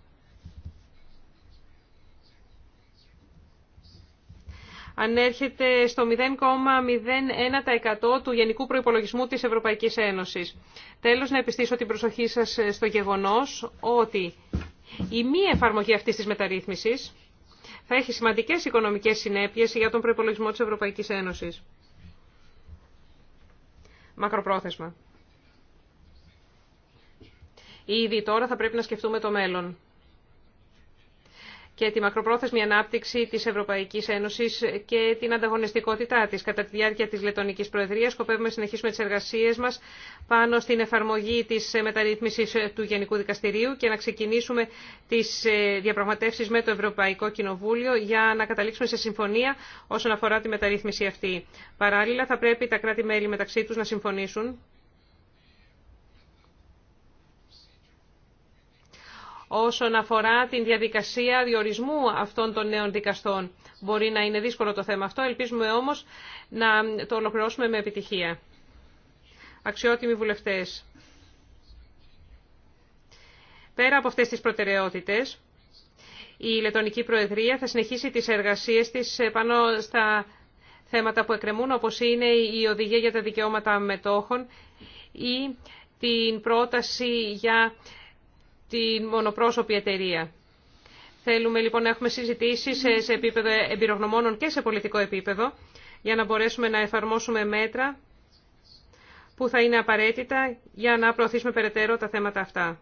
ανέρχεται στο 0,01% του γενικού προϋπολογισμού της Ευρωπαϊκής Ένωσης. Τέλος, να επιστήσω την προσοχή σας στο γεγονός ότι η μη εφαρμογή αυτής της μεταρρύθμισης θα έχει σημαντικές οικονομικές συνέπειες για τον προϋπολογισμό της Ευρωπαϊκής Ένωσης. Μακροπρόθεσμα. Ήδη τώρα θα πρέπει να σκεφτούμε το μέλλον και τη μακροπρόθεσμη ανάπτυξη της Ευρωπαϊκής Ένωσης και την ανταγωνιστικότητά της. Κατά τη διάρκεια της Λετωνικής Προεδρίας σκοπεύουμε να συνεχίσουμε τις εργασίες μας πάνω στην εφαρμογή της μεταρρύθμισης του Γενικού Δικαστηρίου και να ξεκινήσουμε τις ε, διαπραγματεύσεις με το Ευρωπαϊκό Κοινοβούλιο για να καταλήξουμε σε συμφωνία όσον αφορά τη μεταρρύθμιση αυτή. Παράλληλα θα πρέπει τα κράτη-μέλη μεταξύ τους να συμφωνήσουν όσον αφορά την διαδικασία διορισμού αυτών των νέων δικαστών. Μπορεί να είναι δύσκολο το θέμα αυτό, ελπίζουμε όμως να το ολοκληρώσουμε με επιτυχία. Αξιότιμοι βουλευτές, πέρα από αυτές τις προτεραιότητες, η Λετωνική Προεδρία θα συνεχίσει τις εργασίες της πάνω στα θέματα που εκκρεμούν, όπως είναι η οδηγία για τα δικαιώματα μετόχων ή την πρόταση για την μονοπρόσωπη εταιρεία. Θέλουμε λοιπόν να έχουμε συζητήσει σε επίπεδο εμπειρογνωμόνων και σε πολιτικό επίπεδο για να μπορέσουμε να εφαρμόσουμε μέτρα που θα είναι απαραίτητα για να προωθήσουμε περαιτέρω τα θέματα αυτά.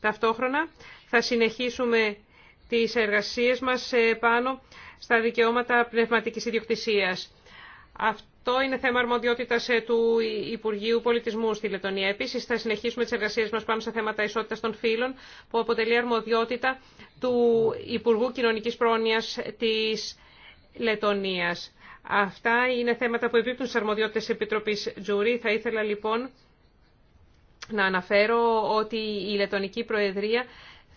Ταυτόχρονα θα συνεχίσουμε τις εργασίες μας ε, πάνω στα δικαιώματα πνευματικής ιδιοκτησίας. Αυτό είναι θέμα αρμοδιότητα ε, του Υπουργείου Πολιτισμού στη Λετωνία. Επίση, θα συνεχίσουμε τι εργασίε μα πάνω σε θέματα ισότητα των φύλων, που αποτελεί αρμοδιότητα του Υπουργού Κοινωνική Πρόνοια τη Λετωνία. Αυτά είναι θέματα που επίπτουν στι αρμοδιότητε τη Επιτροπή Τζουρί. Θα ήθελα λοιπόν να αναφέρω ότι η Λετωνική Προεδρία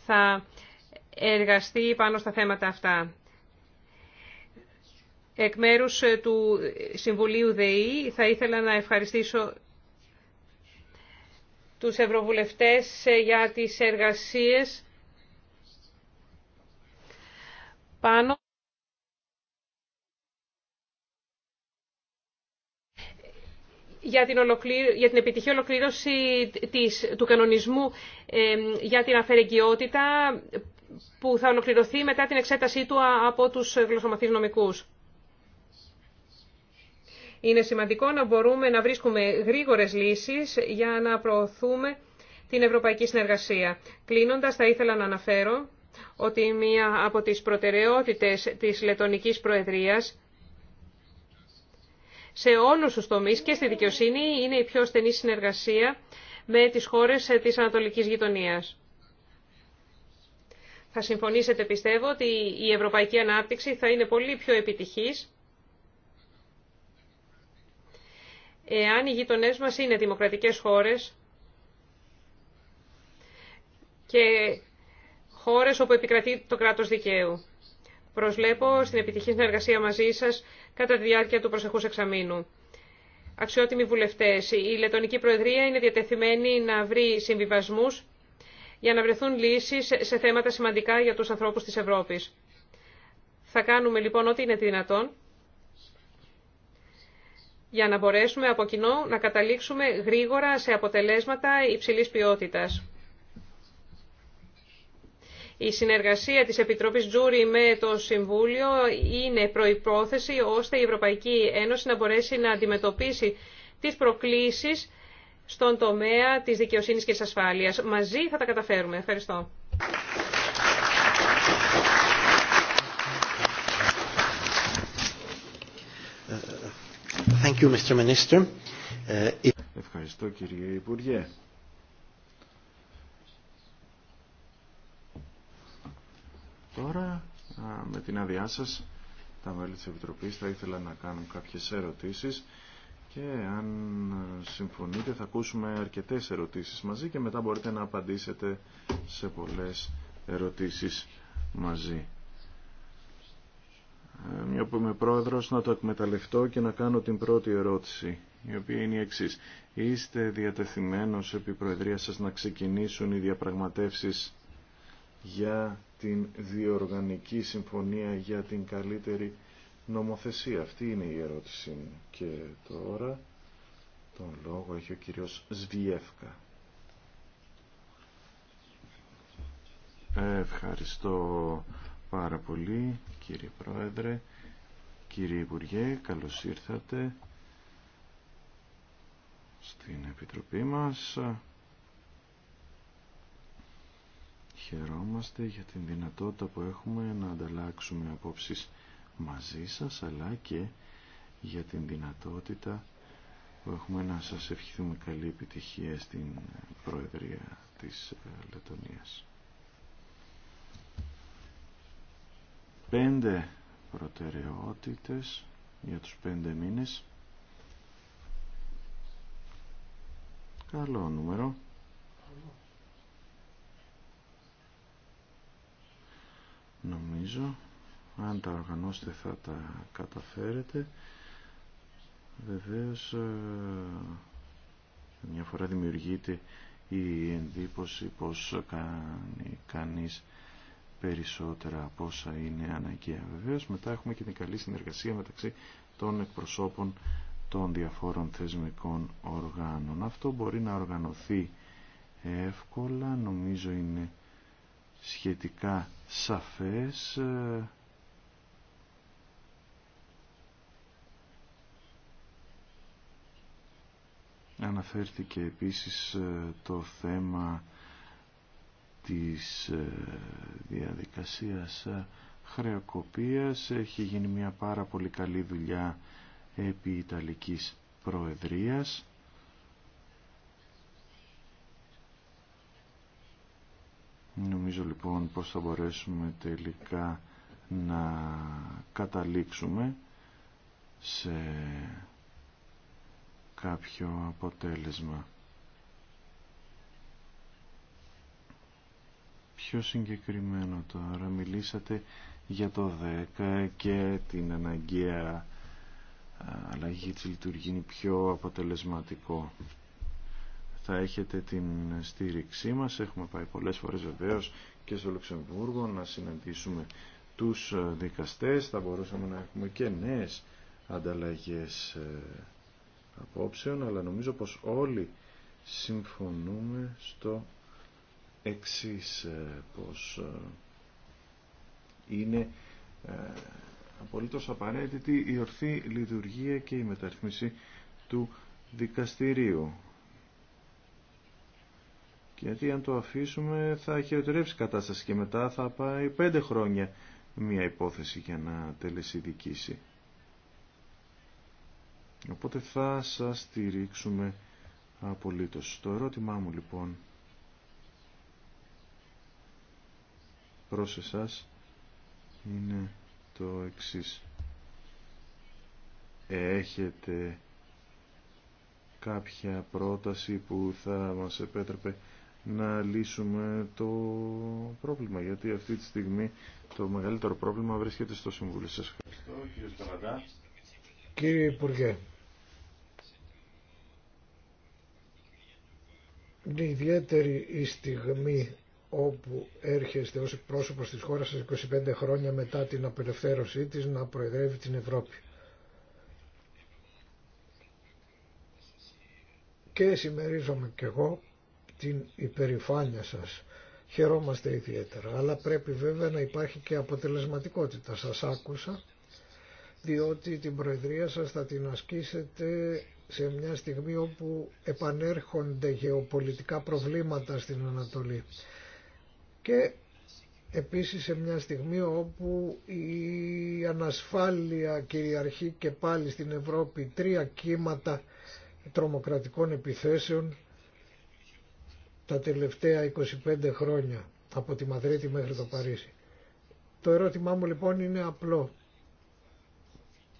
θα εργαστεί πάνω στα θέματα αυτά. Εκ μέρους ε, του Συμβουλίου ΔΕΗ θα ήθελα να ευχαριστήσω τους Ευρωβουλευτές ε, για τις εργασίες πάνω για την, επιτυχή ολοκλήρωση της... του κανονισμού ε, για την αφαιρεγγιότητα που θα ολοκληρωθεί μετά την εξέτασή του από τους γλωσσομαθείς νομικούς. Είναι σημαντικό να μπορούμε να βρίσκουμε γρήγορες λύσεις για να προωθούμε την ευρωπαϊκή συνεργασία. Κλείνοντας, θα ήθελα να αναφέρω ότι μία από τις προτεραιότητες της Λετωνικής Προεδρίας σε όλους τους τομείς και στη δικαιοσύνη είναι η πιο στενή συνεργασία με τις χώρες της Ανατολικής Γειτονίας. Θα συμφωνήσετε, πιστεύω, ότι η ευρωπαϊκή ανάπτυξη θα είναι πολύ πιο επιτυχής εάν οι γειτονές μας είναι δημοκρατικές χώρες και χώρες όπου επικρατεί το κράτος δικαίου. Προσλέπω στην επιτυχή συνεργασία μαζί σας κατά τη διάρκεια του προσεχούς εξαμήνου. Αξιότιμοι βουλευτές, η Λετωνική Προεδρία είναι διατεθειμένη να βρει συμβιβασμούς για να βρεθούν λύσεις σε θέματα σημαντικά για τους ανθρώπους της Ευρώπης. Θα κάνουμε λοιπόν ό,τι είναι δυνατόν για να μπορέσουμε από κοινό να καταλήξουμε γρήγορα σε αποτελέσματα υψηλής ποιότητας. Η συνεργασία της Επιτροπής Τζούρι με το Συμβούλιο είναι προϋπόθεση ώστε η Ευρωπαϊκή Ένωση να μπορέσει να αντιμετωπίσει τις προκλήσεις στον τομέα της δικαιοσύνης και της ασφάλειας. Μαζί θα τα καταφέρουμε. Ευχαριστώ. Uh, Ευχαριστώ κύριε Υπουργέ. Τώρα, με την άδειά σας, τα μέλη της Επιτροπής θα ήθελα να κάνουν κάποιες ερωτήσεις και αν συμφωνείτε θα ακούσουμε αρκετές ερωτήσεις μαζί και μετά μπορείτε να απαντήσετε σε πολλές ερωτήσεις μαζί. Ε, μια που είμαι πρόεδρος, να το εκμεταλλευτώ και να κάνω την πρώτη ερώτηση, η οποία είναι η εξής. Είστε διατεθειμένος επί Προεδρία σας να ξεκινήσουν οι διαπραγματεύσεις για την διοργανική συμφωνία για την καλύτερη νομοθεσία. Αυτή είναι η ερώτησή μου. Και τώρα τον λόγο έχει ο κύριος Σβιεύκα. Ευχαριστώ πάρα πολύ κύριε Πρόεδρε, κύριε Υπουργέ, καλώς ήρθατε στην Επιτροπή μας. Χαιρόμαστε για την δυνατότητα που έχουμε να ανταλλάξουμε απόψεις μαζί σας, αλλά και για την δυνατότητα που έχουμε να σας ευχηθούμε καλή επιτυχία στην Προεδρία της Λετωνίας. πέντε προτεραιότητες για τους πέντε μήνες. Καλό νούμερο. Νομίζω, αν τα οργανώσετε θα τα καταφέρετε. Βεβαίως, ε, μια φορά δημιουργείται η εντύπωση πως κάνει κανείς περισσότερα από όσα είναι αναγκαία. Βεβαίως μετά έχουμε και την καλή συνεργασία μεταξύ των εκπροσώπων των διαφόρων θεσμικών οργάνων. Αυτό μπορεί να οργανωθεί εύκολα, νομίζω είναι σχετικά σαφές. Αναφέρθηκε επίσης το θέμα της ε, διαδικασίας ε, χρεοκοπίας έχει γίνει μια πάρα πολύ καλή δουλειά επί Ιταλικής Προεδρίας Νομίζω λοιπόν πως θα μπορέσουμε τελικά να καταλήξουμε σε κάποιο αποτέλεσμα. πιο συγκεκριμένο τώρα. Μιλήσατε για το 10 και την αναγκαία αλλαγή της είναι πιο αποτελεσματικό. Θα έχετε την στήριξή μας. Έχουμε πάει πολλές φορές βεβαίως και στο Λουξεμβούργο να συναντήσουμε τους δικαστές. Θα μπορούσαμε να έχουμε και νέες ανταλλαγές ε, απόψεων, αλλά νομίζω πως όλοι συμφωνούμε στο εξής ε, πως ε, είναι ε, απολύτως απαραίτητη η ορθή λειτουργία και η μεταρρύθμιση του δικαστηρίου. Γιατί αν το αφήσουμε θα χειροτερεύσει η κατάσταση και μετά θα πάει πέντε χρόνια μια υπόθεση για να τελεσιδικήσει. Οπότε θα σας στηρίξουμε απολύτως. Το ερώτημά μου λοιπόν προς εσάς είναι το εξής. Έχετε κάποια πρόταση που θα μας επέτρεπε να λύσουμε το πρόβλημα, γιατί αυτή τη στιγμή το μεγαλύτερο πρόβλημα βρίσκεται στο Συμβούλιο. Σας ευχαριστώ, κύριε Σταματά. Κύριε Υπουργέ, είναι ιδιαίτερη η στιγμή όπου έρχεστε ως πρόσωπος της χώρας σας 25 χρόνια μετά την απελευθέρωσή της να προεδρεύει την Ευρώπη. Και συμμερίζομαι και εγώ την υπερηφάνεια σας. Χαιρόμαστε ιδιαίτερα, αλλά πρέπει βέβαια να υπάρχει και αποτελεσματικότητα. Σας άκουσα, διότι την Προεδρία σας θα την ασκήσετε σε μια στιγμή όπου επανέρχονται γεωπολιτικά προβλήματα στην Ανατολή και επίσης σε μια στιγμή όπου η ανασφάλεια κυριαρχεί και πάλι στην Ευρώπη τρία κύματα τρομοκρατικών επιθέσεων τα τελευταία 25 χρόνια από τη Μαδρίτη μέχρι το Παρίσι. Το ερώτημά μου λοιπόν είναι απλό.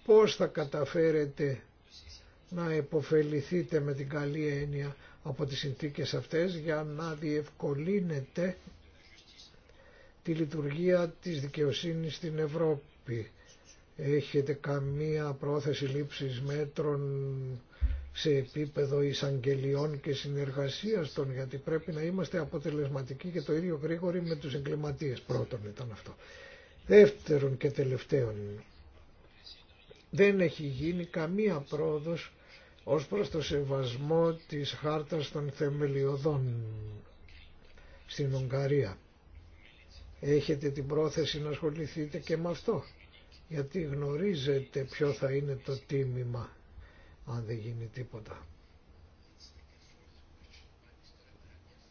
Πώς θα καταφέρετε να επωφεληθείτε με την καλή έννοια από τις συνθήκες αυτές για να διευκολύνετε τη λειτουργία της δικαιοσύνης στην Ευρώπη. Έχετε καμία πρόθεση λήψης μέτρων σε επίπεδο εισαγγελιών και συνεργασίας των, γιατί πρέπει να είμαστε αποτελεσματικοί και το ίδιο γρήγοροι με τους εγκληματίες. Πρώτον ήταν αυτό. Δεύτερον και τελευταίον, δεν έχει γίνει καμία πρόοδος ως προς το σεβασμό της χάρτας των θεμελιωδών στην Ουγγαρία έχετε την πρόθεση να ασχοληθείτε και με αυτό. Γιατί γνωρίζετε ποιο θα είναι το τίμημα αν δεν γίνει τίποτα.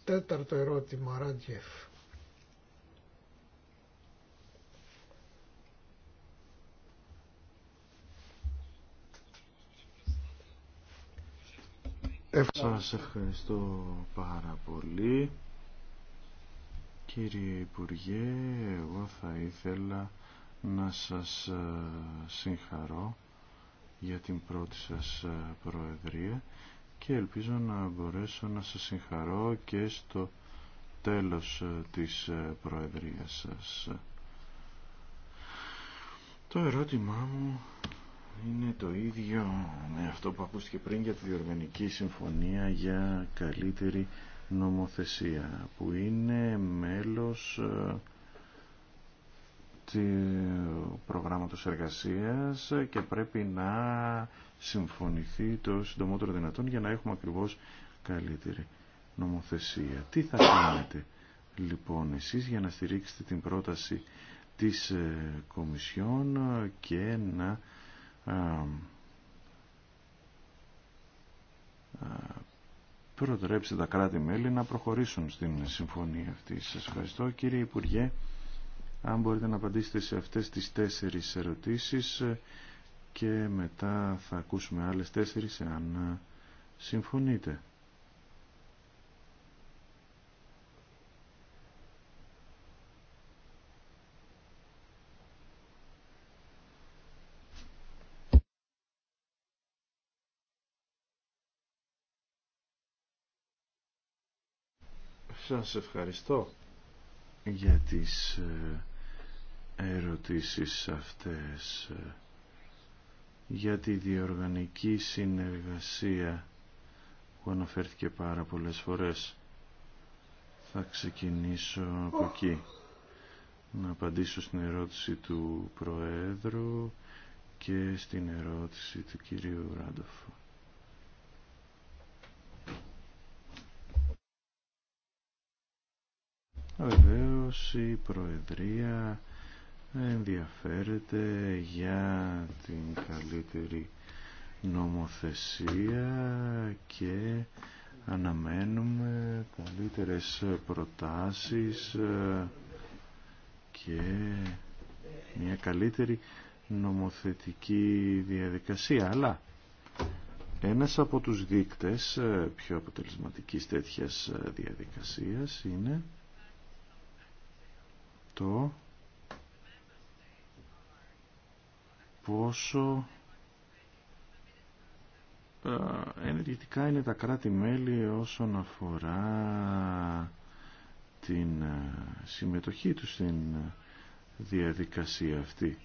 Τέταρτο ερώτημα, Ράντιεφ. Σας ευχαριστώ πάρα πολύ. Κύριε Υπουργέ, εγώ θα ήθελα να σας ε, συγχαρώ για την πρώτη σας ε, προεδρία και ελπίζω να μπορέσω να σας συγχαρώ και στο τέλος ε, της προεδρίας σας. Το ερώτημά μου είναι το ίδιο με αυτό που ακούστηκε πριν για τη Διοργανική Συμφωνία για καλύτερη νομοθεσία που είναι μέλος ε, του προγράμματος εργασίας και πρέπει να συμφωνηθεί το συντομότερο δυνατόν για να έχουμε ακριβώς καλύτερη νομοθεσία. Τι θα κάνετε λοιπόν εσείς για να στηρίξετε την πρόταση της ε, Κομισιόν και να ε, προτρέψει τα κράτη-μέλη να προχωρήσουν στην συμφωνία αυτή. Σας ευχαριστώ κύριε Υπουργέ. Αν μπορείτε να απαντήσετε σε αυτές τις τέσσερις ερωτήσεις και μετά θα ακούσουμε άλλες τέσσερις εάν συμφωνείτε. Σας ευχαριστώ για τις ε, ερωτήσεις αυτές ε, για τη διοργανική συνεργασία που αναφέρθηκε πάρα πολλές φορές. Θα ξεκινήσω από εκεί. Να απαντήσω στην ερώτηση του Προέδρου και στην ερώτηση του κυρίου Ράντοφου. Βεβαίω η Προεδρία ενδιαφέρεται για την καλύτερη νομοθεσία και αναμένουμε καλύτερες προτάσεις και μια καλύτερη νομοθετική διαδικασία. Αλλά ένας από τους δείκτες πιο αποτελεσματικής τέτοιας διαδικασίας είναι το πόσο ε, ενεργητικά είναι τα κράτη-μέλη όσον αφορά την ε, συμμετοχή τους στην διαδικασία αυτή.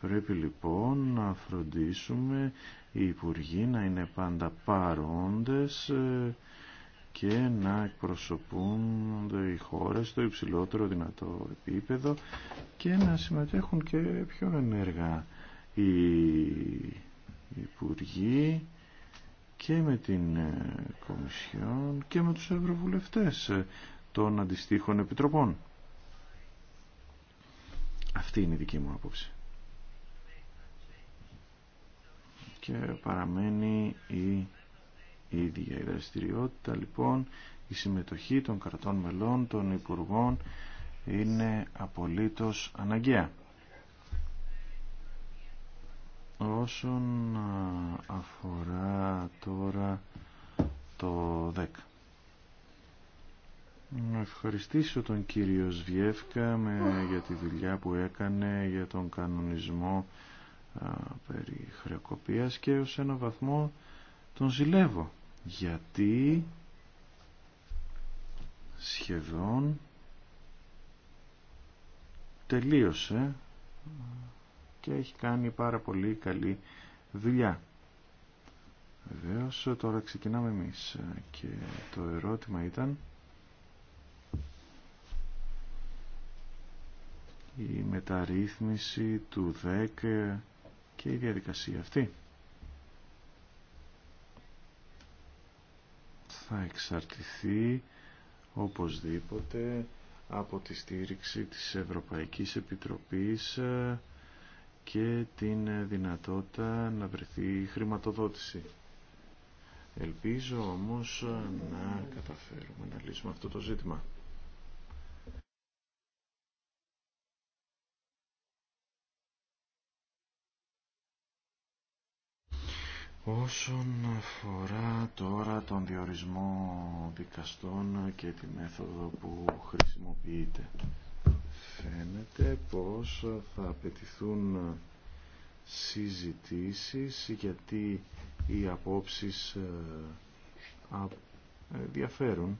Πρέπει λοιπόν να φροντίσουμε οι Υπουργοί να είναι πάντα παρόντες ε, και να εκπροσωπούνται οι χώρες στο υψηλότερο δυνατό επίπεδο και να συμμετέχουν και πιο ενεργά οι υπουργοί και με την ε, Κομισιόν και με τους ευρωβουλευτές των αντιστοίχων επιτροπών. Αυτή είναι η δική μου άποψη. Και παραμένει η η ίδια η δραστηριότητα λοιπόν η συμμετοχή των κρατών μελών των υπουργών είναι απολύτως αναγκαία όσον αφορά τώρα το 10 να ευχαριστήσω τον κύριο Σβιεύκα με, για τη δουλειά που έκανε για τον κανονισμό περί χρεοκοπίας και ως ένα βαθμό τον ζηλεύω γιατί σχεδόν τελείωσε και έχει κάνει πάρα πολύ καλή δουλειά. Βεβαίως τώρα ξεκινάμε εμείς και το ερώτημα ήταν η μεταρρύθμιση του 10 και η διαδικασία αυτή. θα εξαρτηθεί οπωσδήποτε από τη στήριξη της Ευρωπαϊκής Επιτροπής ε, και την δυνατότητα να βρεθεί χρηματοδότηση. Ελπίζω όμως να καταφέρουμε να λύσουμε αυτό το ζήτημα. Όσον αφορά τώρα τον διορισμό δικαστών και τη μέθοδο που χρησιμοποιείται, φαίνεται πως θα απαιτηθούν συζητήσεις γιατί οι απόψεις ε, ε, διαφέρουν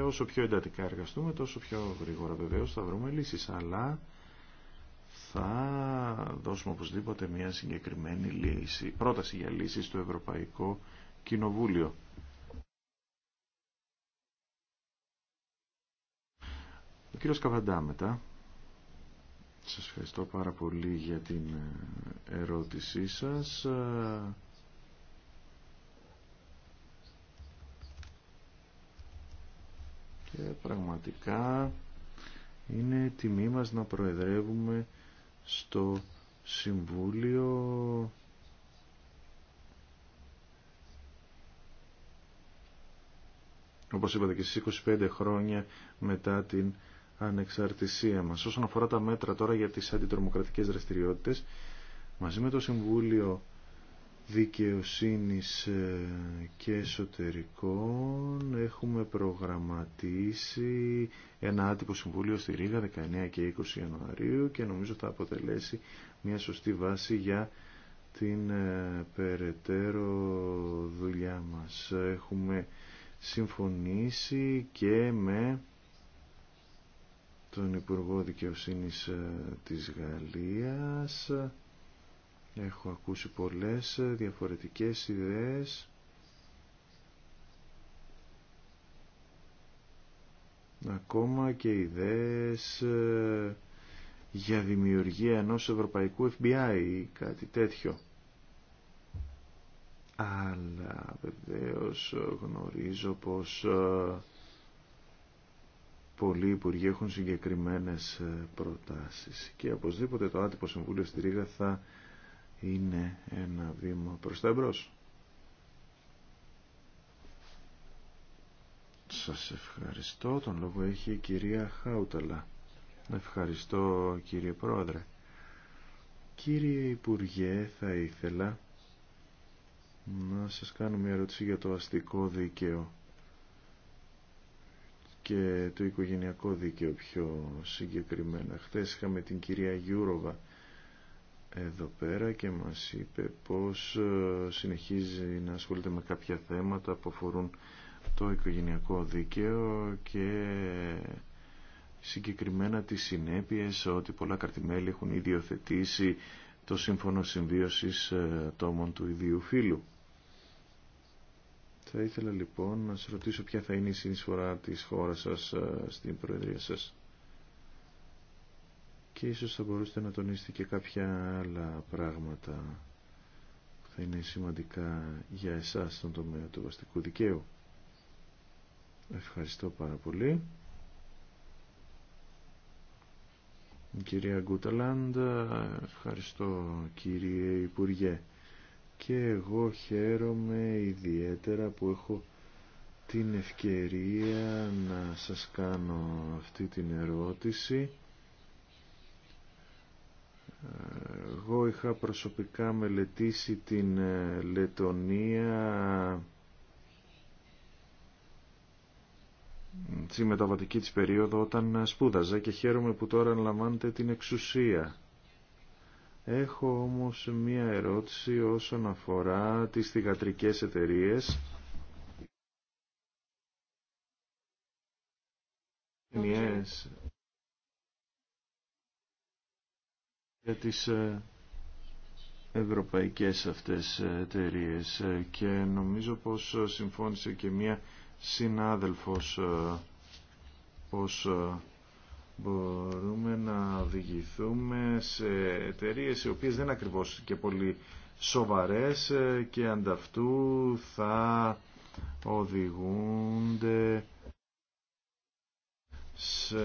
όσο πιο εντατικά εργαστούμε, τόσο πιο γρήγορα βεβαίως θα βρούμε λύσεις. Αλλά θα δώσουμε οπωσδήποτε μια συγκεκριμένη λύση, πρόταση για λύση στο Ευρωπαϊκό Κοινοβούλιο. Ο κύριος Καβαντά μετά. Σας ευχαριστώ πάρα πολύ για την ε, ερώτησή σας. και πραγματικά είναι τιμή μας να προεδρεύουμε στο Συμβούλιο όπως είπατε και στις 25 χρόνια μετά την ανεξαρτησία μας. Όσον αφορά τα μέτρα τώρα για τις αντιτρομοκρατικές δραστηριότητες, μαζί με το Συμβούλιο δικαιοσύνης ε, και εσωτερικών έχουμε προγραμματίσει ένα άτυπο συμβούλιο στη Ρήγα 19 και 20 Ιανουαρίου και νομίζω θα αποτελέσει μια σωστή βάση για την ε, περαιτέρω δουλειά μας. Έχουμε συμφωνήσει και με τον Υπουργό Δικαιοσύνης ε, της Γαλλίας Έχω ακούσει πολλές ε, διαφορετικές ιδέες. Ακόμα και ιδέες ε, για δημιουργία ενός ευρωπαϊκού FBI ή κάτι τέτοιο. Αλλά βεβαίως γνωρίζω πως ε, πολλοί υπουργοί έχουν συγκεκριμένες προτάσεις και οπωσδήποτε το άτυπο συμβούλιο στη Ρήγα θα είναι ένα βήμα προς τα εμπρός. Σας ευχαριστώ. Τον λόγο έχει η κυρία Χάουταλα. Ευχαριστώ κύριε Πρόεδρε. Κύριε Υπουργέ, θα ήθελα να σας κάνω μια ερώτηση για το αστικό δίκαιο και το οικογενειακό δίκαιο πιο συγκεκριμένα. Χθες είχαμε την κυρία Γιούροβα εδώ πέρα και μας είπε πως ε, συνεχίζει να ασχολείται με κάποια θέματα που αφορούν το οικογενειακό δίκαιο και συγκεκριμένα τις συνέπειες ότι πολλά καρτιμέλη έχουν ήδη το Σύμφωνο Συμβίωσης Ατόμων ε, του Ιδίου Φύλου. Θα ήθελα λοιπόν να σας ρωτήσω ποια θα είναι η συνεισφορά της χώρας σας ε, στην Προεδρία σας και ίσως θα μπορούσατε να τονίσετε και κάποια άλλα πράγματα που θα είναι σημαντικά για εσάς στον τομέα του βαστικού δικαίου. Ευχαριστώ πάρα πολύ. Κυρία Γκούταλαντ, ευχαριστώ κύριε Υπουργέ. Και εγώ χαίρομαι ιδιαίτερα που έχω την ευκαιρία να σας κάνω αυτή την ερώτηση εγώ είχα προσωπικά μελετήσει την ε, Λετωνία στη μεταβατική της περίοδο όταν ε, σπούδαζα και χαίρομαι που τώρα λαμβάνεται την εξουσία. Έχω όμως μία ερώτηση όσον αφορά τις θηγατρικές εταιρείες. για τις ε, ευρωπαϊκές αυτές ε, εταιρείε ε, και νομίζω πως συμφώνησε και μία συνάδελφος πως μπορούμε να οδηγηθούμε σε εταιρείε οι οποίες δεν είναι ακριβώς και πολύ σοβαρές και ανταυτού θα οδηγούνται σε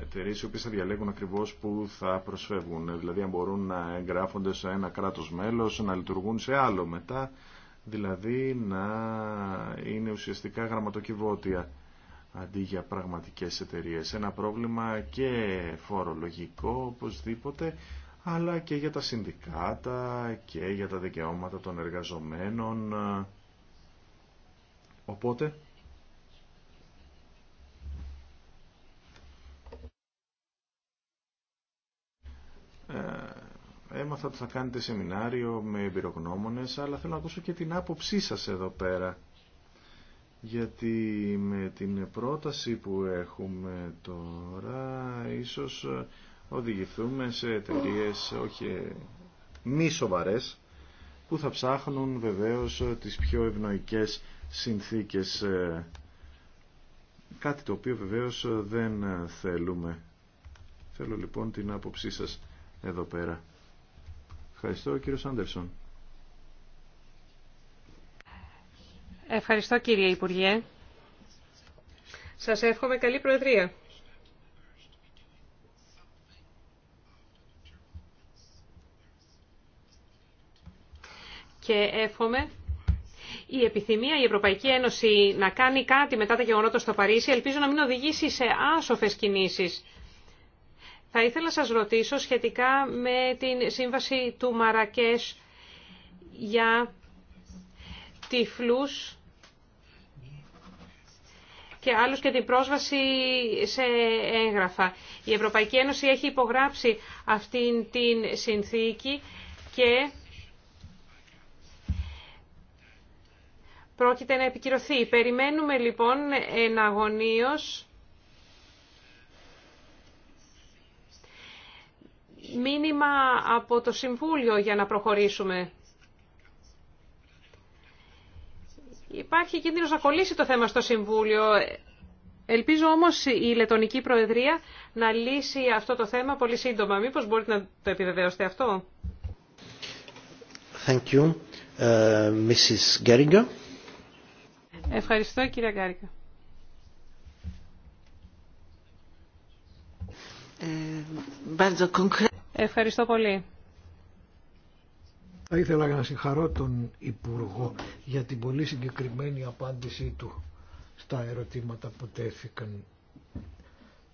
εταιρείε οι οποίε θα διαλέγουν ακριβώ που θα προσφεύγουν. Δηλαδή, αν μπορούν να εγγράφονται σε ένα κράτο μέλο, να λειτουργούν σε άλλο μετά, δηλαδή να είναι ουσιαστικά γραμματοκιβώτια αντί για πραγματικές εταιρείε. Ένα πρόβλημα και φορολογικό οπωσδήποτε, αλλά και για τα συνδικάτα και για τα δικαιώματα των εργαζομένων. Οπότε, έμαθα ότι θα κάνετε σεμινάριο με εμπειρογνώμονες, αλλά θέλω να ακούσω και την άποψή σας εδώ πέρα. Γιατί με την πρόταση που έχουμε τώρα, ίσως οδηγηθούμε σε εταιρείε όχι μη σοβαρές, που θα ψάχνουν βεβαίως τις πιο ευνοϊκές συνθήκες. Κάτι το οποίο βεβαίως δεν θέλουμε. Θέλω λοιπόν την άποψή σας εδώ πέρα. Ευχαριστώ, κύριο Σάντερσον. Ευχαριστώ, κύριε Υπουργέ. Σας εύχομαι καλή Προεδρία. Και εύχομαι η επιθυμία η Ευρωπαϊκή Ένωση να κάνει κάτι μετά τα γεγονότα στο Παρίσι ελπίζω να μην οδηγήσει σε άσοφες κινήσεις. Θα ήθελα να σας ρωτήσω σχετικά με την σύμβαση του Μαρακές για τυφλούς και άλλους και την πρόσβαση σε έγγραφα. Η Ευρωπαϊκή Ένωση έχει υπογράψει αυτήν την συνθήκη και πρόκειται να επικυρωθεί. Περιμένουμε λοιπόν εναγωνίως μήνυμα από το Συμβούλιο για να προχωρήσουμε. Υπάρχει κίνδυνος να κολλήσει το θέμα στο Συμβούλιο. Ελπίζω όμως η Λετωνική Προεδρία να λύσει αυτό το θέμα πολύ σύντομα. Μήπως μπορείτε να το επιβεβαιώσετε αυτό. Thank you. Uh, Mrs. Ευχαριστώ κυρία Γκάρικα. Ε, Ευχαριστώ πολύ. Θα ήθελα να συγχαρώ τον Υπουργό για την πολύ συγκεκριμένη απάντησή του στα ερωτήματα που τέθηκαν.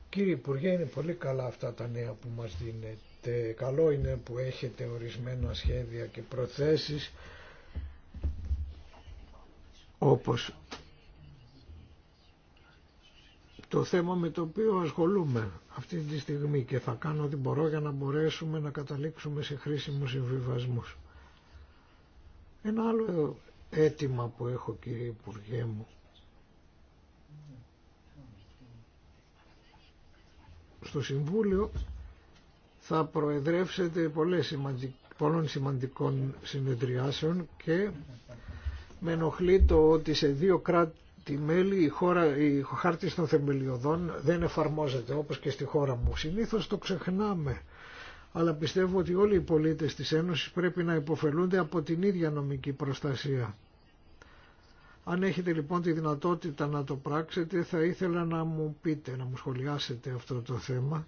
Κύριε Υπουργέ, είναι πολύ καλά αυτά τα νέα που μας δίνετε. Καλό είναι που έχετε ορισμένα σχέδια και προθέσεις όπως το θέμα με το οποίο ασχολούμε αυτή τη στιγμή και θα κάνω ό,τι μπορώ για να μπορέσουμε να καταλήξουμε σε χρήσιμους συμβιβασμού. Ένα άλλο αίτημα που έχω κύριε Υπουργέ μου στο Συμβούλιο θα προεδρεύσετε πολλές σημαντικ... πολλών σημαντικών συνεδριάσεων και με ενοχλεί το ότι σε δύο κράτη μελη η, χώρα, η χάρτης των θεμελιωδών δεν εφαρμόζεται όπως και στη χώρα μου. Συνήθως το ξεχνάμε. Αλλά πιστεύω ότι όλοι οι πολίτες της Ένωσης πρέπει να υποφελούνται από την ίδια νομική προστασία. Αν έχετε λοιπόν τη δυνατότητα να το πράξετε θα ήθελα να μου πείτε, να μου σχολιάσετε αυτό το θέμα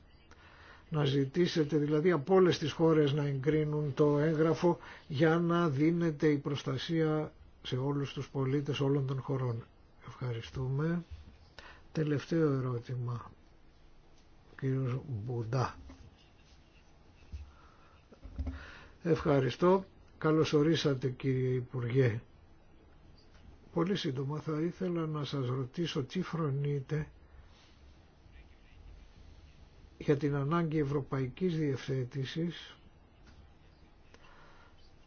να ζητήσετε δηλαδή από όλες τις χώρες να εγκρίνουν το έγγραφο για να δίνεται η προστασία σε όλους τους πολίτες όλων των χωρών. Ευχαριστούμε. Τελευταίο ερώτημα. Κύριος Μπουντά. Ευχαριστώ. Καλώς ορίσατε κύριε Υπουργέ. Πολύ σύντομα θα ήθελα να σας ρωτήσω τι φρονείτε για την ανάγκη ευρωπαϊκής διευθέτησης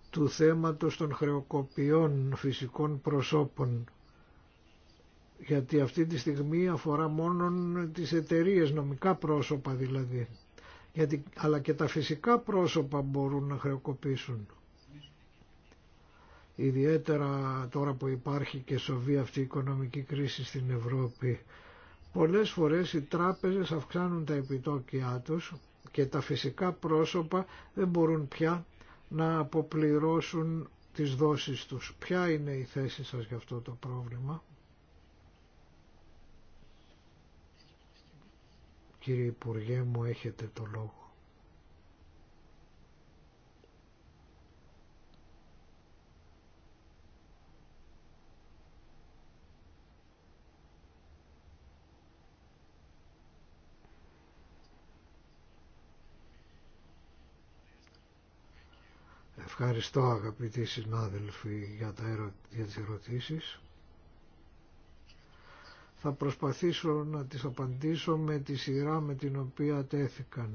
του θέματος των χρεοκοπιών φυσικών προσώπων γιατί αυτή τη στιγμή αφορά μόνο τις εταιρείες, νομικά πρόσωπα δηλαδή. Γιατί, αλλά και τα φυσικά πρόσωπα μπορούν να χρεοκοπήσουν. Ιδιαίτερα τώρα που υπάρχει και σοβεί αυτή η οικονομική κρίση στην Ευρώπη. Πολλές φορές οι τράπεζες αυξάνουν τα επιτόκια τους και τα φυσικά πρόσωπα δεν μπορούν πια να αποπληρώσουν τις δόσεις τους. Ποια είναι η θέση σας για αυτό το πρόβλημα. Κύριε Υπουργέ μου έχετε το λόγο. Ευχαριστώ αγαπητοί συνάδελφοι για, τα ερω... για τις ερωτήσεις. Θα προσπαθήσω να τις απαντήσω με τη σειρά με την οποία τέθηκαν.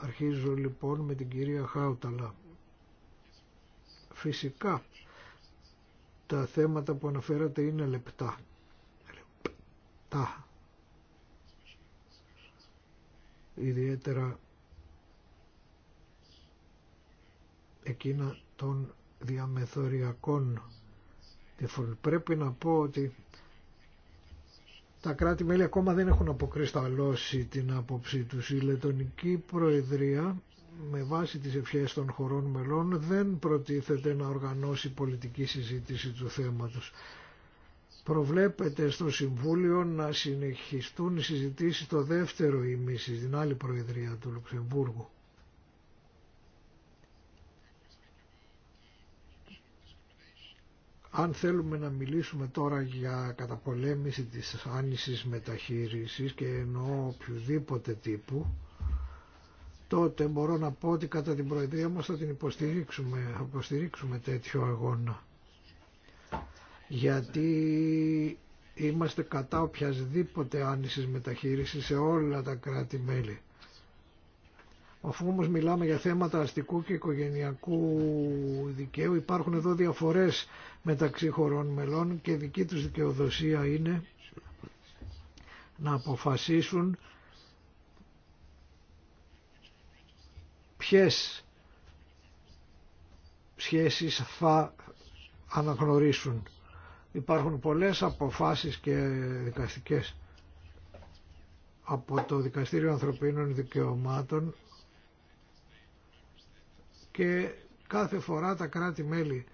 Αρχίζω λοιπόν με την κυρία Χάουταλα. Φυσικά τα θέματα που αναφέρατε είναι λεπτά. Λεπτά. Ιδιαίτερα εκείνα των διαμεθοριακών Πρέπει να πω ότι τα κράτη-μέλη ακόμα δεν έχουν αποκρισταλώσει την άποψή του Η Λετωνική Προεδρία με βάση τις ευχές των χωρών μελών δεν προτίθεται να οργανώσει πολιτική συζήτηση του θέματος. Προβλέπεται στο Συμβούλιο να συνεχιστούν οι συζητήσεις το δεύτερο ημίση, την άλλη Προεδρία του Λουξεμβούργου. Αν θέλουμε να μιλήσουμε τώρα για καταπολέμηση της άνησης μεταχείρισης και εννοώ οποιοδήποτε τύπου, τότε μπορώ να πω ότι κατά την Προεδρία μας θα την υποστηρίξουμε, θα υποστηρίξουμε τέτοιο αγώνα. Γιατί είμαστε κατά οποιασδήποτε άνησης μεταχείρισης σε όλα τα κράτη-μέλη. Αφού όμως μιλάμε για θέματα αστικού και οικογενειακού δικαίου υπάρχουν εδώ διαφορές μεταξύ χωρών μελών και δική τους δικαιοδοσία είναι να αποφασίσουν ποιες σχέσεις θα αναγνωρίσουν. Υπάρχουν πολλές αποφάσεις και δικαστικές από το Δικαστήριο Ανθρωπίνων Δικαιωμάτων και κάθε φορά τα κράτη-μέλη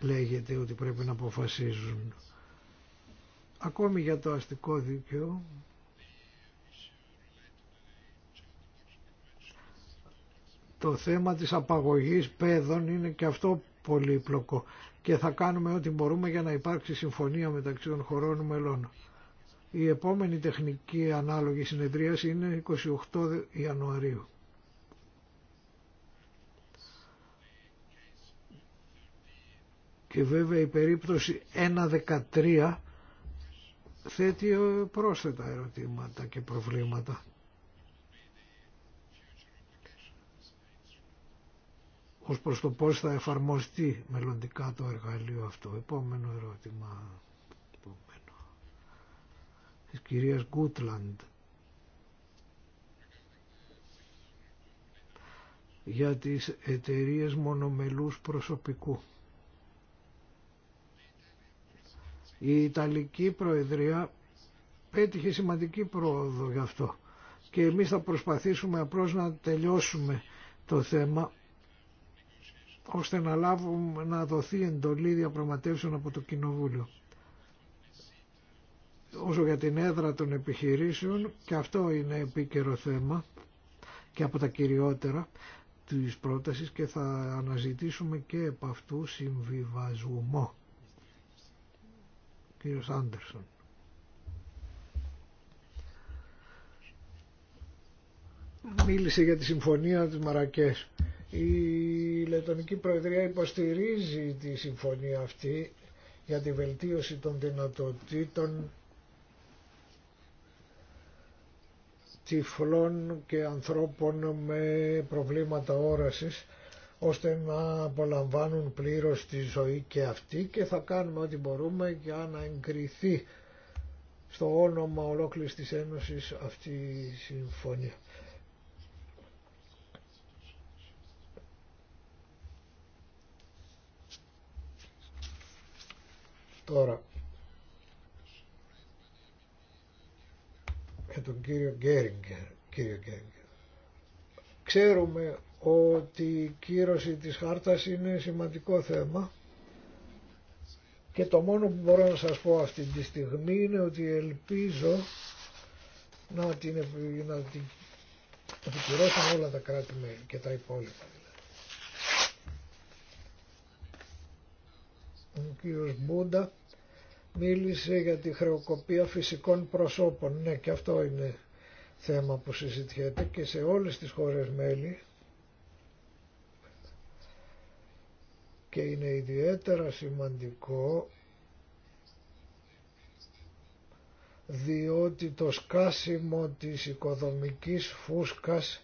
λέγεται ότι πρέπει να αποφασίζουν. Ακόμη για το αστικό δίκαιο το θέμα της απαγωγής παιδών είναι και αυτό πολύπλοκο και θα κάνουμε ό,τι μπορούμε για να υπάρξει συμφωνία μεταξύ των χωρών μελών. Η επόμενη τεχνική ανάλογη συνεδρίαση είναι 28 Ιανουαρίου. Και βέβαια η περίπτωση 1.13 θέτει πρόσθετα ερωτήματα και προβλήματα. ως προς το πώς θα εφαρμοστεί μελλοντικά το εργαλείο αυτό. Επόμενο ερώτημα επόμενο. της κυρίας Γκούτλαντ. για τις εταιρείες μονομελούς προσωπικού. Η Ιταλική Προεδρία πέτυχε σημαντική πρόοδο γι' αυτό και εμείς θα προσπαθήσουμε απλώς να τελειώσουμε το θέμα ώστε να, λάβουμε, να δοθεί εντολή διαπραγματεύσεων από το Κοινοβούλιο. Όσο για την έδρα των επιχειρήσεων, και αυτό είναι επίκαιρο θέμα και από τα κυριότερα της πρότασης και θα αναζητήσουμε και από αυτού συμβιβασμό κύριος Άντερσον. Μίλησε για τη συμφωνία της Μαρακές. Η Λετωνική Προεδρία υποστηρίζει τη συμφωνία αυτή για τη βελτίωση των δυνατοτήτων τυφλών και ανθρώπων με προβλήματα όρασης ώστε να απολαμβάνουν πλήρως τη ζωή και αυτή και θα κάνουμε ό,τι μπορούμε για να εγκριθεί στο όνομα ολόκληρης της Ένωσης αυτή η συμφωνία. Τώρα, για τον κύριο Γκέριγκερ, κύριο Ξέρουμε ότι η κύρωση της χάρτας είναι σημαντικό θέμα και το μόνο που μπορώ να σας πω αυτή τη στιγμή είναι ότι ελπίζω να την, επικυρώσουν όλα τα κράτη-μέλη και τα υπόλοιπα δηλαδή. Ο κύριος Μπούντα μίλησε για τη χρεοκοπία φυσικών προσώπων. Ναι και αυτό είναι θέμα που συζητιέται και σε όλες τις χώρες μέλη και είναι ιδιαίτερα σημαντικό διότι το σκάσιμο της οικοδομικής φούσκας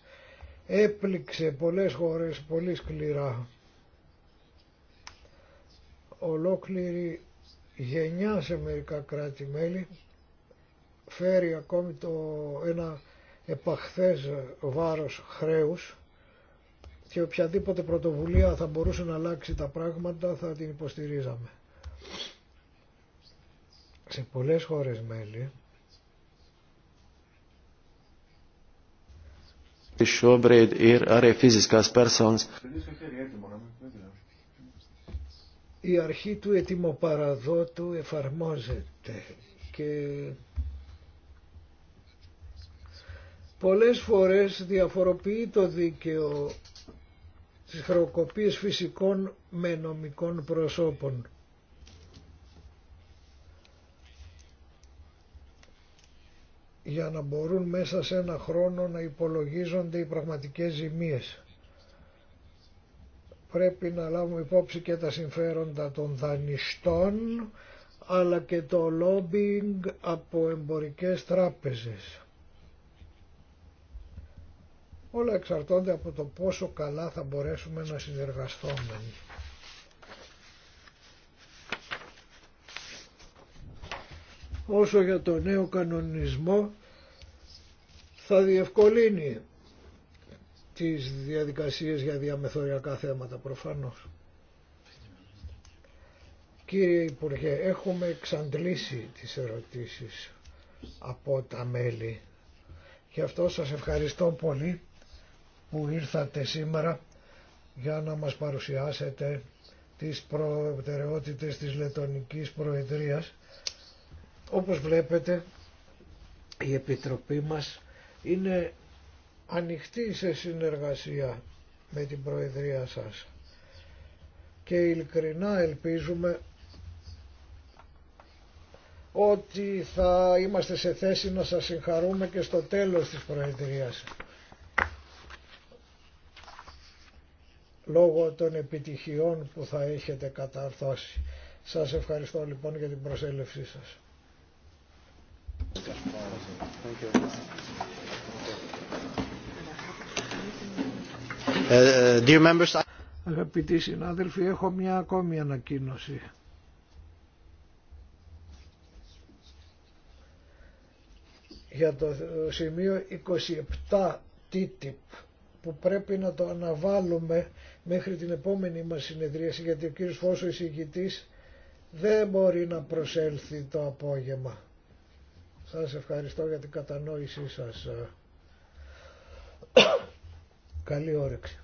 έπληξε πολλές χώρες πολύ σκληρά. Ολόκληρη γενιά σε μερικά κράτη-μέλη φέρει ακόμη το ένα επαχθές βάρος χρέους και οποιαδήποτε πρωτοβουλία θα μπορούσε να αλλάξει τα πράγματα θα την υποστηρίζαμε. Σε πολλές χώρες μέλη η αρχή του ετοιμοπαραδότου εφαρμόζεται και πολλές φορές διαφοροποιεί το δίκαιο στις χρεοκοπίες φυσικών με νομικών προσώπων. για να μπορούν μέσα σε ένα χρόνο να υπολογίζονται οι πραγματικές ζημίες. Πρέπει να λάβουμε υπόψη και τα συμφέροντα των δανειστών, αλλά και το lobbying από εμπορικές τράπεζες. Όλα εξαρτώνται από το πόσο καλά θα μπορέσουμε να συνεργαστούμε. Όσο για το νέο κανονισμό θα διευκολύνει τις διαδικασίες για διαμεθοριακά θέματα προφανώς. Κύριε Υπουργέ, έχουμε εξαντλήσει τις ερωτήσεις από τα μέλη. Γι' αυτό σας ευχαριστώ πολύ που ήρθατε σήμερα για να μας παρουσιάσετε τις προτεραιότητες της Λετωνικής Προεδρίας. Όπως βλέπετε η Επιτροπή μας είναι ανοιχτή σε συνεργασία με την Προεδρία σας και ειλικρινά ελπίζουμε ότι θα είμαστε σε θέση να σας συγχαρούμε και στο τέλος της Προεδρίας. λόγω των επιτυχιών που θα έχετε καταρθώσει. Σας ευχαριστώ λοιπόν για την προσέλευσή σας. Αγαπητοί συνάδελφοι, έχω μια ακόμη ανακοίνωση. Για το σημείο 27 TTIP που πρέπει να το αναβάλουμε μέχρι την επόμενη μας συνεδρίαση γιατί ο κύριος Φώσο εισηγητής δεν μπορεί να προσέλθει το απόγευμα. Σας ευχαριστώ για την κατανόησή σας. Καλή όρεξη.